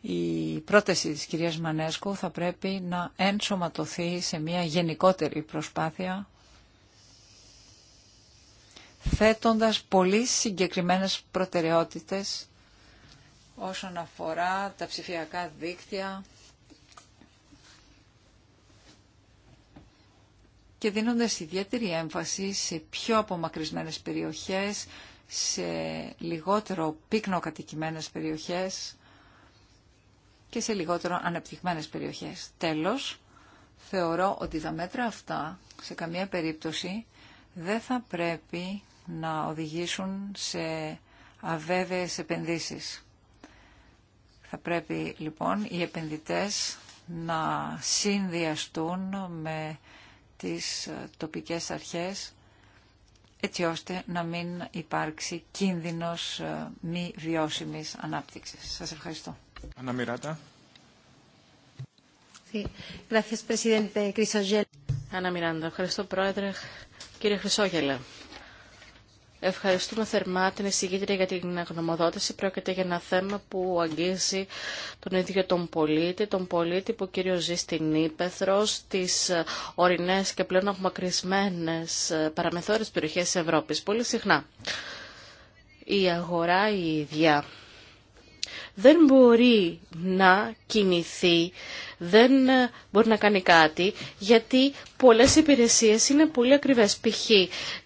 η πρόταση της κυρίας Μανέσκου θα πρέπει να ενσωματωθεί σε μια γενικότερη προσπάθεια θέτοντας πολύ συγκεκριμένες προτεραιότητες όσον αφορά τα ψηφιακά δίκτυα και δίνοντας ιδιαίτερη έμφαση σε πιο απομακρυσμένες περιοχές, σε λιγότερο πύκνο κατοικημένες περιοχές και σε λιγότερο αναπτυγμένες περιοχές. Τέλος, θεωρώ ότι τα μέτρα αυτά σε καμία περίπτωση δεν θα πρέπει να οδηγήσουν σε αβέβαιες επενδύσεις. Θα πρέπει λοιπόν οι επενδυτές να συνδυαστούν με τις τοπικές αρχές έτσι ώστε να μην υπάρξει κίνδυνος ε, μη βιώσιμης ανάπτυξης. Σας ευχαριστώ. Αναμυράτα. Αναμυράντα. Ευχαριστώ, Πρόεδρε. Κύριε Χρυσόγελε. Ευχαριστούμε θερμά την εισηγήτρια για την γνωμοδότηση. Πρόκειται για ένα θέμα που αγγίζει τον ίδιο τον πολίτη, τον πολίτη που κύριο ζει στην Ήπεθρο, στις ορεινές και πλέον απομακρυσμένες παραμεθόρες περιοχές της Ευρώπης. Πολύ συχνά η αγορά η ίδια δεν μπορεί να κινηθεί δεν ε, μπορεί να κάνει κάτι γιατί πολλές υπηρεσίες είναι πολύ ακριβές. Π.χ.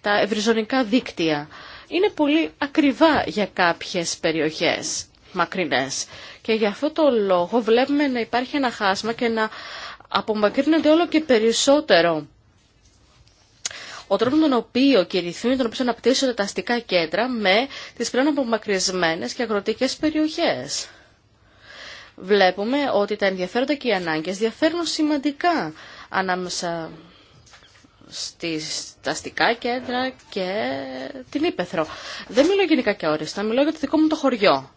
τα ευρυζωνικά δίκτυα είναι πολύ ακριβά για κάποιες περιοχές μακρινές και για αυτό το λόγο βλέπουμε να υπάρχει ένα χάσμα και να απομακρύνεται όλο και περισσότερο ο τρόπο τον οποίο κηρυθούν, τον οποίο αναπτύσσονται τα αστικά κέντρα με τι πλέον απομακρυσμένες και αγροτικές περιοχές βλέπουμε ότι τα ενδιαφέροντα και οι ανάγκες διαφέρουν σημαντικά ανάμεσα στις αστικά κέντρα και την Ήπεθρο. Δεν μιλώ γενικά και όριστα, μιλώ για το δικό μου το χωριό,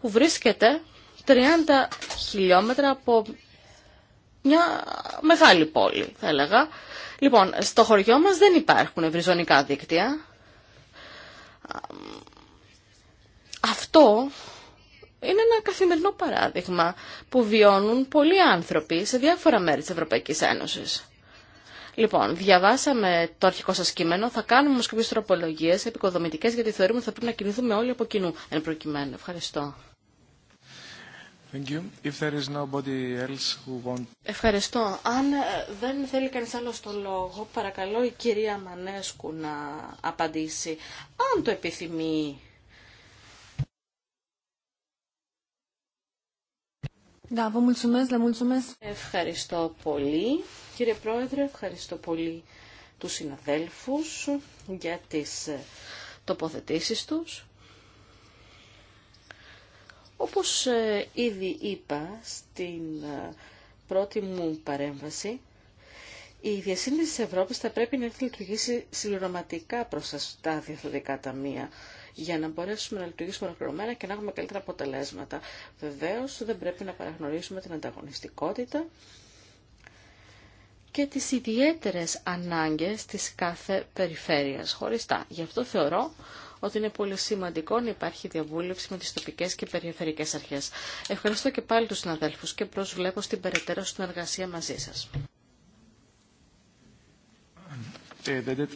που βρίσκεται 30 χιλιόμετρα από μια μεγάλη πόλη, θα έλεγα. Λοιπόν, στο χωριό μας δεν υπάρχουν ευρυζωνικά δίκτυα. Αυτό είναι ένα καθημερινό παράδειγμα που βιώνουν πολλοί άνθρωποι σε διάφορα μέρη της Ευρωπαϊκής Ένωσης. Λοιπόν, διαβάσαμε το αρχικό σα κείμενο, θα κάνουμε όμω κάποιε τροπολογίε επικοδομητικέ γιατί θεωρούμε ότι θα πρέπει να κινηθούμε όλοι από κοινού. Εν προκειμένου. Ευχαριστώ. Thank you. If there is nobody else who want... Ευχαριστώ. Αν ε, δεν θέλει κανείς άλλο το λόγο, παρακαλώ η κυρία Μανέσκου να απαντήσει. Αν το επιθυμεί Ευχαριστώ πολύ. Κύριε Πρόεδρε, ευχαριστώ πολύ τους συναδέλφους για τις ε, τοποθετήσεις τους. Όπως ε, ήδη είπα στην ε, πρώτη μου παρέμβαση, η διασύνδεση της Ευρώπης θα πρέπει να έχει λειτουργήσει συλλογματικά προς τα διαφορετικά ταμεία για να μπορέσουμε να λειτουργήσουμε ολοκληρωμένα και να έχουμε καλύτερα αποτελέσματα. Βεβαίω, δεν πρέπει να παραγνωρίσουμε την ανταγωνιστικότητα και τις ιδιαίτερες ανάγκες της κάθε περιφέρειας χωριστά. Γι' αυτό θεωρώ ότι είναι πολύ σημαντικό να υπάρχει διαβούλευση με τις τοπικές και περιφερειακές αρχές. Ευχαριστώ και πάλι τους συναδέλφους και προσβλέπω στην περαιτέρω συνεργασία μαζί σας. The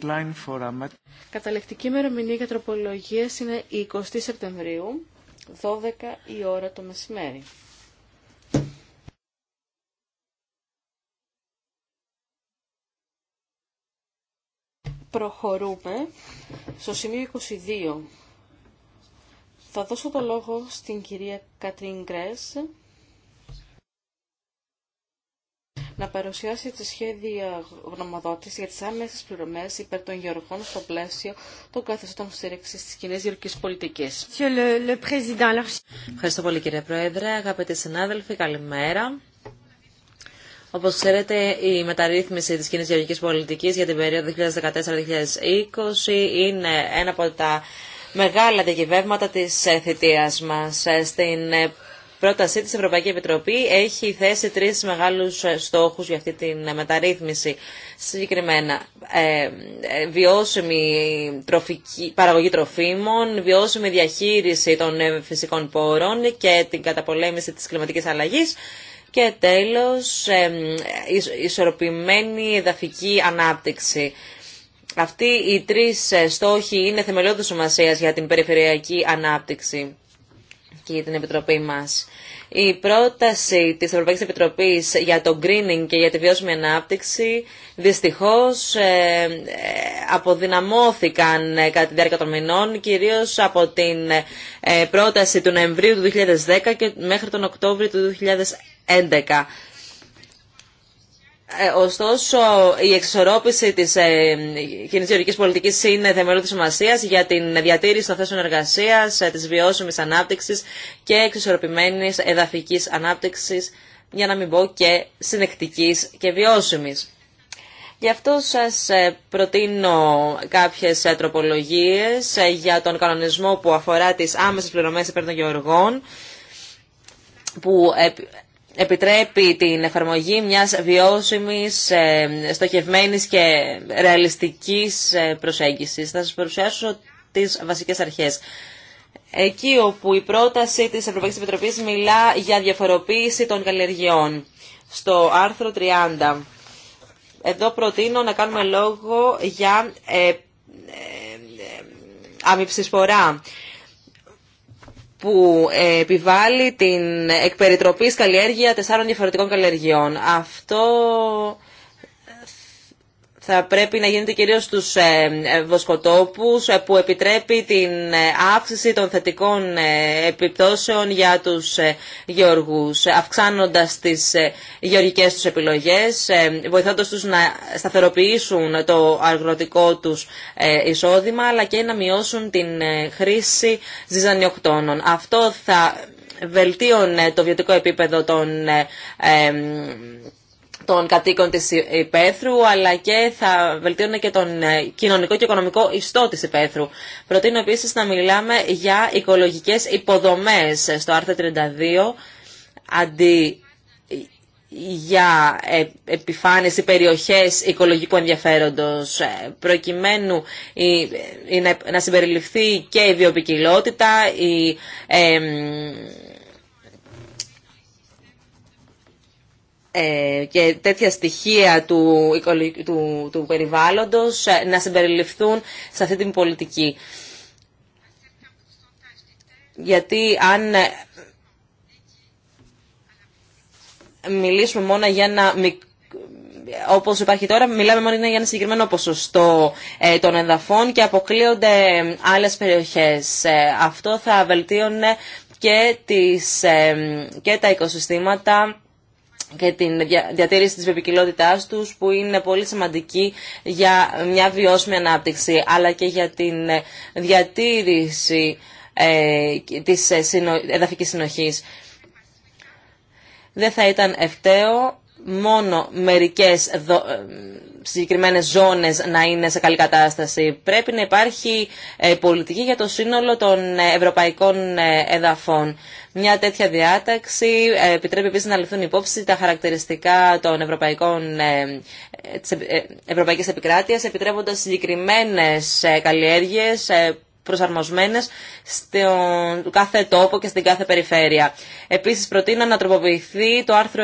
for... Καταληκτική ημερομηνία για τροπολογία είναι η 20 Σεπτεμβρίου, 12 η ώρα το μεσημέρι. Προχωρούμε στο σημείο 22. Θα δώσω το λόγο στην κυρία Κατρίν Γκρέσ, να παρουσιάσει τη σχέδια γνωμοδότηση για τι άμεσες πληρωμές υπέρ των γεωργών στο πλαίσιο των καθεστώτων στήριξη τη κοινή γεωργική Πολιτική. Ευχαριστώ πολύ κύριε Πρόεδρε, αγαπητοί συνάδελφοι, καλημέρα. Όπω ξέρετε, η μεταρρύθμιση τη κοινή γεωργική πολιτική για την περίοδο 2014-2020 είναι ένα από τα μεγάλα διακυβεύματα της θητείας μας Στην πρότασή της Ευρωπαϊκή Επιτροπή έχει θέσει τρεις μεγάλους ε, στόχους για αυτή τη ε, μεταρρύθμιση. Συγκεκριμένα, ε, βιώσιμη παραγωγή τροφίμων, βιώσιμη διαχείριση των φυσικών πόρων και την καταπολέμηση της κλιματικής αλλαγής και τέλος, ισορροπημένη εδαφική ανάπτυξη. Αυτοί οι τρεις στόχοι είναι θεμελιώδης σημασία για την περιφερειακή ανάπτυξη και για την Επιτροπή μας. Η πρόταση της Ευρωπαϊκής Επιτροπής για το greening και για τη βιώσιμη ανάπτυξη δυστυχώς ε, ε, αποδυναμώθηκαν ε, κατά τη διάρκεια των μηνών, κυρίως από την πρόταση του Νοεμβρίου του 2010 και μέχρι τον Οκτώβριο του 2011. Ε, ωστόσο, η εξισορρόπηση τη ε, κοινή πολιτική είναι θεμελιώδη σημασία για την διατήρηση των θέσεων εργασία, ε, τη βιώσιμη ανάπτυξη και εξισορροπημένη εδαφική ανάπτυξη, για να μην πω και συνεκτική και βιώσιμη. Γι' αυτό σας ε, προτείνω κάποιες ε, τροπολογίες για τον κανονισμό που αφορά τις άμεσες πληρωμές υπέρ των γεωργών που επιτρέπει την εφαρμογή μιας βιώσιμης, ε, στοχευμένης και ρεαλιστικής ε, προσέγγισης. Θα σας παρουσιάσω τις βασικές αρχές. Εκεί όπου η πρόταση της Ευρωπαϊκής Επιτροπής μιλά για διαφοροποίηση των καλλιεργειών. Στο άρθρο 30. Εδώ προτείνω να κάνουμε λόγο για ε, ε, ε που ε, επιβάλλει την εκπεριτροπή καλλιέργεια τεσσάρων διαφορετικών καλλιεργειών. Αυτό θα πρέπει να γίνεται κυρίως στους ε, ε, βοσκοτόπους ε, που επιτρέπει την αύξηση των θετικών επιπτώσεων για τους γεωργούς αυξάνοντας τις γεωργικές τους επιλογές βοηθώντας τους να σταθεροποιήσουν το αγροτικό τους εισόδημα αλλά και να μειώσουν την χρήση ζυζανιοκτώνων. Αυτό θα βελτίωνε το βιωτικό επίπεδο των των κατοίκων της υπαίθρου, αλλά και θα βελτίωνε και τον ε, κοινωνικό και οικονομικό ιστό της υπαίθρου. Προτείνω επίσης να μιλάμε για οικολογικές υποδομές στο άρθρο 32, αντί για ε, επιφάνειες ή περιοχές οικολογικού ενδιαφέροντος ε, προκειμένου να συμπεριληφθεί και η βιοπικιλότητα, η Ε, και τέτοια στοιχεία του, του, του περιβάλλοντος ε, να συμπεριληφθούν σε αυτή την πολιτική. Γιατί αν ε, μιλήσουμε μόνο για ένα όπως υπάρχει τώρα, μιλάμε μόνο για ένα συγκεκριμένο ποσοστό των εδαφών και αποκλείονται άλλες περιοχές. Αυτό θα βελτίωνε και, τις, και τα οικοσυστήματα και την διατήρηση της πεποικιλότητάς τους που είναι πολύ σημαντική για μια βιώσιμη ανάπτυξη αλλά και για την ε, διατήρηση ε, της ε, εδαφικής συνοχής. Δεν θα ήταν ευταίο μόνο μερικές συγκεκριμένες ζώνες να είναι σε καλή κατάσταση. Πρέπει να υπάρχει πολιτική για το σύνολο των ευρωπαϊκών εδαφών. Μια τέτοια διάταξη ε, επιτρέπει επίσης να ληφθούν υπόψη τα χαρακτηριστικά των ευρωπαϊκών, ε, ε, της ευρωπαϊκής επικράτειας, επιτρέποντας συγκεκριμένες καλλιέργειες προσαρμοσμένες στον κάθε τόπο και στην κάθε περιφέρεια. Επίσης προτείνω να τροποποιηθεί το άρθρο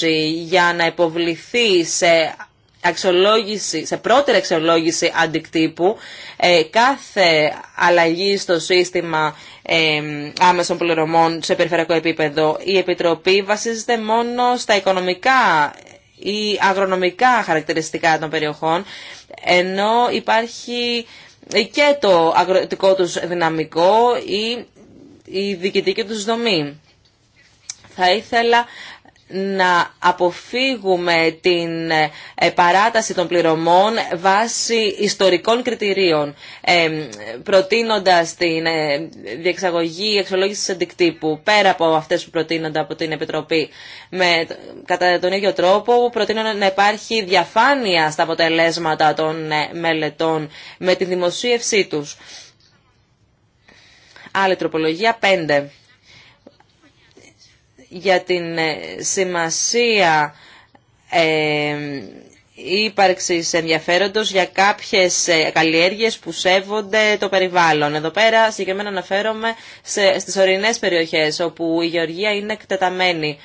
20 για να υποβληθεί σε αξιολόγηση, σε πρώτη αξιολόγηση αντικτύπου ε, κάθε αλλαγή στο σύστημα άμεσων πληρωμών σε περιφερειακό επίπεδο. Η Επιτροπή βασίζεται μόνο στα οικονομικά ή αγρονομικά χαρακτηριστικά των περιοχών, ενώ υπάρχει και το αγροτικό τους δυναμικό ή η διοικητική τους δομή. Θα ήθελα να αποφύγουμε την ε, παράταση των πληρωμών βάσει ιστορικών κριτηρίων, ε, προτείνοντας την ε, διεξαγωγή εξολόγησης αντικτύπου πέρα από αυτές που προτείνονται από την Επιτροπή. Με, κατά τον ίδιο τρόπο προτείνω να υπάρχει διαφάνεια στα αποτελέσματα των μελετών με τη δημοσίευσή τους. Άλλη τροπολογία 5 για την ε, σημασία ε, ύπαρξης ενδιαφέροντος για κάποιες ε, καλλιέργειες που σέβονται το περιβάλλον. Εδώ πέρα συγκεκριμένα αναφέρομαι στι στις ορεινές περιοχές όπου η γεωργία είναι εκτεταμένη.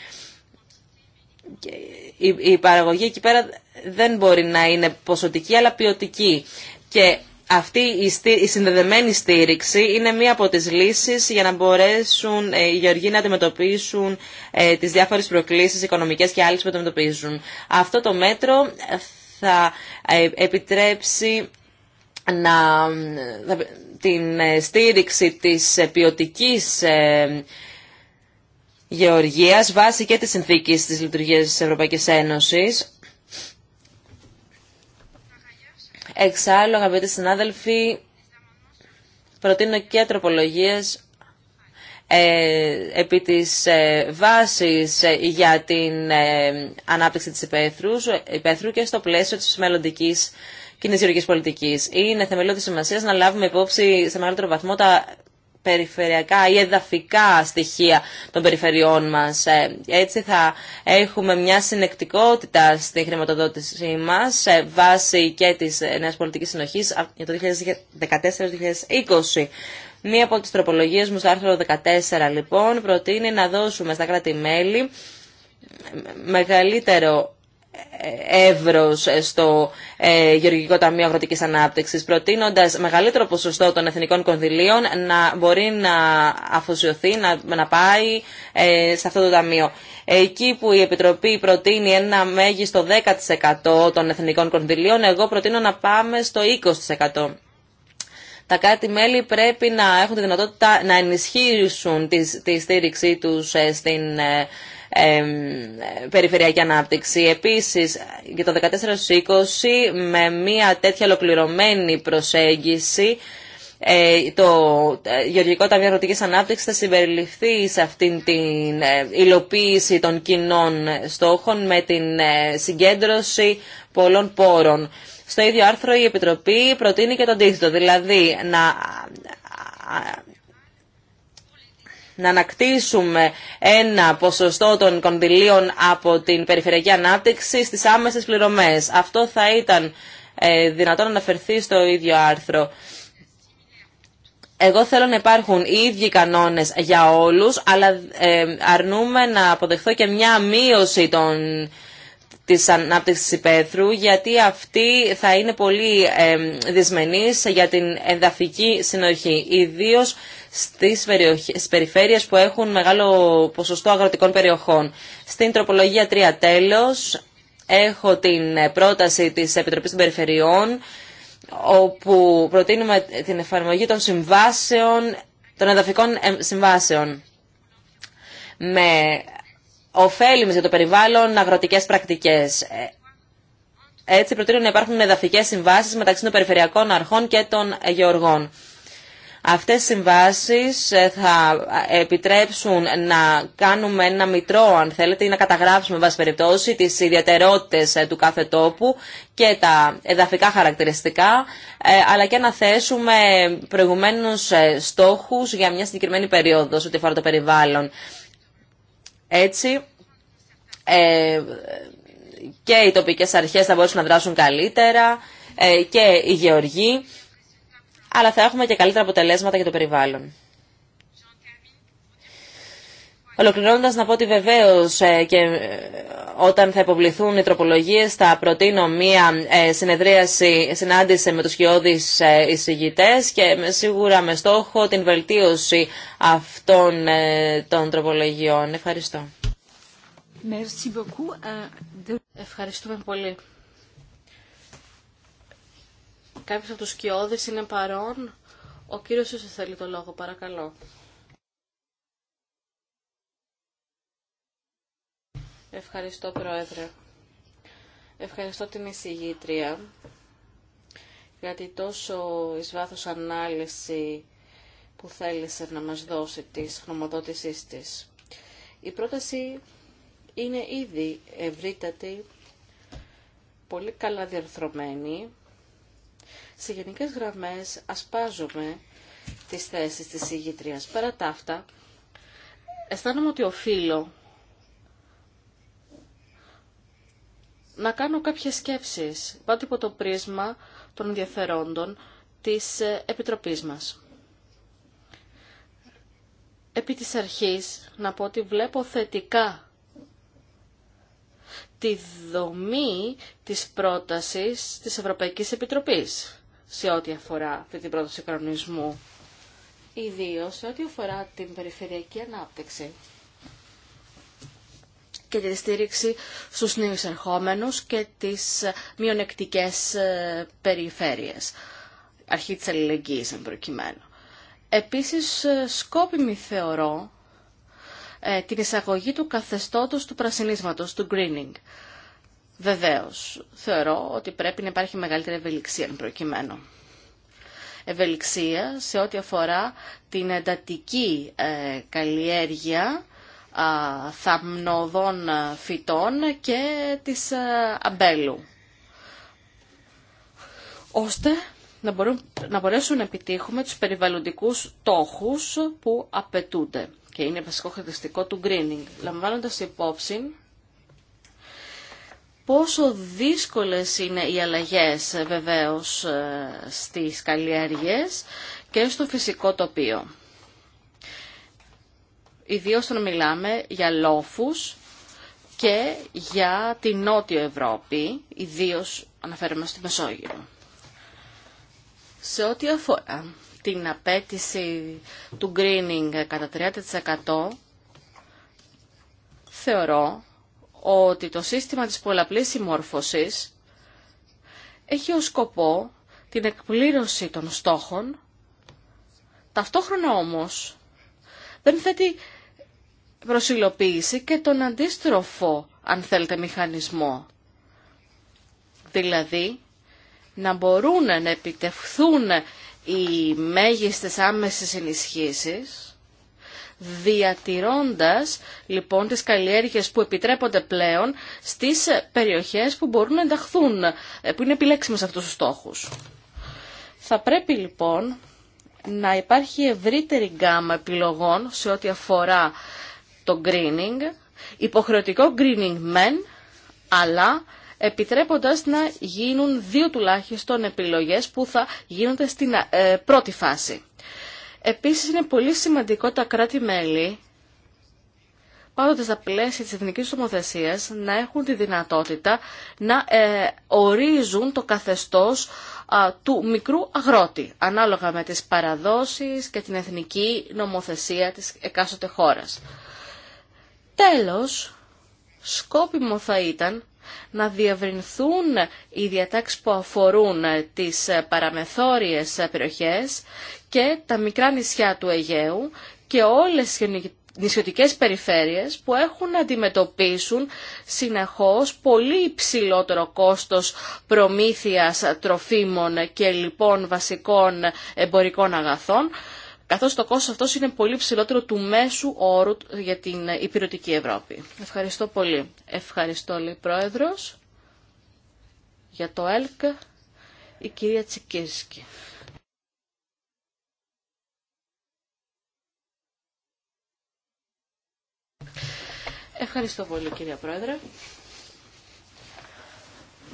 Η, η παραγωγή εκεί πέρα δεν μπορεί να είναι ποσοτική αλλά ποιοτική. Και αυτή η συνδεδεμένη στήριξη είναι μία από τις λύσεις για να μπορέσουν ε, οι γεωργοί να αντιμετωπίσουν ε, τις διάφορες προκλήσεις οικονομικές και άλλες που αντιμετωπίζουν. Αυτό το μέτρο ε, θα επιτρέψει να, την στήριξη της ποιοτική γεωργίας βάσει και της συνθήκης της λειτουργίας της Ευρωπαϊκής Ένωσης Εξάλλου, αγαπητοί συνάδελφοι, προτείνω και τροπολογίες ε, επί της ε, βάσης ε, για την ανάπτυξη της υπαίθρου και στο πλαίσιο της μελλοντικής κοινής γεωργικής πολιτικής. Είναι θεμελιώδη σημασία να λάβουμε υπόψη σε μεγαλύτερο βαθμό τα περιφερειακά ή εδαφικά στοιχεία των περιφερειών μας. Ε, έτσι θα έχουμε μια συνεκτικότητα στη χρηματοδότησή μας ε, βάση και της νέας πολιτικής συνοχής για το 2014-2020. Μία από τις τροπολογίες μου στο άρθρο 14 λοιπόν προτείνει να δώσουμε στα κράτη-μέλη μεγαλύτερο εύρος στο ε, Γεωργικό Ταμείο Αγροτικής Ανάπτυξης, προτείνοντας μεγαλύτερο ποσοστό των εθνικών κονδυλίων να μπορεί να αφοσιωθεί, να, να πάει ε, σε αυτό το ταμείο. Εκεί που η Επιτροπή προτείνει ένα μέγιστο 10% των εθνικών κονδυλίων, εγώ προτείνω να πάμε στο 20%. Τα κάτι μελη πρέπει να έχουν τη δυνατότητα να ενισχύσουν τη, στήριξή τους ε, στην περιφερειακή ανάπτυξη. Επίσης, για το 14-20, με μια τέτοια ολοκληρωμένη προσέγγιση, ε, το ε, Γεωργικό Ταμείο Αγροτικής Ανάπτυξης θα συμπεριληφθεί σε αυτήν την ε, υλοποίηση των κοινών στόχων με την συγκέντρωση πολλών πόρων. Στο ίδιο άρθρο η Επιτροπή προτείνει και το αντίθετο, δηλαδή να να ανακτήσουμε ένα ποσοστό των κονδυλίων από την περιφερειακή ανάπτυξη στις άμεσες πληρωμές. Αυτό θα ήταν ε, δυνατόν να αναφερθεί στο ίδιο άρθρο. Εγώ θέλω να υπάρχουν οι ίδιοι κανόνες για όλους, αλλά ε, αρνούμε να αποδεχθώ και μια μείωση των της ανάπτυξης υπαίθρου, γιατί αυτή θα είναι πολύ ε, δυσμενής για την εδαφική συνοχή, ιδίως στις, περιοχές, περιφέρειες που έχουν μεγάλο ποσοστό αγροτικών περιοχών. Στην τροπολογία 3 τέλος έχω την πρόταση της Επιτροπής των Περιφερειών όπου προτείνουμε την εφαρμογή των συμβάσεων, των εδαφικών ε, συμβάσεων με ωφέλιμες για το περιβάλλον αγροτικές πρακτικές. Ε, έτσι προτείνω να υπάρχουν εδαφικές συμβάσεις μεταξύ των περιφερειακών αρχών και των γεωργών. Αυτές οι συμβάσεις ε, θα επιτρέψουν να κάνουμε ένα μητρό, αν θέλετε, ή να καταγράψουμε, βάση περιπτώσει, τις ιδιαιτερότητες ε, του κάθε τόπου και τα εδαφικά χαρακτηριστικά, ε, αλλά και να θέσουμε προηγουμένους στόχους για μια συγκεκριμένη περίοδο, ό,τι αφορά το περιβάλλον. Έτσι, και οι τοπικές αρχές θα μπορούσαν να δράσουν καλύτερα και οι γεωργοί αλλά θα έχουμε και καλύτερα αποτελέσματα για το περιβάλλον. Ολοκληρώνοντα να πω ότι βεβαίω ε, και ε, όταν θα υποβληθούν οι τροπολογίε θα προτείνω μία ε, συνεδρίαση, συνάντηση με του χειώδει εισηγητέ και σίγουρα με στόχο την βελτίωση αυτών των τροπολογιών. Ευχαριστώ. Ευχαριστούμε πολύ. Κάποιος από τους σκιώδες είναι παρόν. Ο κύριος ίσως θέλει το λόγο, παρακαλώ. Ευχαριστώ, Πρόεδρε. Ευχαριστώ την εισηγήτρια γιατί τόσο εις βάθος ανάλυση που θέλησε να μας δώσει της χρηματοδότησής της. Η πρόταση είναι ήδη ευρύτατη, πολύ καλά διαρθρωμένη σε γενικές γραμμές ασπάζομαι τις θέσεις της ηγητρίας. Παρά τα αυτά, αισθάνομαι ότι οφείλω να κάνω κάποιες σκέψεις πάνω από το πρίσμα των ενδιαφερόντων της Επιτροπής μας. Επί της αρχής να πω ότι βλέπω θετικά τη δομή της πρότασης της Ευρωπαϊκής Επιτροπής σε ό,τι αφορά την πρόταση κανονισμού. Ιδίω σε ό,τι αφορά την περιφερειακή ανάπτυξη και τη στήριξη στους νέους ερχόμενους και τις μειονεκτικές ε, περιφέρειες. Αρχή τη αλληλεγγύης, εν προκειμένου. Επίσης, ε, σκόπιμη θεωρώ ε, την εισαγωγή του καθεστώτος του πρασινίσματος, του greening Βεβαίω, θεωρώ ότι πρέπει να υπάρχει μεγαλύτερη ευελιξία εν προκειμένου. Ευελιξία σε ό,τι αφορά την εντατική ε, καλλιέργεια θαμνοδών ε, φυτών και της ε, αμπέλου. Ώστε να, να μπορέσουν να επιτύχουμε τους περιβαλλοντικούς τόχους που απαιτούνται. Και είναι βασικό χαρακτηριστικό του greening. Λαμβάνοντας υπόψη πόσο δύσκολες είναι οι αλλαγές ε, βεβαίως ε, στις καλλιέργειες και στο φυσικό τοπίο. Ιδίως όταν μιλάμε για λόφους και για τη Νότιο Ευρώπη, ιδίως αναφέρομαι στη Μεσόγειο. Σε ό,τι αφορά την απέτηση του greening κατά 30% θεωρώ ότι το σύστημα της πολλαπλής συμμόρφωσης έχει ως σκοπό την εκπλήρωση των στόχων, ταυτόχρονα όμως δεν θέτει προσιλοποίηση και τον αντίστροφο, αν θέλετε, μηχανισμό. Δηλαδή, να μπορούν να επιτευχθούν οι μέγιστες άμεσες ενισχύσεις, διατηρώντας λοιπόν τις καλλιέργειες που επιτρέπονται πλέον στις περιοχές που μπορούν να ενταχθούν, ε, που είναι επιλέξιμες αυτούς τους στόχους. Θα πρέπει λοιπόν να υπάρχει ευρύτερη γκάμα επιλογών σε ό,τι αφορά το greening, υποχρεωτικό greening μεν, αλλά επιτρέποντας να γίνουν δύο τουλάχιστον επιλογές που θα γίνονται στην ε, πρώτη φάση. Επίσης είναι πολύ σημαντικό τα κράτη-μέλη, πάντοτε στα πλαίσια της εθνικής νομοθεσίας, να έχουν τη δυνατότητα να ε, ορίζουν το καθεστώς του μικρού αγρότη, ανάλογα με τις παραδόσεις και την εθνική νομοθεσία της εκάστοτε χώρας. Τέλος, σκόπιμο θα ήταν να διευρυνθούν οι διατάξεις που αφορούν τις παραμεθόριες περιοχές και τα μικρά νησιά του Αιγαίου και όλες οι νησιωτικές περιφέρειες που έχουν να αντιμετωπίσουν συνεχώς πολύ υψηλότερο κόστος προμήθειας τροφίμων και λοιπόν βασικών εμπορικών αγαθών, καθώς το κόστος αυτός είναι πολύ ψηλότερο του μέσου όρου για την υπηρετική Ευρώπη. Ευχαριστώ πολύ. Ευχαριστώ, λέει Πρόεδρος, για το ΕΛΚ, η κυρία Τσικίσκη. Ευχαριστώ πολύ κυρία Πρόεδρε.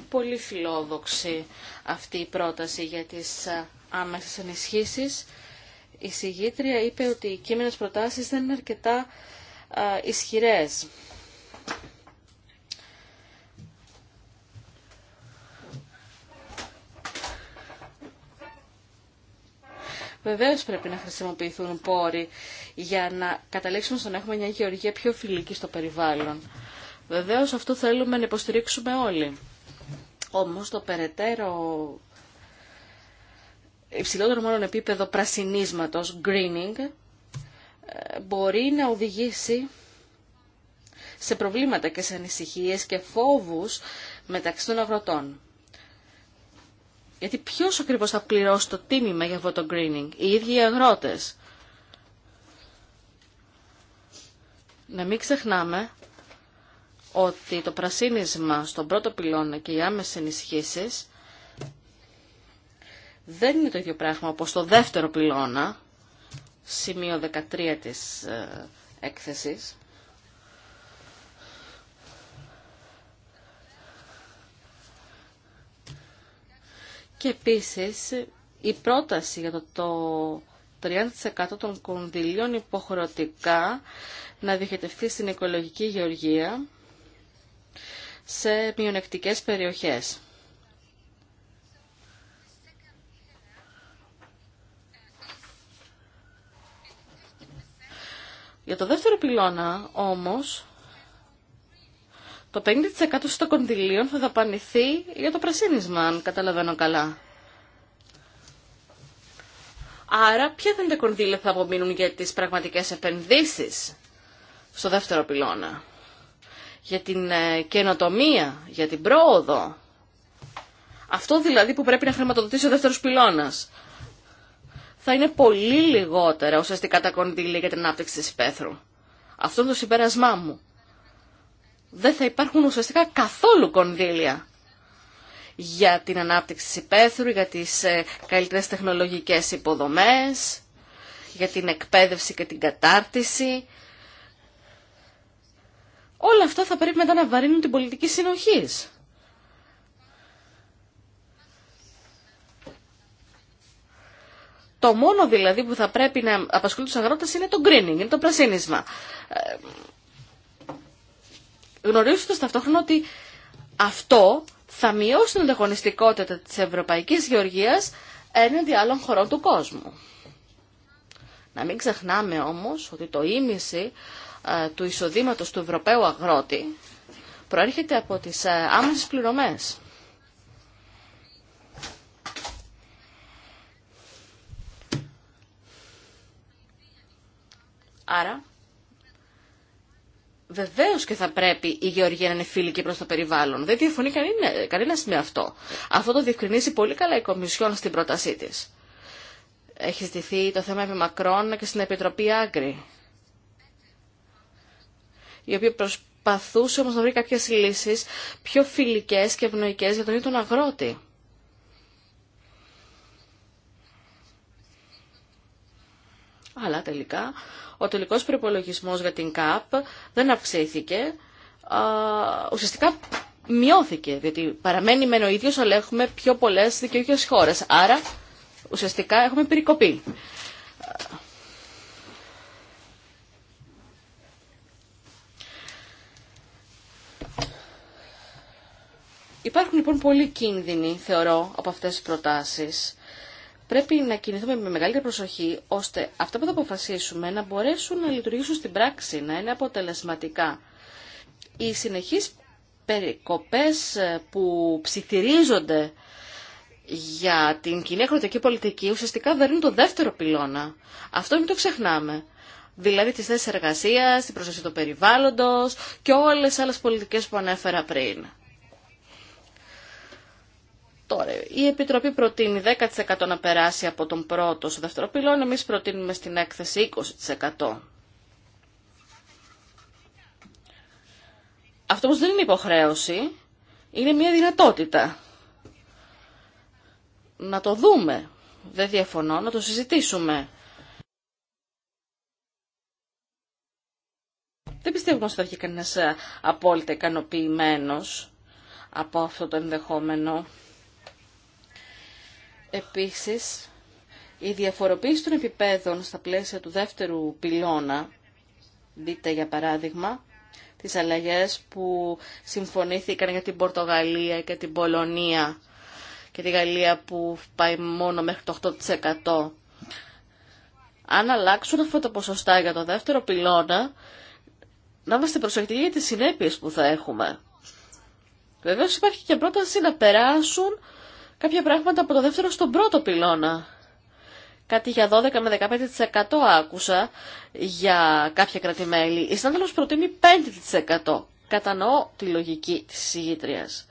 Πολύ φιλόδοξη αυτή η πρόταση για τις ε, άμεσες ενισχύσεις. Η συγγήτρια είπε ότι οι κείμενες προτάσεις δεν είναι αρκετά ε, ισχυρές. Βεβαίω πρέπει να χρησιμοποιηθούν πόροι για να καταλήξουμε στο να έχουμε μια γεωργία πιο φιλική στο περιβάλλον. Βεβαίω αυτό θέλουμε να υποστηρίξουμε όλοι. Όμω το περαιτέρω υψηλότερο μόνο επίπεδο πρασινίσματος, greening, ε, μπορεί να οδηγήσει σε προβλήματα και σε ανησυχίες και φόβους μεταξύ των αγροτών. Γιατί ποιο ακριβώ θα πληρώσει το τίμημα για αυτό το greening, οι ίδιοι οι αγρότες. Να μην ξεχνάμε ότι το πρασίνισμα στον πρώτο πυλώνα και οι άμεσε ενισχύσει δεν είναι το ίδιο πράγμα όπως το δεύτερο πυλώνα, σημείο 13 της ε, έκθεσης. Και επίση η πρόταση για το 30% των κονδυλίων υποχρεωτικά να διοχετευτεί στην οικολογική γεωργία σε μειονεκτικές περιοχές. Για το δεύτερο πυλώνα όμως το 50% των κονδυλίων θα δαπανηθεί για το πρασίνισμα, αν καταλαβαίνω καλά. Άρα, ποια δεν τα κονδύλια θα απομείνουν για τις πραγματικές επενδύσεις στο δεύτερο πυλώνα, για την ε, καινοτομία, για την πρόοδο. Αυτό δηλαδή που πρέπει να χρηματοδοτήσει ο δεύτερος πυλώνας. Θα είναι πολύ λιγότερα ουσιαστικά τα κονδύλια για την ανάπτυξη της υπαίθρου. Αυτό είναι το συμπέρασμά μου δεν θα υπάρχουν ουσιαστικά καθόλου κονδύλια για την ανάπτυξη της υπαίθρου, για τις ε, καλύτερες τεχνολογικές υποδομές, για την εκπαίδευση και την κατάρτιση. Όλα αυτά θα πρέπει μετά να βαρύνουν την πολιτική συνοχής. Το μόνο δηλαδή που θα πρέπει να απασχολεί τους αγρότες είναι το greening, είναι το πρασίνισμα. Ε, γνωρίζοντα ταυτόχρονα ότι αυτό θα μειώσει την ανταγωνιστικότητα της ευρωπαϊκής γεωργίας έναντι άλλων χωρών του κόσμου. Να μην ξεχνάμε όμως ότι το ίμιση ε, του εισοδήματο του Ευρωπαίου αγρότη προέρχεται από τις ε, άμεσε πληρωμές. Άρα Βεβαίω και θα πρέπει η γεωργία να είναι φιλική προ το περιβάλλον. Δεν διαφωνεί κανένα με αυτό. Αυτό το διευκρινίζει πολύ καλά η Κομισιόν στην πρότασή τη. Έχει στηθεί το θέμα επί Μακρόν και στην Επιτροπή Άγκρη, η οποία προσπαθούσε όμω να βρει κάποιε λύσει πιο φιλικέ και ευνοϊκέ για τον ίδιο τον αγρότη. Αλλά τελικά ο τελικός προϋπολογισμός για την ΚΑΠ δεν αυξήθηκε, ουσιαστικά μειώθηκε, διότι παραμένει μεν ο ίδιος, αλλά έχουμε πιο πολλές δικαιούχες χώρες. Άρα, ουσιαστικά έχουμε περικοπή. Υπάρχουν λοιπόν πολλοί κίνδυνοι, θεωρώ, από αυτές τις προτάσεις πρέπει να κινηθούμε με μεγαλύτερη προσοχή ώστε αυτά που θα αποφασίσουμε να μπορέσουν να λειτουργήσουν στην πράξη, να είναι αποτελεσματικά. Οι συνεχείς περικοπές ε, που ψιθυρίζονται για την κοινή αγροτική πολιτική ουσιαστικά δέρνουν το δεύτερο πυλώνα. Αυτό μην το ξεχνάμε. Δηλαδή τις θέσεις εργασίας, την προσοχή του περιβάλλοντος και όλες τις άλλες πολιτικές που ανέφερα πριν. Τώρα, η Επιτροπή προτείνει 10% να περάσει από τον πρώτο στο δεύτερο πυλόν, εμείς προτείνουμε στην έκθεση 20%. Αυτό όμως δεν είναι υποχρέωση, είναι μια δυνατότητα. Να το δούμε, δεν διαφωνώ, να το συζητήσουμε. Δεν πιστεύω ότι θα έρχεται κανένας ε, απόλυτα ικανοποιημένος από αυτό το ενδεχόμενο. Επίσης, η διαφοροποίηση των επιπέδων στα πλαίσια του δεύτερου πυλώνα, δείτε για παράδειγμα, τις αλλαγές που συμφωνήθηκαν για την Πορτογαλία και την Πολωνία και τη Γαλλία που πάει μόνο μέχρι το 8%. Αν αλλάξουν αυτά τα ποσοστά για το δεύτερο πυλώνα, να είμαστε προσεκτικοί για τις συνέπειες που θα έχουμε. Βεβαίως υπάρχει και πρόταση να περάσουν κάποια πράγματα από το δεύτερο στον πρώτο πυλώνα. Κάτι για 12 με 15% άκουσα για κάποια κρατημέλη. Η συνάδελφος προτείνει 5%. Κατανοώ τη λογική της συγγήτριας.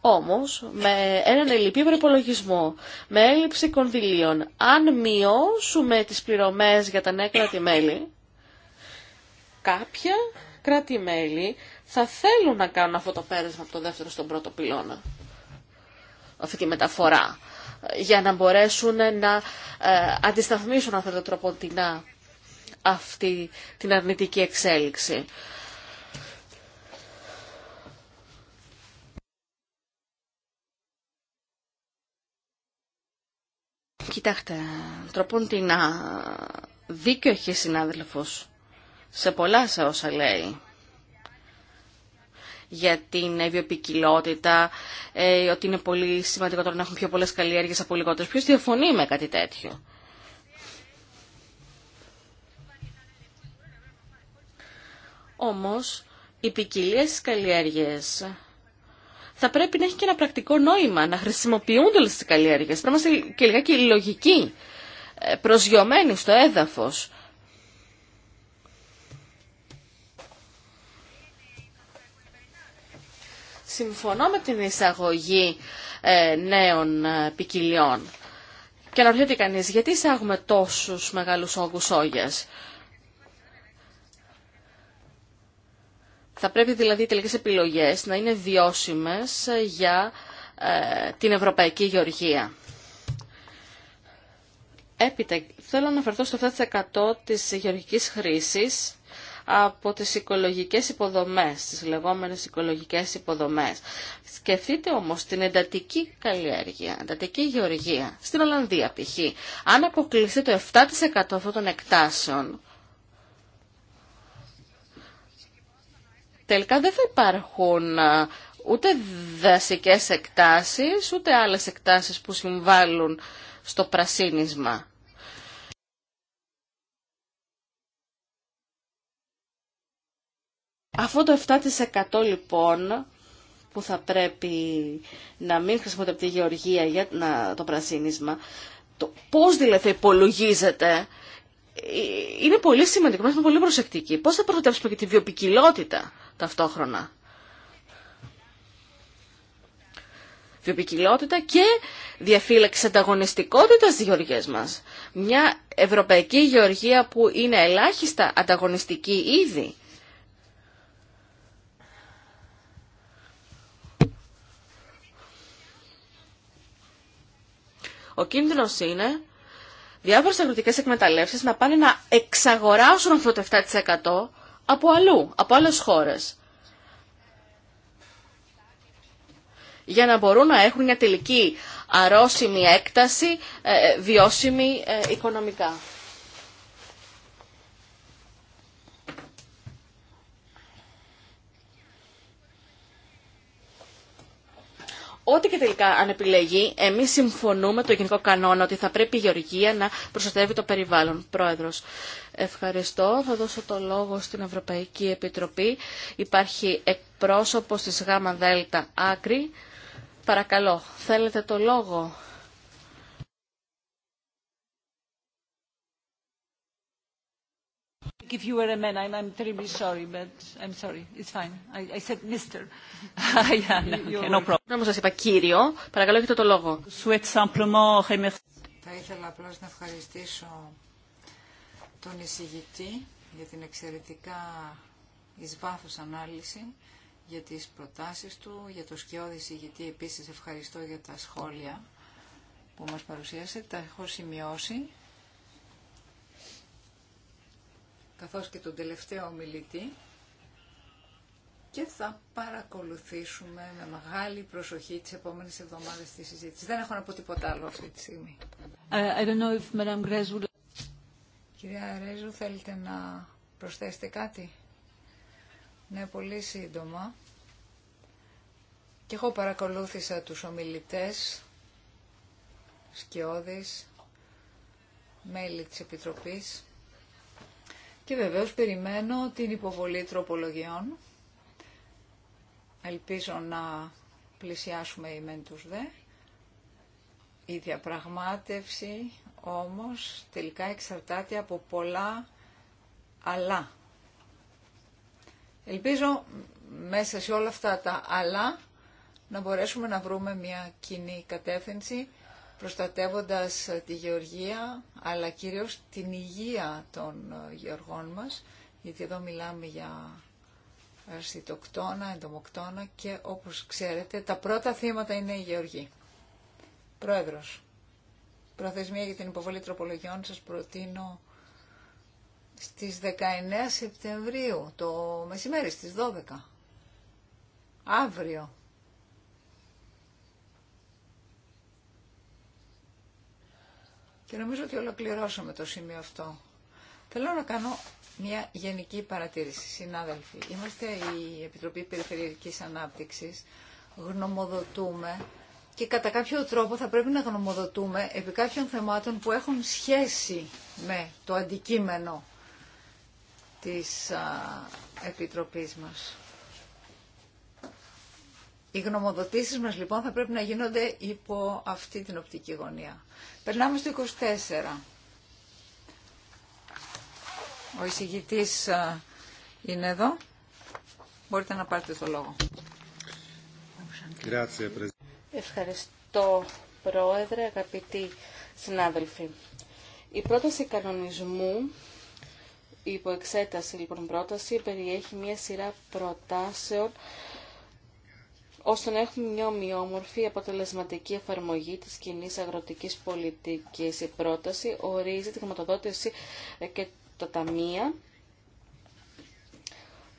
Όμως, με έναν ελληπή προπολογισμό, με έλλειψη κονδυλίων, αν μειώσουμε τις πληρωμές για τα νεα κρατημέλη, καποια κρατημέλη θα θέλουν να κάνουν αυτό το πέρασμα από το δεύτερο στον πρώτο πυλώνα αυτή τη μεταφορά για να μπορέσουν να ε, αντισταθμίσουν αυτό το τρόπο αυτή την αρνητική εξέλιξη. Κοιτάξτε, τρόπον την δίκιο έχει συνάδελφος σε πολλά σε όσα λέει για την βιοπικιλότητα, ε, ότι είναι πολύ σημαντικό τώρα να έχουν πιο πολλέ καλλιέργειες από λιγότερες. Ποιος διαφωνεί με κάτι τέτοιο. Όμως, οι ποικιλίε στις καλλιέργειες θα πρέπει να έχει και ένα πρακτικό νόημα, να χρησιμοποιούνται όλες τις καλλιέργειες. Πρέπει να είμαστε και λιγάκι λογικοί, ε, προσγειωμένοι στο έδαφος. συμφωνώ με την εισαγωγή ε, νέων ε, ποικιλιών. Και να ρωτήσει κανείς, γιατί εισάγουμε τόσους μεγάλους όγκους όγιας. Θα πρέπει δηλαδή οι τελικές επιλογές να είναι βιώσιμες ε, για την ευρωπαϊκή γεωργία. Έπειτα, θέλω να αναφερθώ στο 7% της γεωργικής χρήσης από τις οικολογικές υποδομές, τις λεγόμενες οικολογικές υποδομές. Σκεφτείτε όμως την εντατική καλλιέργεια, εντατική γεωργία, στην Ολλανδία π.χ. Αν αποκλειστεί το 7% αυτών των εκτάσεων, τελικά δεν θα υπάρχουν ε, ούτε δασικές εκτάσεις, ούτε άλλες εκτάσεις που συμβάλλουν στο πρασίνισμα. Αυτό το 7% λοιπόν που θα πρέπει να μην χρησιμοποιείται από τη γεωργία για το πρασίνισμα, το πώς δηλαδή υπολογίζεται, ε, είναι πολύ σημαντικό, είναι πολύ προσεκτικοί. Πώς θα προστατεύσουμε και τη βιοπικιλότητα ταυτόχρονα. Βιοπικιλότητα και διαφύλαξη ανταγωνιστικότητα στις γεωργίες μας. Μια ευρωπαϊκή γεωργία που είναι ελάχιστα ανταγωνιστική ήδη Ο κίνδυνο είναι διάφορε αγροτικέ εκμεταλλεύσει να πάνε να εξαγοράσουν αυτό το 7% από αλλού, από άλλες χώρες. Για να μπορούν να έχουν μια τελική αρρώσιμη έκταση, ε, ε, βιώσιμη ε, οικονομικά. Ό,τι και τελικά αν επιλεγεί, εμεί συμφωνούμε το γενικό κανόνα ότι θα πρέπει η γεωργία να προστατεύει το περιβάλλον. Πρόεδρο, ευχαριστώ. Θα δώσω το λόγο στην Ευρωπαϊκή Επιτροπή. Υπάρχει εκπρόσωπο τη ΓΔ Άκρη. Παρακαλώ, θέλετε το λόγο. if you were a man, I'm, I'm terribly sorry, but I'm sorry. It's fine. I, I said Mr. yeah, no, okay, no problem. Όμως σας είπα κύριο. Παρακαλώ έχετε το λόγο. Θα ήθελα απλώ να ευχαριστήσω τον εισηγητή για την εξαιρετικά εις βάθος ανάλυση για τις προτάσεις του, για το σκιώδη εισηγητή επίσης ευχαριστώ για τα σχόλια που μας παρουσίασε, τα έχω σημειώσει καθώς και τον τελευταίο ομιλητή και θα παρακολουθήσουμε με μεγάλη προσοχή τις επόμενες εβδομάδες τη συζήτηση. Δεν έχω να πω τίποτα άλλο αυτή τη στιγμή. Ε, I don't know if Madame Grezou, Κυρία Ρέζου, θέλετε να προσθέσετε κάτι. Ναι, πολύ σύντομα. Και εγώ παρακολούθησα τους ομιλητές, σκιώδης, μέλη της Επιτροπής και βεβαίως περιμένω την υποβολή τροπολογιών. Ελπίζω να πλησιάσουμε οι μεν τους δε. Η διαπραγμάτευση όμως τελικά εξαρτάται από πολλά αλλά. Ελπίζω μέσα σε όλα αυτά τα αλλά να μπορέσουμε να βρούμε μια κοινή κατεύθυνση προστατεύοντας ε, τη γεωργία, αλλά κυρίως την υγεία των ε, γεωργών μας, γιατί εδώ μιλάμε για αρσιτοκτόνα, εντομοκτόνα και όπως ξέρετε τα πρώτα θύματα είναι η γεωργοί. Πρόεδρος, προθεσμία για την υποβολή τροπολογιών σας προτείνω στις 19 Σεπτεμβρίου, το μεσημέρι στις 12. Αύριο. Και νομίζω ότι ολοκληρώσαμε το σημείο αυτό. Θέλω να κάνω μια γενική παρατήρηση. Συνάδελφοι, είμαστε η Επιτροπή Περιφερειακής Ανάπτυξης, γνωμοδοτούμε και κατά κάποιο τρόπο θα πρέπει να γνωμοδοτούμε επί κάποιων θεμάτων που έχουν σχέση με το αντικείμενο της Επιτροπής μας. Οι γνωμοδοτήσεις μας λοιπόν θα πρέπει να γίνονται υπό αυτή την οπτική γωνία. Περνάμε στο 24. Ο εισηγητής ε, είναι εδώ. Μπορείτε να πάρετε το λόγο. Ευχαριστώ Πρόεδρε, αγαπητοί συνάδελφοι. Η πρόταση κανονισμού υπό εξέταση λοιπόν πρόταση περιέχει μια σειρά προτάσεων ώστε να έχουμε μια ομοιόμορφη αποτελεσματική εφαρμογή της κοινή αγροτικής πολιτικής. Η πρόταση ορίζει τη χρηματοδότηση ε, και τα ταμεία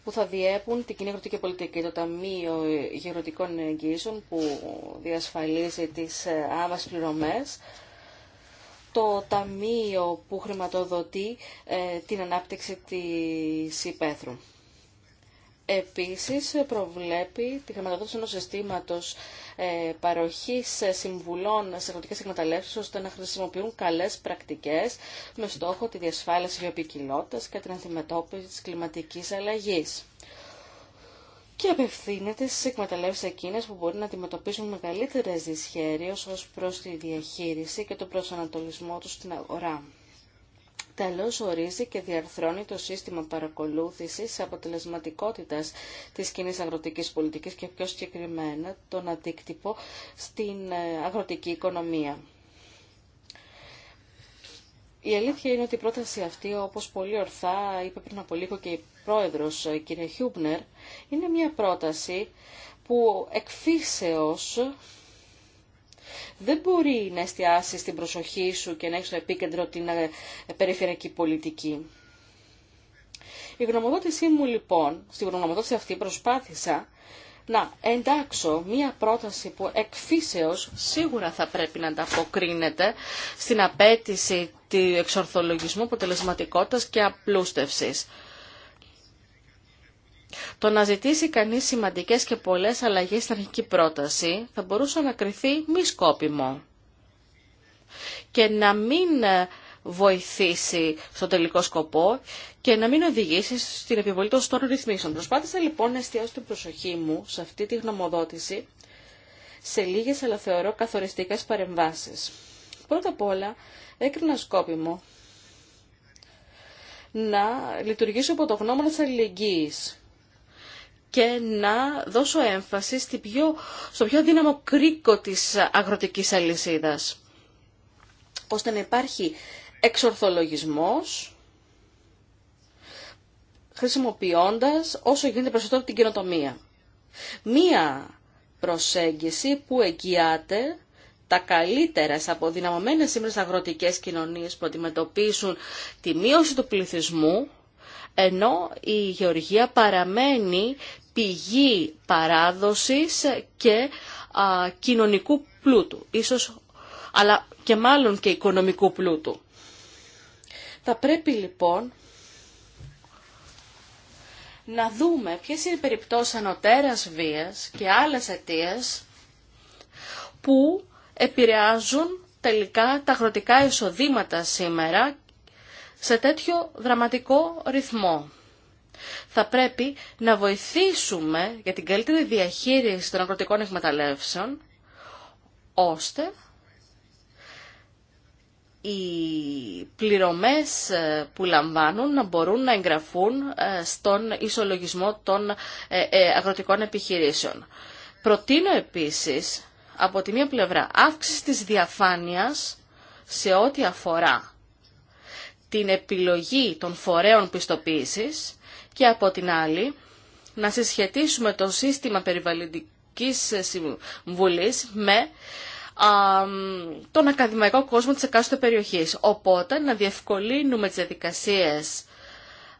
που θα διέπουν την κοινή αγροτική πολιτική. Το Ταμείο Γεωργικών Εγγύσεων που διασφαλίζει τις ε, άβας πληρωμές, το Ταμείο που χρηματοδοτεί ε, την ανάπτυξη της υπαίθρου. Επίσης προβλέπει τη χρηματοδότηση ενός συστήματος ε, παροχής συμβουλών σε αγροτικές εκμεταλλεύσεις ώστε να χρησιμοποιούν καλές πρακτικές με στόχο τη διασφάλιση βιοποικιλότητας και την αντιμετώπιση της κλιματικής αλλαγής και απευθύνεται στις εκμεταλλεύσεις εκείνες που μπορεί να αντιμετωπίσουν μεγαλύτερε δυσχέρειε ως προς τη διαχείριση και τον προσανατολισμό τους στην αγορά. Τέλος, ορίζει και διαρθρώνει το σύστημα παρακολούθησης αποτελεσματικότητας της κοινή αγροτικής πολιτικής και πιο συγκεκριμένα τον αντίκτυπο στην ε, αγροτική οικονομία. Η αλήθεια είναι ότι η πρόταση αυτή, όπως πολύ ορθά είπε πριν από λίγο και η πρόεδρος ε, κυρία Χιούμπνερ, είναι μια πρόταση που εκφύσεως δεν μπορεί να εστιάσει την προσοχή σου και να έχει στο επίκεντρο την ε, περιφερειακή πολιτική. Η γνωμοδότησή μου λοιπόν, στην γνωμοδότηση αυτή προσπάθησα να εντάξω μία πρόταση που εκφύσεως σίγουρα θα πρέπει να ανταποκρίνεται στην απέτηση του εξορθολογισμού αποτελεσματικότητας και απλούστευσης. Το να ζητήσει κανείς σημαντικές και πολλές αλλαγές στην αρχική πρόταση θα μπορούσε να κρυθεί μη σκόπιμο και να μην βοηθήσει στο τελικό σκοπό και να μην οδηγήσει στην επιβολή των στόρων ρυθμίσεων. Προσπάθησα λοιπόν να εστιάσω την προσοχή μου σε αυτή τη γνωμοδότηση σε λίγες αλλά θεωρώ καθοριστικές παρεμβάσεις. Πρώτα απ' όλα έκρινα σκόπιμο να λειτουργήσω από το γνώμα της αλληλεγγύης και να δώσω έμφαση στη πιο, στο πιο δύναμο κρίκο της αγροτικής αλυσίδας, ώστε να υπάρχει εξορθολογισμός, χρησιμοποιώντας όσο γίνεται περισσότερο την κοινοτομία. Μία προσέγγιση που εγγυάται τα καλύτερα σε αποδυναμωμένες σήμερα αγροτικές κοινωνίες που αντιμετωπίσουν τη μείωση του πληθυσμού, ενώ η γεωργία παραμένει πηγή παράδοσης και κοινωνικού πλούτου, ίσως, αλλά και μάλλον και οικονομικού πλούτου. Θα πρέπει λοιπόν να δούμε ποιες είναι οι περιπτώσεις ανωτέρας βίας και άλλες αιτίες που επηρεάζουν τελικά τα αγροτικά εισοδήματα σήμερα σε τέτοιο δραματικό ρυθμό. Θα πρέπει να βοηθήσουμε για την καλύτερη διαχείριση των αγροτικών εκμεταλλεύσεων, ώστε οι πληρωμές ε, που λαμβάνουν να μπορούν να εγγραφούν ε, στον ισολογισμό των ε, αγροτικών επιχειρήσεων. Προτείνω επίσης από τη μία πλευρά αύξηση της διαφάνειας σε ό,τι αφορά την επιλογή των φορέων πιστοποίησης και από την άλλη να συσχετίσουμε το σύστημα περιβαλλοντικής συμβουλής με τον ακαδημαϊκό κόσμο της εκάστοτε περιοχής. Οπότε να διευκολύνουμε τις διαδικασίες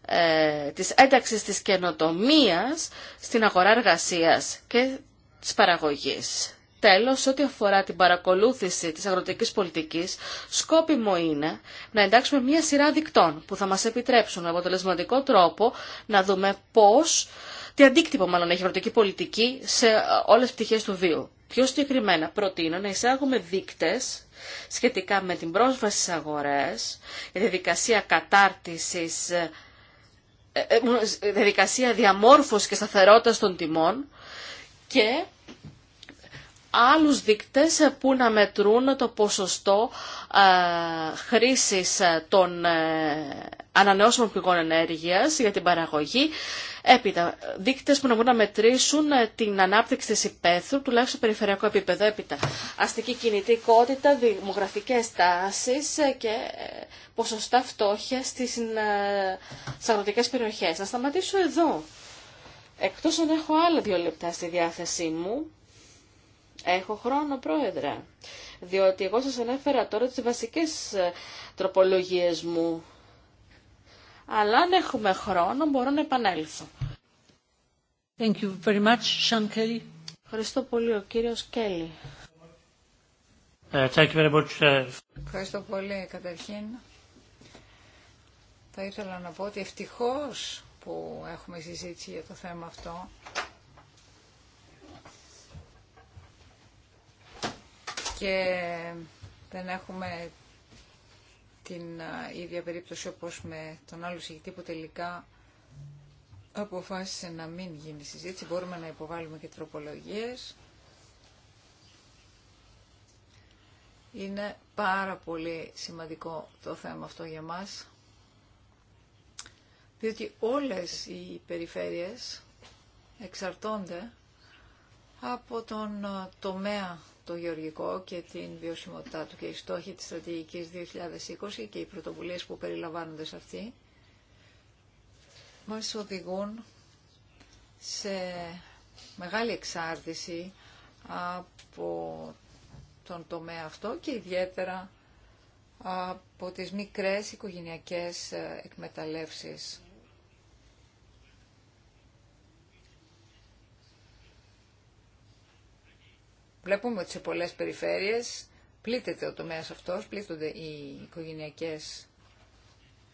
ε, της ένταξης της καινοτομίας στην αγορά εργασίας και της παραγωγής. Τέλος, ό,τι αφορά την παρακολούθηση της αγροτική πολιτικής, σκόπιμο είναι να εντάξουμε μια σειρά δικτών που θα μας επιτρέψουν με αποτελεσματικό τρόπο να δούμε πώς, τι αντίκτυπο μάλλον έχει η αγροτική πολιτική σε όλες τις πτυχές του βίου. Πιο συγκεκριμένα προτείνω να εισάγουμε δείκτες σχετικά με την πρόσβαση στι αγορέ, η διαδικασία κατάρτισης, η διαδικασία διαμόρφωσης και σταθερότητα των τιμών και άλλους δείκτες ε, που να μετρούν το ποσοστό ε, χρήσης ε, των ανανεώσιμων πηγών ενέργειας για την παραγωγή. Έπειτα, δείκτες που να μπορούν να μετρήσουν την ανάπτυξη της υπαίθρου, τουλάχιστον σε περιφερειακό επίπεδο. Έπειτα, αστική κινητικότητα, δημογραφικές τάσεις και ποσοστά φτώχεια στις αγροτικές περιοχές. Να σταματήσω εδώ. Εκτός αν έχω άλλα δύο λεπτά στη διάθεσή μου, Έχω χρόνο, Πρόεδρε, διότι εγώ σας ανέφερα τώρα τις βασικές ε, τροπολογίες μου. Αλλά αν έχουμε χρόνο μπορώ να επανέλθω. Thank you very much, Sean Kelly. Ευχαριστώ πολύ, ο κύριος Κέλλη. Ε, thank very much. Ε. Ευχαριστώ πολύ, καταρχήν. Θα ήθελα να πω ότι ευτυχώς που έχουμε συζήτηση για το θέμα αυτό, και δεν έχουμε την ίδια περίπτωση όπως με τον άλλο συγκεκτή που τελικά αποφάσισε να μην γίνει συζήτηση. Μπορούμε να υποβάλουμε και τροπολογίες. Είναι πάρα πολύ σημαντικό το θέμα αυτό για μας, διότι όλες οι περιφέρειες εξαρτώνται από τον τομέα το γεωργικό και την βιωσιμότητά του και οι στόχοι της στρατηγικής 2020 και οι πρωτοβουλίες που περιλαμβάνονται σε αυτή μας οδηγούν σε μεγάλη εξάρτηση από τον τομέα αυτό και ιδιαίτερα από τις μικρές οικογενειακές εκμεταλλεύσεις. Βλέπουμε ότι σε πολλές περιφέρειες πλήττεται ο τομέας αυτός, πλήττονται οι οικογενειακές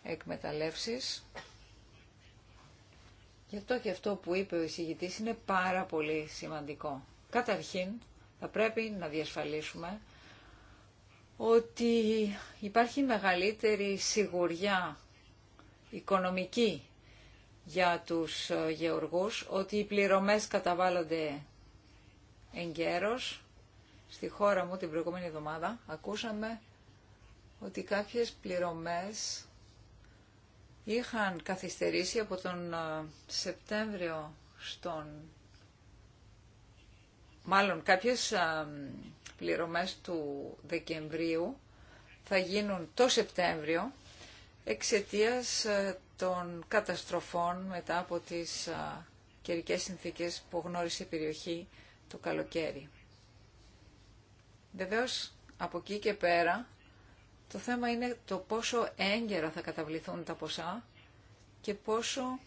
εκμεταλλεύσεις. Γι' αυτό και αυτό που είπε ο εισηγητής είναι πάρα πολύ σημαντικό. Καταρχήν θα πρέπει να διασφαλίσουμε ότι υπάρχει μεγαλύτερη σιγουριά οικονομική για τους γεωργούς, ότι οι πληρωμές καταβάλλονται εγκαίρος Στη χώρα μου την προηγούμενη εβδομάδα ακούσαμε ότι κάποιες πληρωμές είχαν καθυστερήσει από τον ε, Σεπτέμβριο στον... Μάλλον κάποιες ε, πληρωμές του Δεκεμβρίου θα γίνουν το Σεπτέμβριο εξαιτίας ε, των καταστροφών μετά από τις καιρικές συνθήκες που γνώρισε η περιοχή το καλοκαίρι. Βεβαίως από εκεί και πέρα το θέμα είναι το πόσο έγκαιρα θα καταβληθούν τα ποσά και πόσο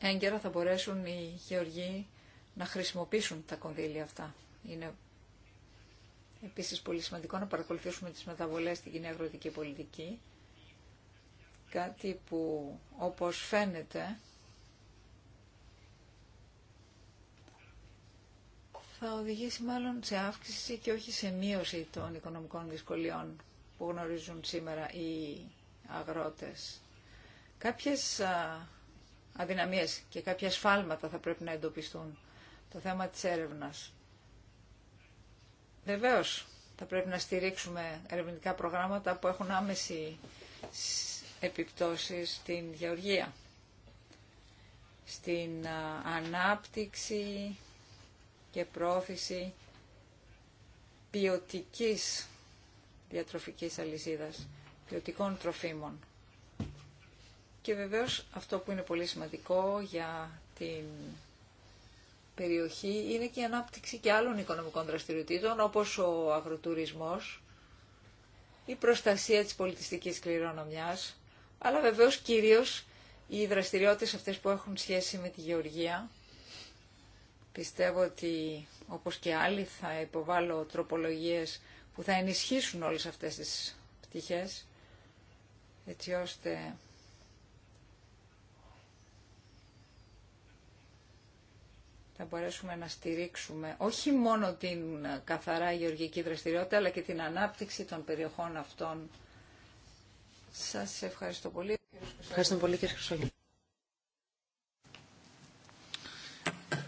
έγκαιρα θα μπορέσουν οι γεωργοί να χρησιμοποιήσουν τα κονδύλια αυτά. Είναι επίσης πολύ σημαντικό να παρακολουθήσουμε τις μεταβολές στην κοινή αγροτική πολιτική, κάτι που όπως φαίνεται θα οδηγήσει μάλλον σε αύξηση και όχι σε μείωση των οικονομικών δυσκολιών που γνωρίζουν σήμερα οι αγρότες. Κάποιες αδυναμίες και κάποια σφάλματα θα πρέπει να εντοπιστούν. Το θέμα της έρευνας. Βεβαίως, θα πρέπει να στηρίξουμε ερευνητικά προγράμματα που έχουν άμεση επιπτώσεις στην γεωργία, στην ανάπτυξη και πρόθεση ποιοτική διατροφικής αλυσίδας, ποιοτικών τροφίμων. Και βεβαίως αυτό που είναι πολύ σημαντικό για την περιοχή είναι και η ανάπτυξη και άλλων οικονομικών δραστηριοτήτων όπως ο αγροτουρισμός, η προστασία της πολιτιστικής κληρονομιάς, αλλά βεβαίως κυρίως οι δραστηριότητες αυτές που έχουν σχέση με τη γεωργία Πιστεύω ότι όπως και άλλοι θα υποβάλω τροπολογίες που θα ενισχύσουν όλες αυτές τις πτυχές έτσι ώστε θα μπορέσουμε να στηρίξουμε όχι μόνο την καθαρά γεωργική δραστηριότητα αλλά και την ανάπτυξη των περιοχών αυτών. Σας ευχαριστώ πολύ. Ευχαριστώ πολύ κύριε Χρυσόγελ.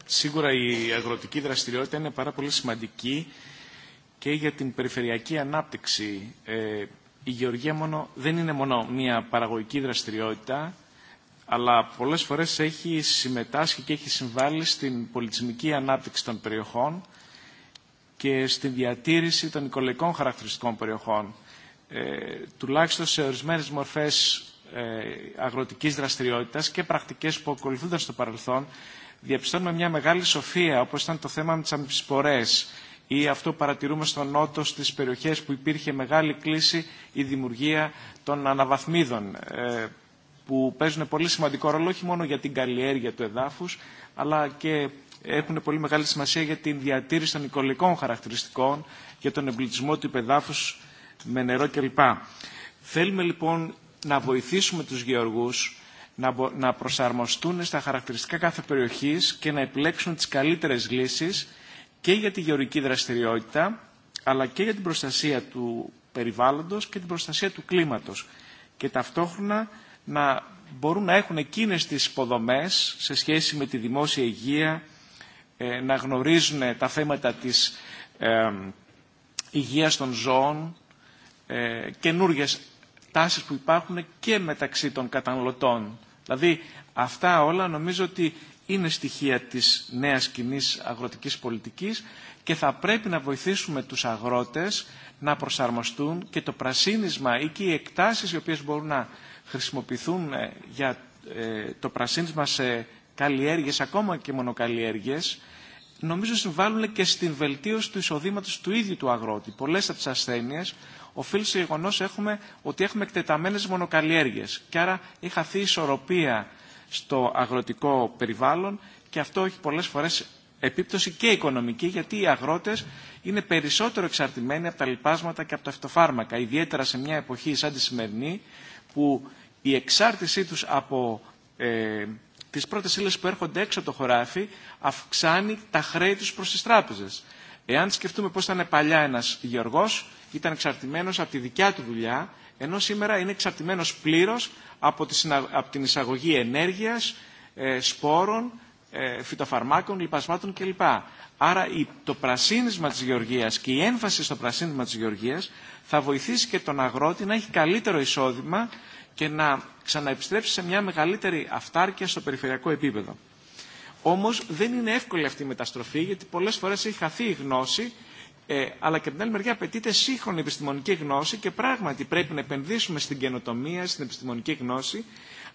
Σίγουρα η αγροτική δραστηριότητα είναι πάρα πολύ σημαντική και για την περιφερειακή ανάπτυξη. Ε, η γεωργία μόνο, δεν είναι μόνο μια παραγωγική δραστηριότητα, αλλά πολλές φορές έχει συμμετάσχει και έχει συμβάλει στην πολιτισμική ανάπτυξη των περιοχών και στη διατήρηση των οικολογικών χαρακτηριστικών περιοχών. Ε, τουλάχιστον σε ορισμένες μορφές ε, αγροτικής δραστηριότητας και πρακτικές που ακολουθούνταν στο παρελθόν διαπιστώνουμε μια μεγάλη σοφία, όπως ήταν το θέμα με τις αμυσπορές ή αυτό που παρατηρούμε στον Νότο, στις περιοχές που υπήρχε μεγάλη κλίση, η δημιουργία των αναβαθμίδων, ε, που παίζουν πολύ σημαντικό ρόλο, όχι μόνο για την καλλιέργεια του εδάφους, αλλά και έχουν πολύ μεγάλη σημασία για την διατήρηση των οικολογικών χαρακτηριστικών, για τον εμπλουτισμό του υπεδάφους με νερό κλπ. Θέλουμε λοιπόν να βοηθήσουμε τους γεωργούς να προσαρμοστούν στα χαρακτηριστικά κάθε περιοχής και να επιλέξουν τις καλύτερες λύσεις και για τη γεωρική δραστηριότητα, αλλά και για την προστασία του περιβάλλοντος και την προστασία του κλίματος. Και ταυτόχρονα να μπορούν να έχουν εκείνες τις υποδομές σε σχέση με τη δημόσια υγεία, ε, να γνωρίζουν τα θέματα της υγείας των ζώων, ε, καινούργιες τάσεις που υπάρχουν και μεταξύ των καταναλωτών. Δηλαδή αυτά όλα νομίζω ότι είναι στοιχεία της νέας κοινή αγροτικής πολιτικής και θα πρέπει να βοηθήσουμε τους αγρότες να προσαρμοστούν και το πρασίνισμα ή και οι εκτάσεις οι οποίες μπορούν να χρησιμοποιηθούν ε, για ε, το πρασίνισμα σε καλλιέργειες, ακόμα και μονοκαλλιέργειες, νομίζω συμβάλλουν και στην βελτίωση του εισοδήματος του ίδιου του αγρότη. Πολλές από τι ασθένειε, οφείλει σε γεγονό ότι έχουμε εκτεταμένε μονοκαλλιέργειε. Και άρα έχει χαθεί η ισορροπία στο αγροτικό περιβάλλον και αυτό έχει πολλέ φορέ επίπτωση και οικονομική, γιατί οι αγρότε είναι περισσότερο εξαρτημένοι από τα λοιπάσματα και από τα φυτοφάρμακα. Ιδιαίτερα σε μια εποχή σαν τη σημερινή, που η εξάρτησή του από ε, τι πρώτε ύλε που έρχονται έξω από το χωράφι αυξάνει τα χρέη του προ τι τράπεζε. Εάν σκεφτούμε πώ ήταν παλιά ένα γεωργό, ήταν εξαρτημένο από τη δικιά του δουλειά, ενώ σήμερα είναι εξαρτημένο πλήρω από, από την εισαγωγή ενέργεια, ε, σπόρων, ε, φυτοφαρμάκων, λοιπασμάτων κλπ. Άρα το πρασίνισμα τη γεωργίας και η έμφαση στο πρασίνισμα τη γεωργία θα βοηθήσει και τον αγρότη να έχει καλύτερο εισόδημα και να ξαναεπιστρέψει σε μια μεγαλύτερη αυτάρκεια στο περιφερειακό επίπεδο. Όμως δεν είναι εύκολη αυτή η μεταστροφή γιατί πολλές φορές έχει χαθεί η γνώση ε, αλλά και την άλλη μεριά απαιτείται σύγχρονη επιστημονική γνώση και πράγματι πρέπει να επενδύσουμε στην καινοτομία, στην επιστημονική γνώση,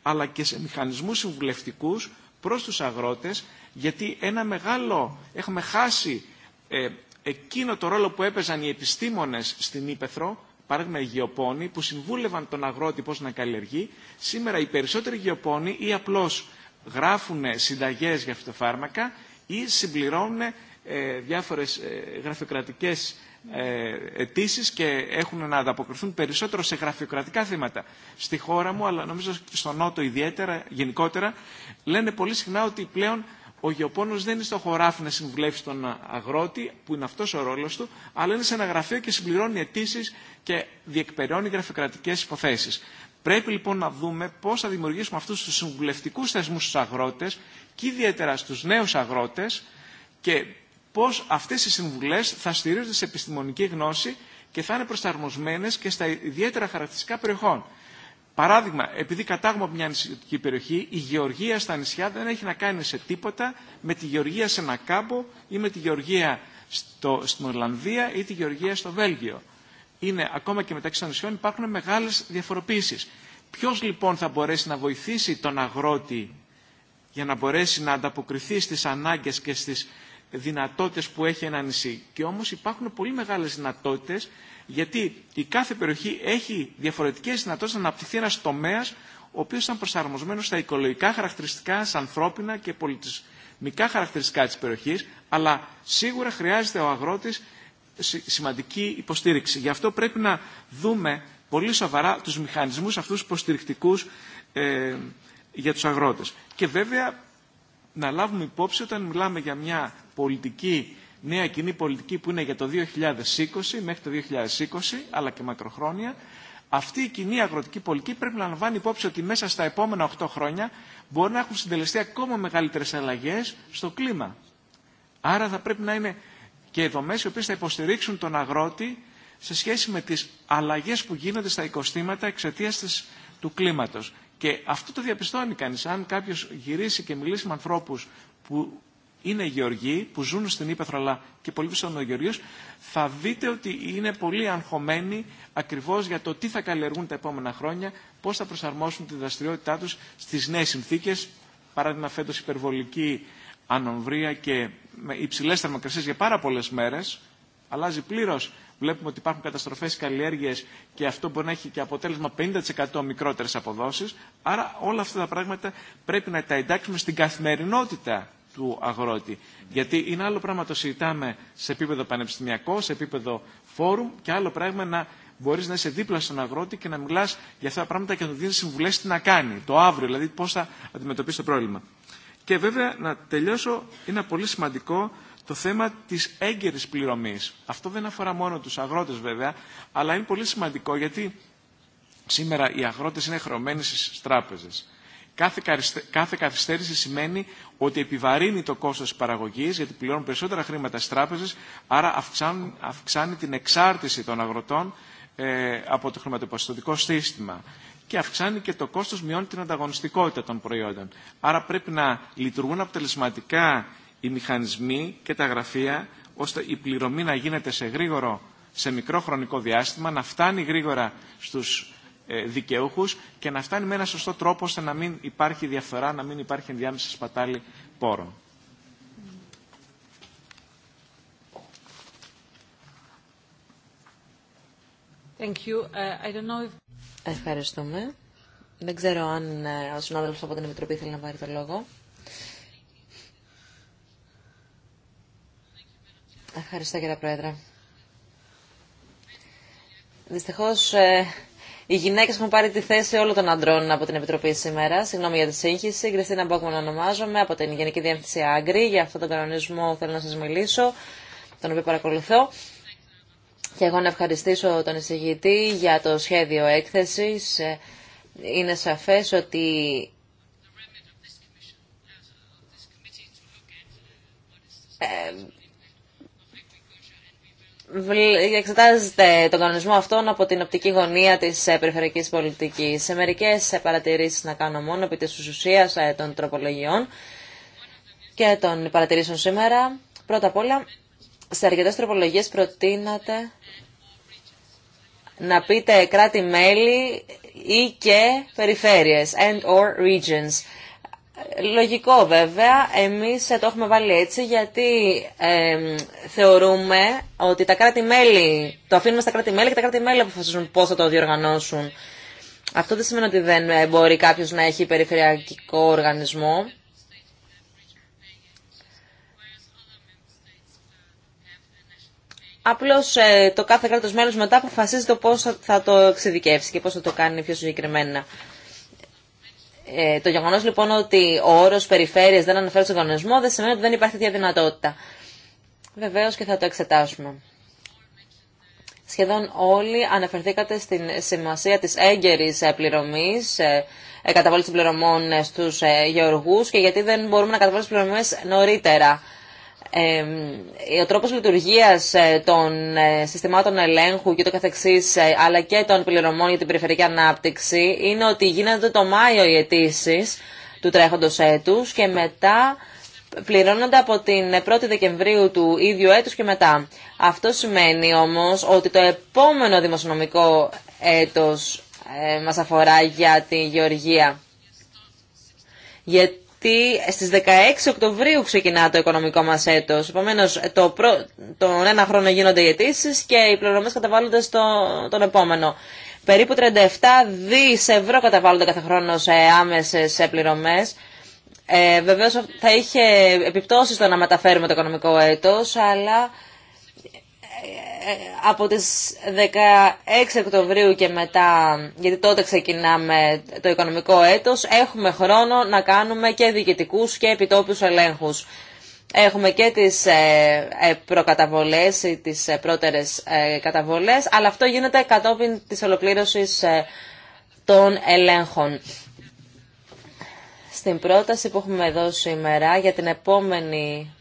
αλλά και σε μηχανισμούς συμβουλευτικού προς τους αγρότες, γιατί ένα μεγάλο, έχουμε χάσει ε, εκείνο το ρόλο που έπαιζαν οι επιστήμονες στην Ήπεθρο, παράδειγμα οι γεωπόνοι, που συμβούλευαν τον αγρότη πώς να καλλιεργεί. Σήμερα οι περισσότεροι γεωπόνοι ή απλώς γράφουν συνταγές για φυτοφάρμακα ή συμπληρώνουν ε, διάφορες ε, γραφειοκρατικές ε, αιτήσει και έχουν να ανταποκριθούν περισσότερο σε γραφειοκρατικά θέματα. Στη χώρα μου, αλλά νομίζω στο Νότο ιδιαίτερα, γενικότερα, λένε πολύ συχνά ότι πλέον ο γεωπόνο δεν είναι στο χωράφι να συμβουλεύσει τον αγρότη, που είναι αυτό ο ρόλο του, αλλά είναι σε ένα γραφείο και συμπληρώνει αιτήσει και διεκπεραιώνει γραφειοκρατικέ υποθέσει. Πρέπει λοιπόν να δούμε πώς θα δημιουργήσουμε αυτούς τους συμβουλευτικούς θεσμούς στους αγρότες και ιδιαίτερα στους νέους αγρότες και πώς αυτές οι συμβουλές θα στηρίζονται σε επιστημονική γνώση και θα είναι προσαρμοσμένες και στα ιδιαίτερα χαρακτηριστικά περιοχών. Παράδειγμα, επειδή κατάγουμε από μια νησιωτική περιοχή, η γεωργία στα νησιά δεν έχει να κάνει σε τίποτα με τη γεωργία σε ένα κάμπο ή με τη γεωργία στο, στην Ολλανδία ή τη γεωργία στο Βέλγιο είναι ακόμα και μεταξύ των νησιών υπάρχουν μεγάλες διαφοροποίησεις. Ποιος λοιπόν θα μπορέσει να βοηθήσει τον αγρότη για να μπορέσει να ανταποκριθεί στις ανάγκες και στις δυνατότητες που έχει ένα νησί. Και όμως υπάρχουν πολύ μεγάλες δυνατότητες γιατί η κάθε περιοχή έχει διαφορετικές δυνατότητες να αναπτυχθεί ένας τομέας ο οποίος ήταν προσαρμοσμένος στα οικολογικά χαρακτηριστικά, στα ανθρώπινα και πολιτισμικά χαρακτηριστικά της περιοχής, αλλά σίγουρα χρειάζεται ο αγρότης σημαντική υποστήριξη. Γι' αυτό πρέπει να δούμε πολύ σοβαρά τους μηχανισμούς αυτούς υποστηρικτικούς ε, για τους αγρότες. Και βέβαια να λάβουμε υπόψη όταν μιλάμε για μια πολιτική, νέα κοινή πολιτική που είναι για το 2020 μέχρι το 2020 αλλά και μακροχρόνια αυτή η κοινή αγροτική πολιτική πρέπει να λαμβάνει υπόψη ότι μέσα στα επόμενα 8 χρόνια μπορεί να έχουν συντελεστεί ακόμα μεγαλύτερε αλλαγέ στο κλίμα. Άρα θα πρέπει να είναι και οι δομές οι οποίες θα υποστηρίξουν τον αγρότη σε σχέση με τις αλλαγές που γίνονται στα οικοστήματα εξαιτία του κλίματος. Και αυτό το διαπιστώνει κανείς. Αν κάποιος γυρίσει και μιλήσει με ανθρώπους που είναι γεωργοί, που ζουν στην Ήπεθρο αλλά και πολύ ο Γεωργίος, θα δείτε ότι είναι πολύ αγχωμένοι ακριβώς για το τι θα καλλιεργούν τα επόμενα χρόνια, πώς θα προσαρμόσουν τη δραστηριότητά τους στις νέες συνθήκες, παράδειγμα φέτος υπερβολική ανομβρία και με υψηλές θερμοκρασίε για πάρα πολλέ μέρε αλλάζει πλήρως. Βλέπουμε ότι υπάρχουν καταστροφές, καλλιέργειες και αυτό μπορεί να έχει και αποτέλεσμα 50% μικρότερε αποδόσεις. Άρα όλα αυτά τα πράγματα πρέπει να τα εντάξουμε στην καθημερινότητα του αγρότη. Γιατί είναι άλλο πράγμα το συζητάμε σε επίπεδο πανεπιστημιακό, σε επίπεδο φόρουμ και άλλο πράγμα να μπορεί να είσαι δίπλα στον αγρότη και να μιλά για αυτά τα πράγματα και να του δίνει συμβουλέ τι να κάνει το αύριο, δηλαδή πώ θα αντιμετωπίσει το πρόβλημα. Και βέβαια να τελειώσω, είναι πολύ σημαντικό το θέμα της έγκαιρης πληρωμής. Αυτό δεν αφορά μόνο τους αγρότες βέβαια, αλλά είναι πολύ σημαντικό γιατί σήμερα οι αγρότες είναι χρωμένοι στις τράπεζες. Κάθε καθυστέρηση σημαίνει ότι επιβαρύνει το κόστος της παραγωγής, γιατί πληρώνουν περισσότερα χρήματα στις τράπεζες, άρα αυξάνει, την εξάρτηση των αγροτών ε, από το χρηματοπιστωτικό σύστημα και αυξάνει και το κόστος, μειώνει την ανταγωνιστικότητα των προϊόντων. Άρα πρέπει να λειτουργούν αποτελεσματικά οι μηχανισμοί και τα γραφεία, ώστε η πληρωμή να γίνεται σε γρήγορο, σε μικρό χρονικό διάστημα, να φτάνει γρήγορα στους ε, δικαιούχους και να φτάνει με ένα σωστό τρόπο ώστε να μην υπάρχει διαφθορά, να μην υπάρχει ενδιάμεση σπατάλη πόρων. Thank you. Uh, I don't know if... Ευχαριστούμε. Δεν ξέρω αν ε, ο συνάδελφος από την Επιτροπή θέλει να πάρει το λόγο. Ευχαριστώ κύριε Πρόεδρε. Δυστυχώς ε, οι γυναίκες έχουν πάρει τη θέση όλων των αντρών από την Επιτροπή σήμερα. Συγγνώμη για τη σύγχυση. Κριστίνα Μπόκμαν ονομάζομαι από την Γενική Διεύθυνση Άγκρη. Για αυτόν τον κανονισμό θέλω να σας μιλήσω, τον οποίο παρακολουθώ. Και εγώ να ευχαριστήσω τον εισηγητή για το σχέδιο έκθεσης. Είναι σαφές ότι ε, εξετάζεται τον κανονισμό αυτόν από την οπτική γωνία της ε, περιφερειακής πολιτικής. Σε μερικές ε, παρατηρήσεις να κάνω μόνο επί της ουσίας των τροπολογιών και των παρατηρήσεων σήμερα. Πρώτα απ' όλα, σε αρκετές τροπολογίες προτείνατε να πείτε κράτη-μέλη ή και περιφέρειες, and or regions. Λογικό βέβαια, εμείς το έχουμε βάλει έτσι γιατί ε, θεωρούμε ότι τα κράτη-μέλη, το αφήνουμε στα κράτη-μέλη και τα κράτη-μέλη αποφασίζουν πώς θα το διοργανώσουν. Αυτό δεν σημαίνει ότι δεν μπορεί κάποιος να έχει περιφερειακό οργανισμό. Απλώς ε, το κάθε κράτο μέλος μετά αποφασίζει το πώ θα το εξειδικεύσει και πώ θα το κάνει πιο συγκεκριμένα. Ε, το γεγονό λοιπόν ότι ο όρο περιφέρεια δεν αναφέρει στον κανονισμό δεν σημαίνει ότι δεν υπάρχει τέτοια δυνατότητα. Βεβαίω και θα το εξετάσουμε. Σχεδόν όλοι αναφερθήκατε στην σημασία της έγκαιρης ε, πληρωμής, ε, καταβόλης των πληρωμών στους γεωργούς και γιατί δεν μπορούμε να καταβάλουμε τις πληρωμές νωρίτερα ο τρόπος λειτουργίας ε, των ε, συστημάτων ελέγχου και το καθεξής, ε, αλλά και των πληρωμών για την περιφερειακή ανάπτυξη, είναι ότι γίνονται το Μάιο οι αιτήσει του τρέχοντος έτους και μετά πληρώνονται από την 1η Δεκεμβρίου του ίδιου έτους και μετά. Αυτό σημαίνει όμως ότι το επόμενο δημοσιονομικό έτος μας αφορά για τη γεωργία. Γιατί ότι στις 16 Οκτωβρίου ξεκινά το οικονομικό μας έτος. Επομένως, το τον ένα χρόνο γίνονται οι αιτήσει και οι πληρωμές καταβάλλονται στο... τον επόμενο. Περίπου 37 δις ευρώ καταβάλλονται κάθε χρόνο σε άμεσες πληρωμές. Ε, βεβαίως θα είχε επιπτώσεις στο να μεταφέρουμε το οικονομικό έτος, αλλά ε, από τις 16 Οκτωβρίου και μετά, γιατί τότε ξεκινάμε το οικονομικό έτος, έχουμε χρόνο να κάνουμε και διοικητικούς και επιτόπιους ελέγχους. Έχουμε και τις ε, ε, προκαταβολές ή τις ε, πρώτερες καταβολές, αλλά αυτό γίνεται κατόπιν της ολοκλήρωσης των ελέγχων. Στην πρόταση που έχουμε εδώ σήμερα για την επόμενη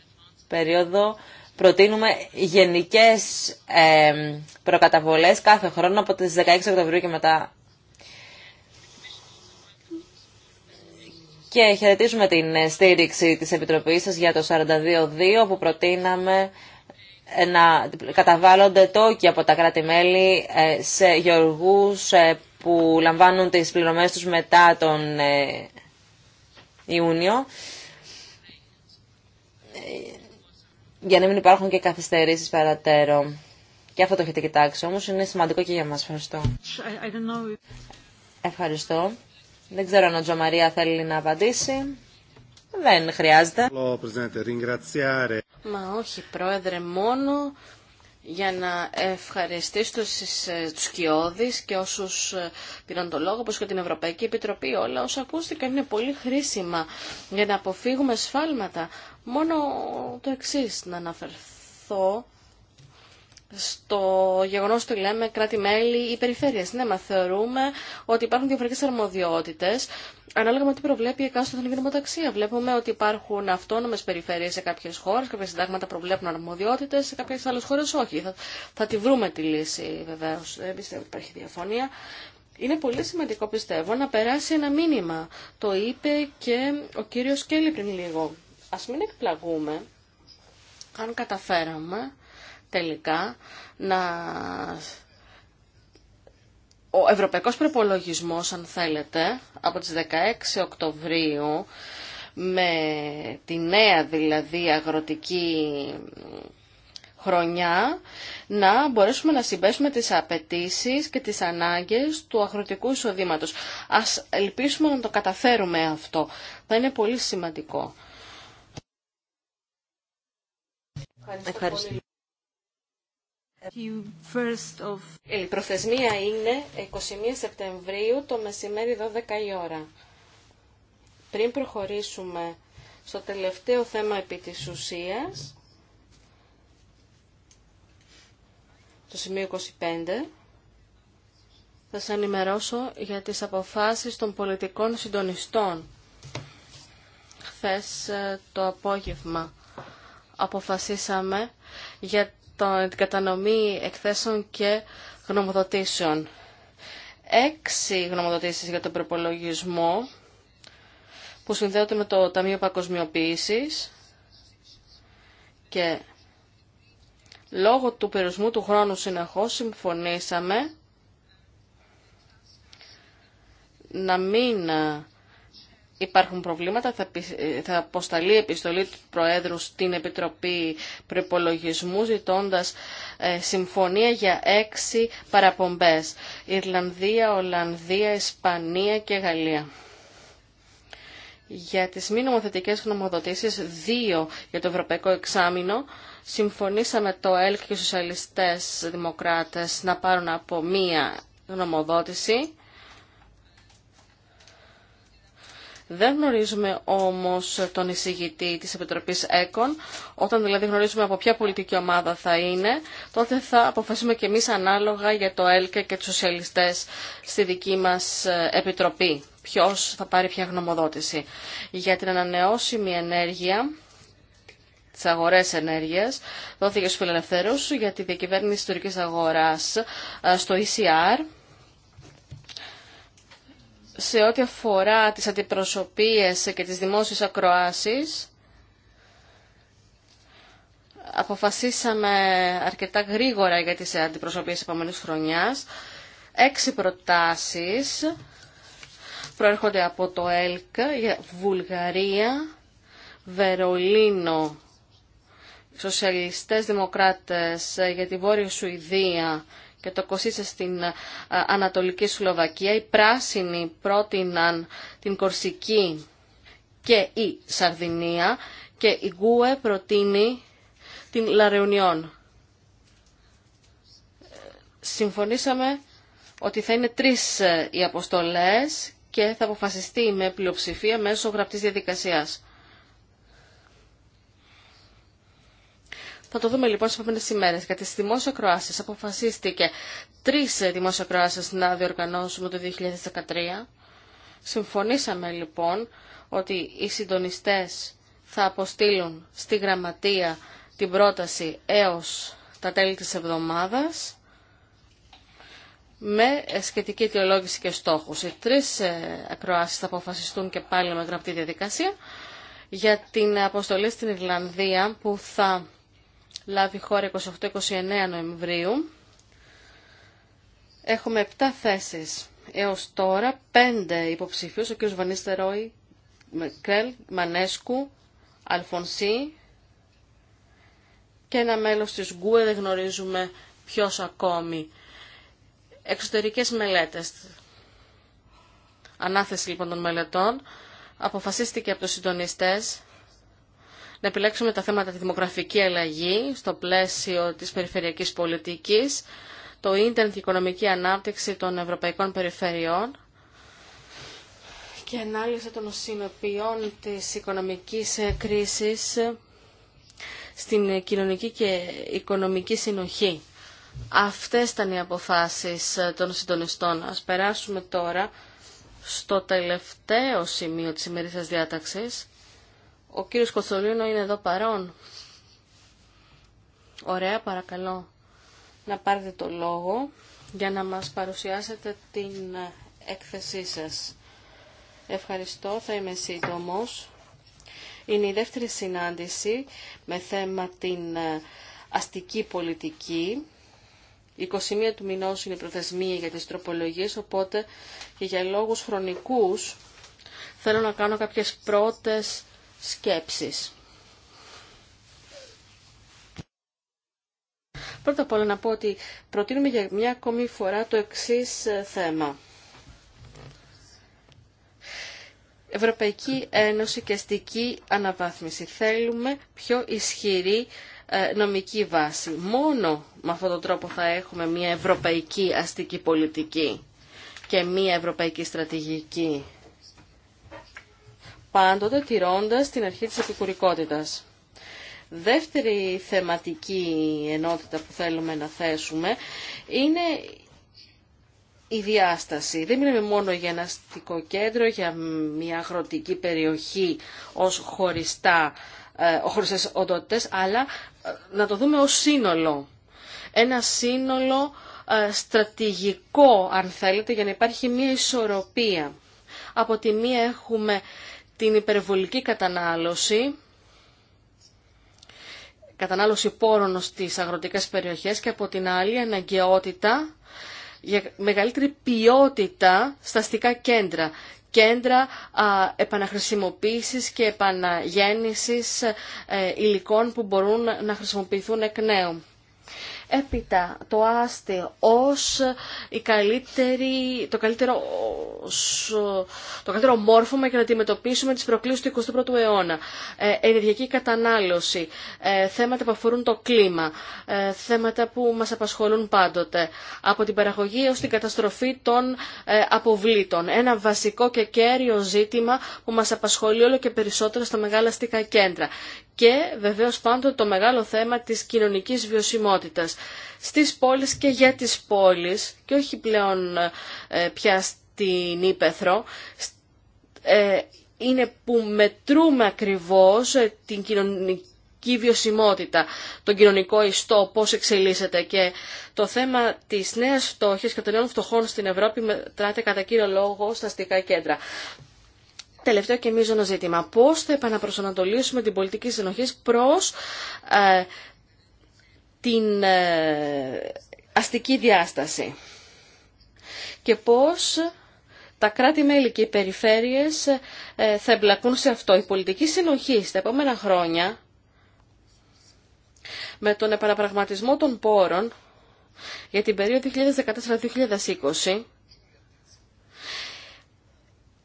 περίοδο προτείνουμε γενικές προκαταβολές κάθε χρόνο από τις 16 Οκτωβρίου και μετά. Και χαιρετίζουμε την στήριξη της Επιτροπής σας για το 42.2 που προτείναμε ε, να καταβάλλονται τόκοι από τα κράτη-μέλη ε, σε γεωργούς ε, που λαμβάνουν τις πληρωμές τους μετά τον Ιούνιο για να μην υπάρχουν και καθυστερήσει παρατέρων. Και αυτό το έχετε κοιτάξει, όμως είναι σημαντικό και για μας. Ευχαριστώ. I, I Ευχαριστώ. Δεν ξέρω αν ο Τζομαρία θέλει να απαντήσει. Δεν χρειάζεται. Μα όχι, Πρόεδρε, μόνο για να ευχαριστήσω τους, ε, τους και όσους ε, πήραν το λόγο, όπως και την Ευρωπαϊκή Επιτροπή. Όλα όσα ακούστηκαν είναι πολύ χρήσιμα για να αποφύγουμε σφάλματα. Μόνο το εξή να αναφερθώ στο γεγονό ότι λέμε κράτη-μέλη ή περιφέρεια. Ναι, μα θεωρούμε ότι υπάρχουν διαφορετικέ αρμοδιότητε ανάλογα με τι προβλέπει η εκάστοτε ταξία. Βλέπουμε ότι υπάρχουν αυτόνομε περιφερειε σε κάποιε χώρε, κάποια συντάγματα προβλέπουν αρμοδιότητε, σε κάποιε άλλε χώρε όχι. Θα, θα τη βρούμε τη λύση βεβαίω. Δεν πιστεύω ότι υπάρχει διαφωνία. Είναι πολύ σημαντικό, πιστεύω, να περάσει ένα μήνυμα. Το είπε και ο κύριο Κέλλη πριν λίγο ας μην εκπλαγούμε αν καταφέραμε τελικά να ο ευρωπαϊκός προπολογισμός, αν θέλετε, από τις 16 Οκτωβρίου με τη νέα δηλαδή αγροτική χρονιά να μπορέσουμε να συμπέσουμε τις απαιτήσεις και τις ανάγκες του αγροτικού εισοδήματος. Ας ελπίσουμε να το καταφέρουμε αυτό. Θα είναι πολύ σημαντικό. Ευχαριστώ. Η προθεσμία είναι 21 Σεπτεμβρίου το μεσημέρι 12 η ώρα. Πριν προχωρήσουμε στο τελευταίο θέμα επί της ουσίας, το σημείο 25, θα σας ενημερώσω για τις αποφάσεις των πολιτικών συντονιστών χθες ε, το απόγευμα αποφασίσαμε για την κατανομή εκθέσεων και γνωμοδοτήσεων. Έξι γνωμοδοτήσεις για τον προπολογισμό που συνδέονται με το Ταμείο Πακοσμιοποίησης και λόγω του περιορισμού του χρόνου συνεχώς συμφωνήσαμε να μην υπάρχουν προβλήματα, θα, ε, θα αποσταλεί επιστολή του Προέδρου στην Επιτροπή Προπολογισμού ζητώντα ε, συμφωνία για έξι παραπομπές. Ιρλανδία, Ολλανδία, Ισπανία και Γαλλία. Για τις μη νομοθετικές γνωμοδοτήσεις, δύο για το Ευρωπαϊκό Εξάμεινο, συμφωνήσαμε το ΕΛΚ και οι Σοσιαλιστές Δημοκράτες να πάρουν από μία γνωμοδότηση Δεν γνωρίζουμε όμως τον εισηγητή της Επιτροπής ΕΚΟΝ. Όταν δηλαδή γνωρίζουμε από ποια πολιτική ομάδα θα είναι, τότε θα αποφασίσουμε κι εμείς ανάλογα για το ΕΛΚΕ και τους σοσιαλιστές στη δική μας ε, Επιτροπή. Ποιος θα πάρει ποια γνωμοδότηση. Για την ανανεώσιμη ενέργεια τι αγορέ ενέργεια, δόθηκε στου φιλελευθέρου για τη διακυβέρνηση τη τουρκική αγορά ε, στο ECR σε ό,τι αφορά τις αντιπροσωπείες και τις δημόσιες ακροάσεις, αποφασίσαμε αρκετά γρήγορα για τις αντιπροσωπείες επόμενης χρονιάς. Έξι προτάσεις προέρχονται από το ΕΛΚ για Βουλγαρία, Βερολίνο, Σοσιαλιστές Δημοκράτες για τη Βόρεια Σουηδία και το κοσίσε στην ε, Ανατολική Σλοβακία. Οι πράσινοι πρότειναν την Κορσική και η Σαρδινία και η Γκούε προτείνει την Λαρεουνιόν. Συμφωνήσαμε ότι θα είναι τρεις ε, οι αποστολές και θα αποφασιστεί με πλειοψηφία μέσω γραπτής διαδικασίας. Θα το δούμε λοιπόν στι επόμενε ημέρε. Γιατί τις δημόσια Κροάσεις αποφασίστηκε τρει ε, δημόσια ακροασει να διοργανώσουμε το 2013. Συμφωνήσαμε λοιπόν ότι οι συντονιστές θα αποστείλουν στη γραμματεία την πρόταση έως τα τέλη της εβδομάδας με ε, σχετική αιτιολόγηση και στόχους. Οι τρεις ε, ακροάσεις θα αποφασιστούν και πάλι με γραπτή διαδικασία για την αποστολή στην Ιρλανδία που θα λάβει χώρα 28-29 Νοεμβρίου. Έχουμε 7 θέσεις έως τώρα, 5 υποψήφιους, ο κ. Βανίστερόι, Κρέλ, Μανέσκου, Αλφονσί και ένα μέλος της ΓΚΟΕ, δεν γνωρίζουμε ποιος ακόμη. Εξωτερικές μελέτες. Ανάθεση λοιπόν των μελετών αποφασίστηκε από τους συντονιστές να επιλέξουμε τα θέματα τη δημογραφική αλλαγή στο πλαίσιο της περιφερειακής πολιτικής, το ίντερνετ και οικονομική ανάπτυξη των ευρωπαϊκών περιφερειών και ανάλυση των συνοποιών της οικονομικής κρίσης στην κοινωνική και οικονομική συνοχή. Αυτές ήταν οι αποφάσεις των συντονιστών. Ας περάσουμε τώρα στο τελευταίο σημείο της ημερήσιας διάταξης ο κύριος Κοστολίνο είναι εδώ παρόν. Ωραία, παρακαλώ να πάρετε το λόγο για να μας παρουσιάσετε την έκθεσή σας. Ευχαριστώ, θα είμαι σύντομος. Είναι η δεύτερη συνάντηση με θέμα την ε, αστική πολιτική. 21 του μηνός είναι η προθεσμία για τις τροπολογίες, οπότε και για λόγους χρονικούς θέλω να κάνω κάποιες πρώτες σκέψεις. Πρώτα απ' όλα να πω ότι προτείνουμε για μια ακόμη φορά το εξής ε, θέμα. Ευρωπαϊκή Ένωση και αστική αναβάθμιση. Θέλουμε πιο ισχυρή ε, νομική βάση. Μόνο με αυτόν τον τρόπο θα έχουμε μια ευρωπαϊκή αστική πολιτική και μια ευρωπαϊκή στρατηγική πάντοτε τηρώντας την αρχή της επικουρικότητας. Δεύτερη θεματική ενότητα που θέλουμε να θέσουμε είναι η διάσταση. Δεν μιλάμε μόνο για ένα αστικό κέντρο, για μια αγροτική περιοχή ως χωριστά, ε, χωριστές οντότητες, αλλά ε, να το δούμε ως σύνολο. Ένα σύνολο ε, στρατηγικό, αν θέλετε, για να υπάρχει μια ισορροπία. Από τη μία έχουμε την υπερβολική κατανάλωση, κατανάλωση πόρων στις αγροτικές περιοχές και από την άλλη αναγκαιότητα για μεγαλύτερη ποιότητα στα αστικά κέντρα. Κέντρα α, επαναχρησιμοποίησης και επαναγέννησης ε, υλικών που μπορούν να χρησιμοποιηθούν εκ νέου έπειτα το άστε ως η καλύτερη, το, καλύτερο, το καλύτερο μόρφωμα για να αντιμετωπίσουμε τις προκλήσεις του 21ου αιώνα. Ε, ενεργειακή κατανάλωση, ε, θέματα που αφορούν το κλίμα, ε, θέματα που μας απασχολούν πάντοτε, από την παραγωγή ως την καταστροφή των αποβλήτων. Ένα βασικό και κέριο ζήτημα που μας απασχολεί όλο και περισσότερο στα μεγάλα αστικά κέντρα και βεβαίως πάντοτε το μεγάλο θέμα της κοινωνικής βιωσιμότητας στις πόλεις και για τις πόλεις και όχι πλέον ε, πια στην Ήπεθρο ε, είναι που μετρούμε ακριβώς ε, την κοινωνική βιωσιμότητα, τον κοινωνικό ιστό, πώς εξελίσσεται και το θέμα της νέας φτώχειας και των νέων φτωχών στην Ευρώπη μετράται κατά κύριο λόγο στα αστικά κέντρα. Τελευταίο και μείζονο ζήτημα. Πώς θα επαναπροσανατολίσουμε την πολιτική συνοχή προς ε, την ε, αστική διάσταση και πώς τα κράτη-μέλη και οι περιφέρειες ε, θα εμπλακούν σε αυτό. Η πολιτική συνοχή στα επόμενα χρόνια με τον επαναπραγματισμό των πόρων για την περίοδο 2014-2020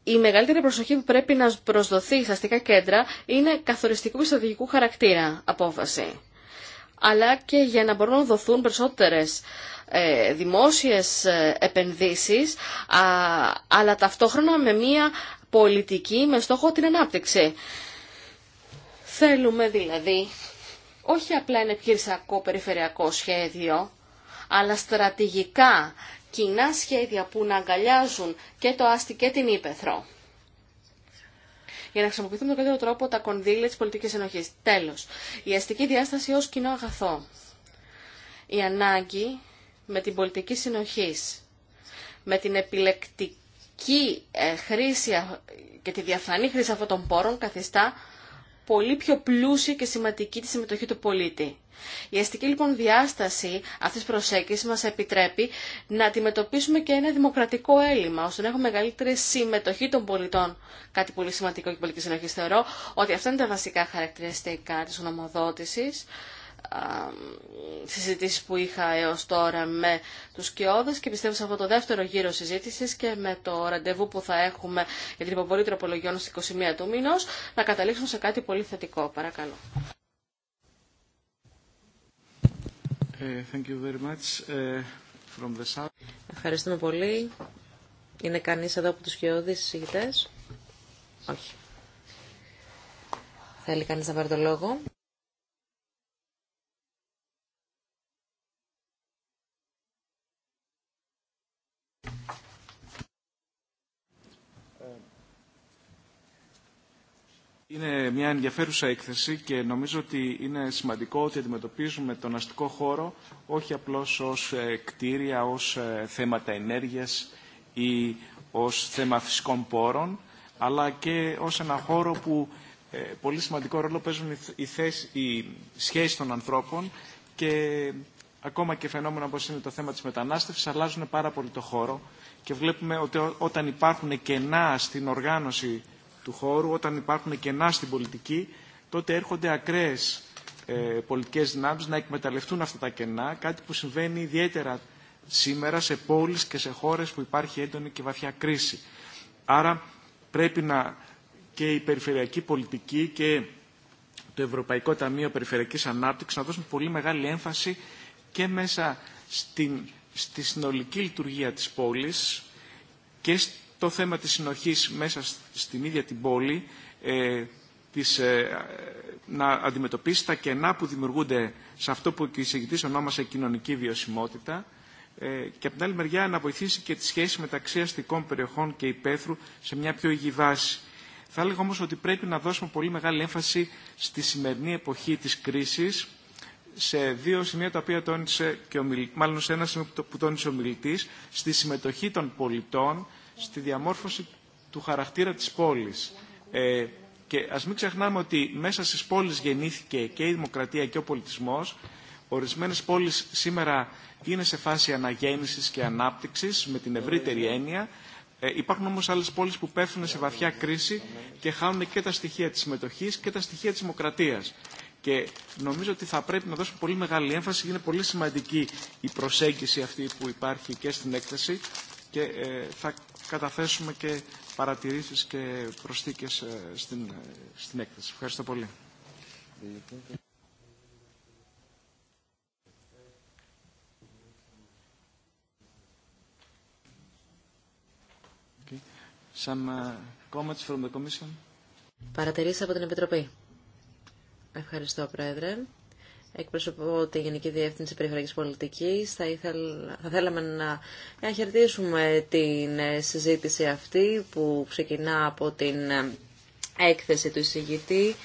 η μεγαλύτερη προσοχή που πρέπει να προσδοθεί στα αστικά κέντρα είναι καθοριστικού και στρατηγικού χαρακτήρα απόφαση. Αλλά και για να μπορούν να δοθούν περισσότερες ε, δημόσιες ε, επενδύσεις, αλλά ταυτόχρονα με μια πολιτική με στόχο την ανάπτυξη. Θέλουμε δηλαδή όχι απλά ένα επιχειρησιακό περιφερειακό σχέδιο, αλλά στρατηγικά κοινά σχέδια που να αγκαλιάζουν και το Άστι και την Ήπεθρο. Για να χρησιμοποιηθούν με τον καλύτερο τρόπο τα κονδύλια τη πολιτική ενοχή. Τέλο, η αστική διάσταση ω κοινό αγαθό. Η ανάγκη με την πολιτική συνοχή, με την επιλεκτική ε, χρήση και τη διαφανή χρήση αυτών των πόρων καθιστά πολύ πιο πλούσια και σημαντική τη συμμετοχή του πολίτη. Η αστική λοιπόν διάσταση αυτής της προσέγγισης μας επιτρέπει να αντιμετωπίσουμε και ένα δημοκρατικό έλλειμμα, ώστε να έχουμε μεγαλύτερη συμμετοχή των πολιτών. Κάτι πολύ σημαντικό και πολιτική συνοχή θεωρώ ότι αυτά είναι τα βασικά χαρακτηριστικά της γνωμοδότησης συζητήσεις που είχα έως τώρα με τους Κιώδες και πιστεύω σε αυτό το δεύτερο γύρο συζήτησης και με το ραντεβού που θα έχουμε για την υποβολή τροπολογιών στις 21 του μήνος να καταλήξουμε σε κάτι πολύ θετικό. Παρακαλώ. Ε, thank you ε, Ευχαριστούμε πολύ. Είναι κανείς εδώ από τους Κιώδες συζητητές. Όχι. Θέλει κανείς να πάρει το λόγο. Είναι μια ενδιαφέρουσα έκθεση και νομίζω ότι είναι σημαντικό ότι αντιμετωπίζουμε τον αστικό χώρο όχι απλώς ως ε, κτίρια, ως ε, θέματα ενέργειας ή ως θέμα φυσικών πόρων, αλλά και ως ένα χώρο που ε, πολύ σημαντικό ρόλο παίζουν οι, θέσεις, οι σχέσεις των ανθρώπων και ακόμα και φαινόμενα όπως είναι το θέμα της μετανάστευσης αλλάζουν πάρα πολύ το χώρο και βλέπουμε ότι όταν υπάρχουν κενά στην οργάνωση του χώρου, όταν υπάρχουν κενά στην πολιτική, τότε έρχονται ακραίε ε, πολιτικές δυνάμεις να εκμεταλλευτούν αυτά τα κενά, κάτι που συμβαίνει ιδιαίτερα σήμερα σε πόλεις και σε χώρες που υπάρχει έντονη και βαθιά κρίση. Άρα πρέπει να και η περιφερειακή πολιτική και το Ευρωπαϊκό Ταμείο Περιφερειακής Ανάπτυξης να δώσουν πολύ μεγάλη έμφαση και μέσα στην, στη συνολική λειτουργία της πόλης και το θέμα της συνοχής μέσα στην ίδια την πόλη ε, της, ε, να αντιμετωπίσει τα κενά που δημιουργούνται σε αυτό που η εισηγητής ονόμασε κοινωνική βιωσιμότητα ε, και από την άλλη μεριά να βοηθήσει και τη σχέση μεταξύ αστικών περιοχών και υπαίθρου σε μια πιο υγιή βάση. Θα έλεγα όμως ότι πρέπει να δώσουμε πολύ μεγάλη έμφαση στη σημερινή εποχή της κρίσης σε δύο σημεία τα οποία τόνισε και ο μιλ... μάλλον σε ένα σημείο που τόνισε ο μιλητής, στη συμμετοχή των πολιτών στη διαμόρφωση του χαρακτήρα της πόλης. Ε, και ας μην ξεχνάμε ότι μέσα στις πόλεις γεννήθηκε και η δημοκρατία και ο πολιτισμός. Ορισμένες πόλεις σήμερα είναι σε φάση αναγέννησης και ανάπτυξης με την ευρύτερη έννοια. Ε, υπάρχουν όμως άλλες πόλεις που πέφτουν σε βαθιά κρίση και χάνουν και τα στοιχεία της συμμετοχή και τα στοιχεία της δημοκρατίας. Και νομίζω ότι θα πρέπει να δώσουμε πολύ μεγάλη έμφαση, είναι πολύ σημαντική η προσέγγιση αυτή που υπάρχει και στην έκθεση, και ε, θα καταθέσουμε και παρατηρήσεις και προσθήκες ε, στην, ε, στην έκθεση. Ευχαριστώ πολύ. Okay. Uh, παρατηρήσεις από την Επιτροπή. Ευχαριστώ, Πρόεδρε εκπροσωπώ τη Γενική Διεύθυνση Περιφερειακής Πολιτικής. Θα, ήθελα, θα θέλαμε να χαιρετήσουμε την ε, συζήτηση αυτή που ξεκινά από την ε, έκθεση του εισηγητή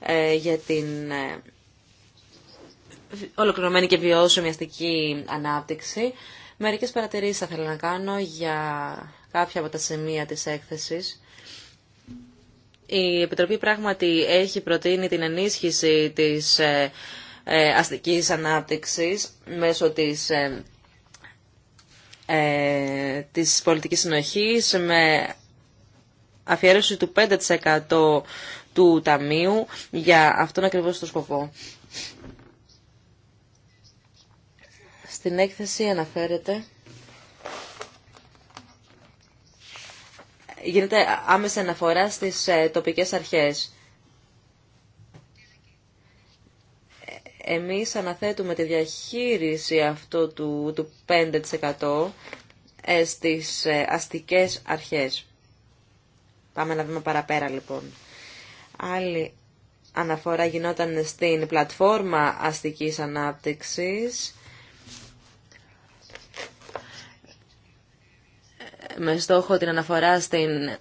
ε, για την ολοκληρωμένη και βιώσιμη αστική ανάπτυξη. Μερικές παρατηρήσεις θα ήθελα να κάνω για κάποια από τα σημεία της έκθεσης. Η Επιτροπή πράγματι έχει προτείνει την ενίσχυση της ε, αστικής ανάπτυξης μέσω της, ε, ε, της πολιτικής συνοχής με αφιέρωση του 5% του Ταμείου για αυτόν ακριβώς το σκοπό. Στην έκθεση αναφέρεται... Γίνεται άμεσα αναφορά στις ε, τοπικές αρχές. Εμείς αναθέτουμε τη διαχείριση αυτού του, του 5% ε, στις ε, αστικές αρχές. Πάμε να δούμε παραπέρα λοιπόν. Άλλη αναφορά γινόταν στην πλατφόρμα αστικής ανάπτυξης. με στόχο την αναφορά στην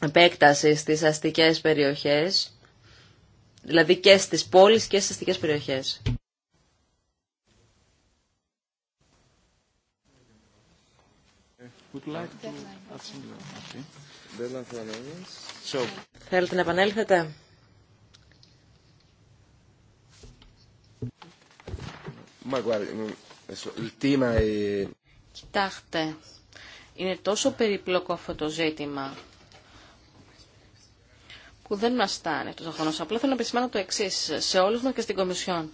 επέκταση στις αστικές περιοχές δηλαδή και στις πόλεις και στις αστικές περιοχές. Θέλετε να επανέλθετε. Κοιτάξτε, είναι τόσο περίπλοκο αυτό το ζήτημα που δεν μας στάνει αυτός ο Απλά θέλω να επισημάνω το εξή σε όλους μας και στην Κομισιόν.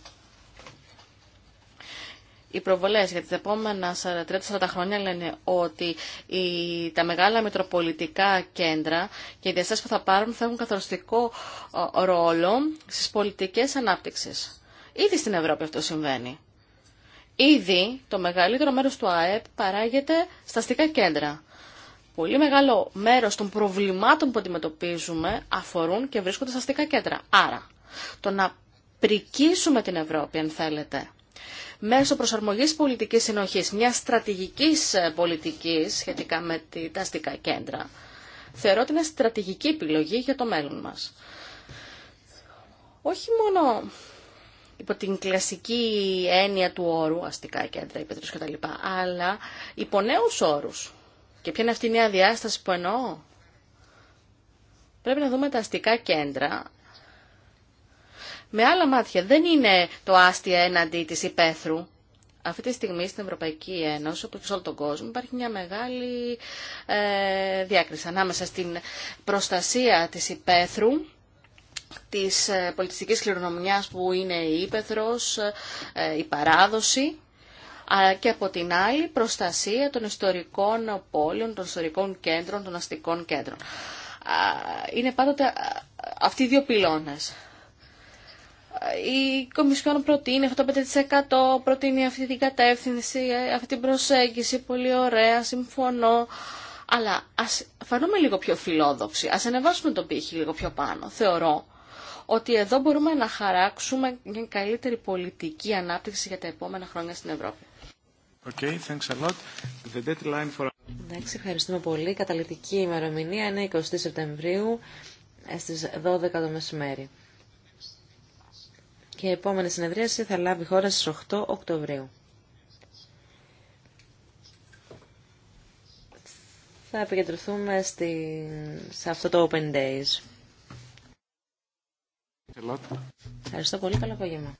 Οι προβολές για τι επόμενα 30-40 χρόνια λένε ότι οι, τα μεγάλα μετροπολιτικά κέντρα και οι διαστάσεις που θα πάρουν θα έχουν καθοριστικό ρόλο στις πολιτικές ανάπτυξης. Ήδη στην Ευρώπη αυτό συμβαίνει. Ήδη το μεγαλύτερο μέρος του ΑΕΠ παράγεται στα αστικά κέντρα πολύ μεγάλο μέρος των προβλημάτων που αντιμετωπίζουμε αφορούν και βρίσκονται στα αστικά κέντρα. Άρα, το να πρικίσουμε την Ευρώπη, αν θέλετε, μέσω προσαρμογής πολιτικής συνοχής, μια στρατηγικής ε, πολιτικής σχετικά με τα αστικά κέντρα, θεωρώ ότι είναι στρατηγική επιλογή για το μέλλον μας. Όχι μόνο υπό την κλασική έννοια του όρου, αστικά κέντρα, υπέτρους λοιπά, αλλά υπό νέους όρους. Και ποια είναι αυτή η νέα διάσταση που εννοώ. Πρέπει να δούμε τα αστικά κέντρα με άλλα μάτια. Δεν είναι το άστια έναντι της υπαίθρου. Αυτή τη στιγμή στην Ευρωπαϊκή Ένωση, όπως σε όλο τον κόσμο, υπάρχει μια μεγάλη ε, διάκριση ανάμεσα στην προστασία της υπαίθρου, της ε, πολιτιστικής κληρονομιάς που είναι η ύπεθρος, ε, η παράδοση αλλά και από την άλλη προστασία των ιστορικών πόλεων, των ιστορικών κέντρων, των αστικών κέντρων. Είναι πάντοτε αυτοί οι δύο πυλώνες. Η Κομισιόν προτείνει αυτό το 5%, προτείνει αυτή την κατεύθυνση, αυτή την προσέγγιση, πολύ ωραία, συμφωνώ. Αλλά ας φανούμε λίγο πιο φιλόδοξοι, ας ανεβάσουμε τον πύχη λίγο πιο πάνω. Θεωρώ ότι εδώ μπορούμε να χαράξουμε μια καλύτερη πολιτική ανάπτυξη για τα επόμενα χρόνια στην Ευρώπη ευχαριστούμε πολύ. Καταληκτική ημερομηνία είναι 20 Σεπτεμβρίου ε, στις 12 το μεσημέρι. Και η επόμενη συνεδρίαση θα λάβει χώρα στις 8 Οκτωβρίου. Θα επικεντρωθούμε στη... σε αυτό το Open Days. Ευχαριστώ πολύ. Καλό απόγευμα.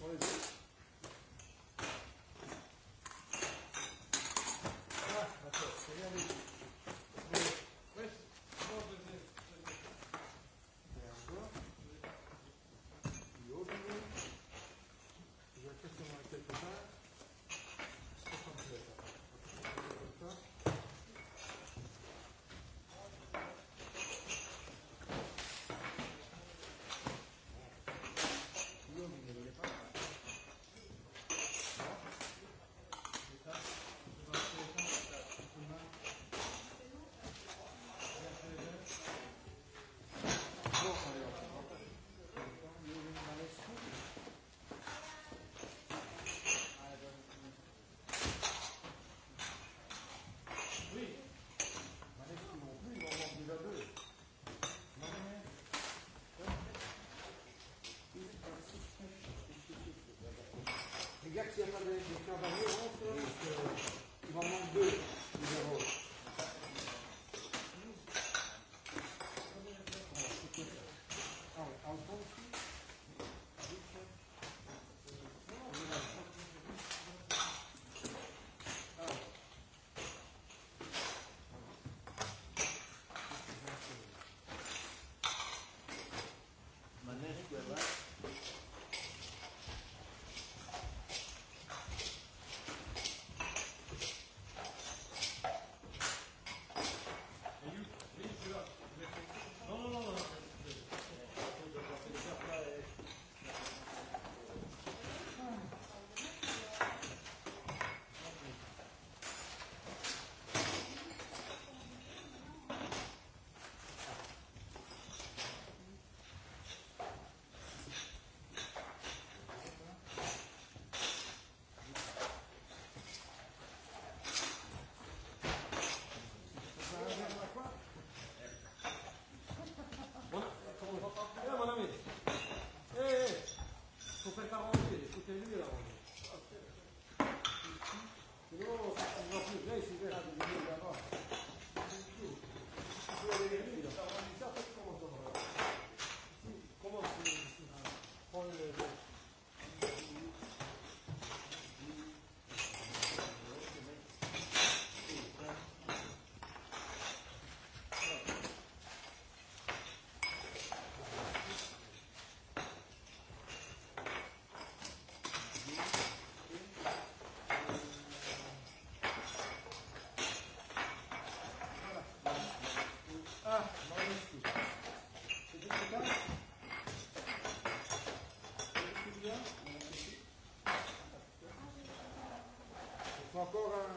φορές il y a pas de, Μακόγα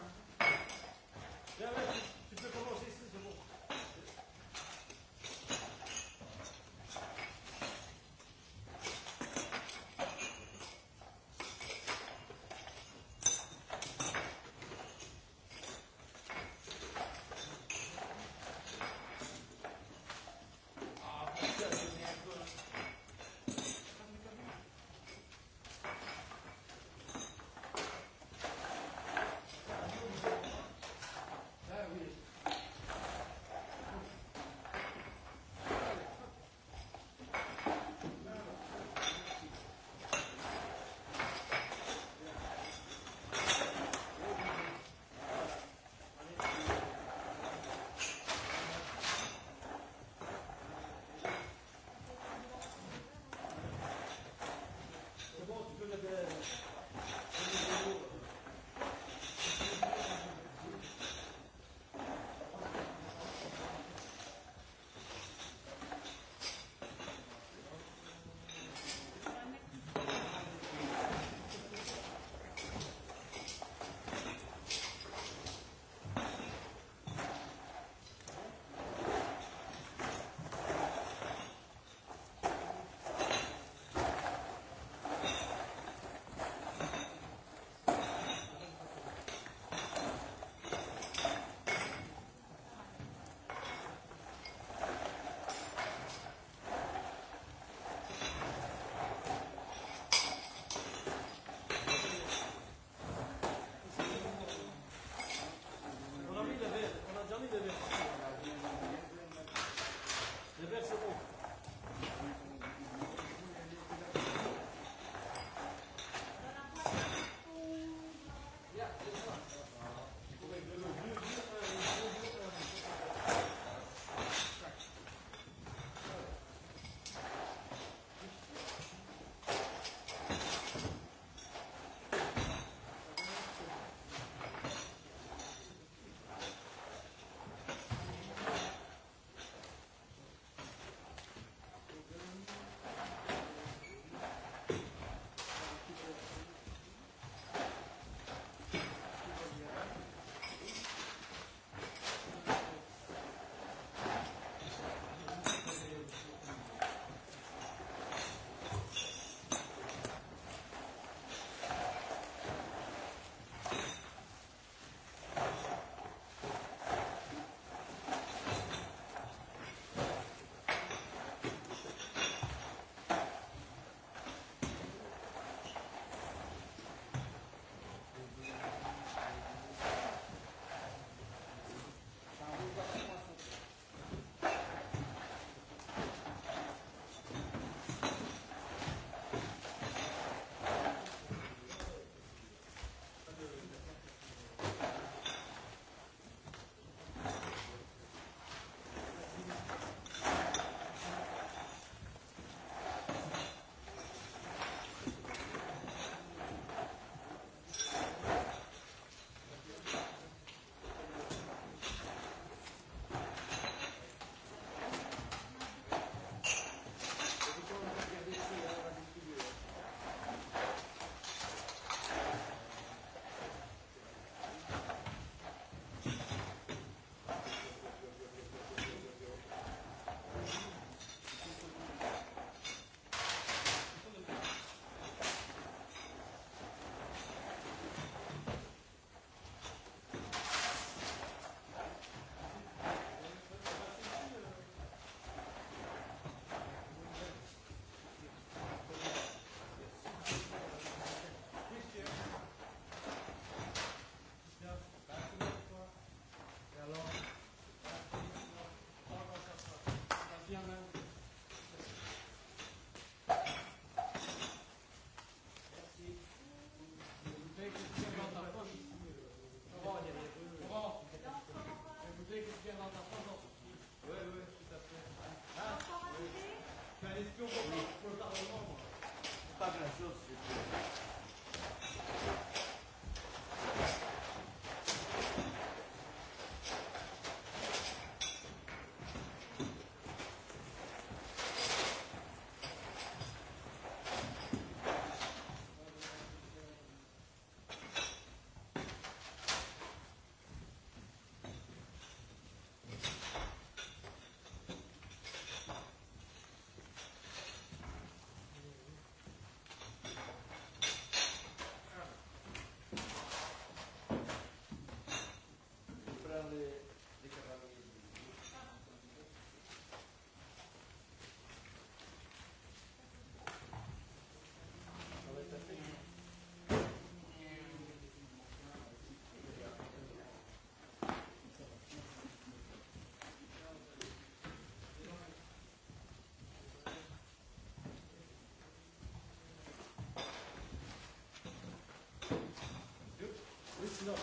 Sinan.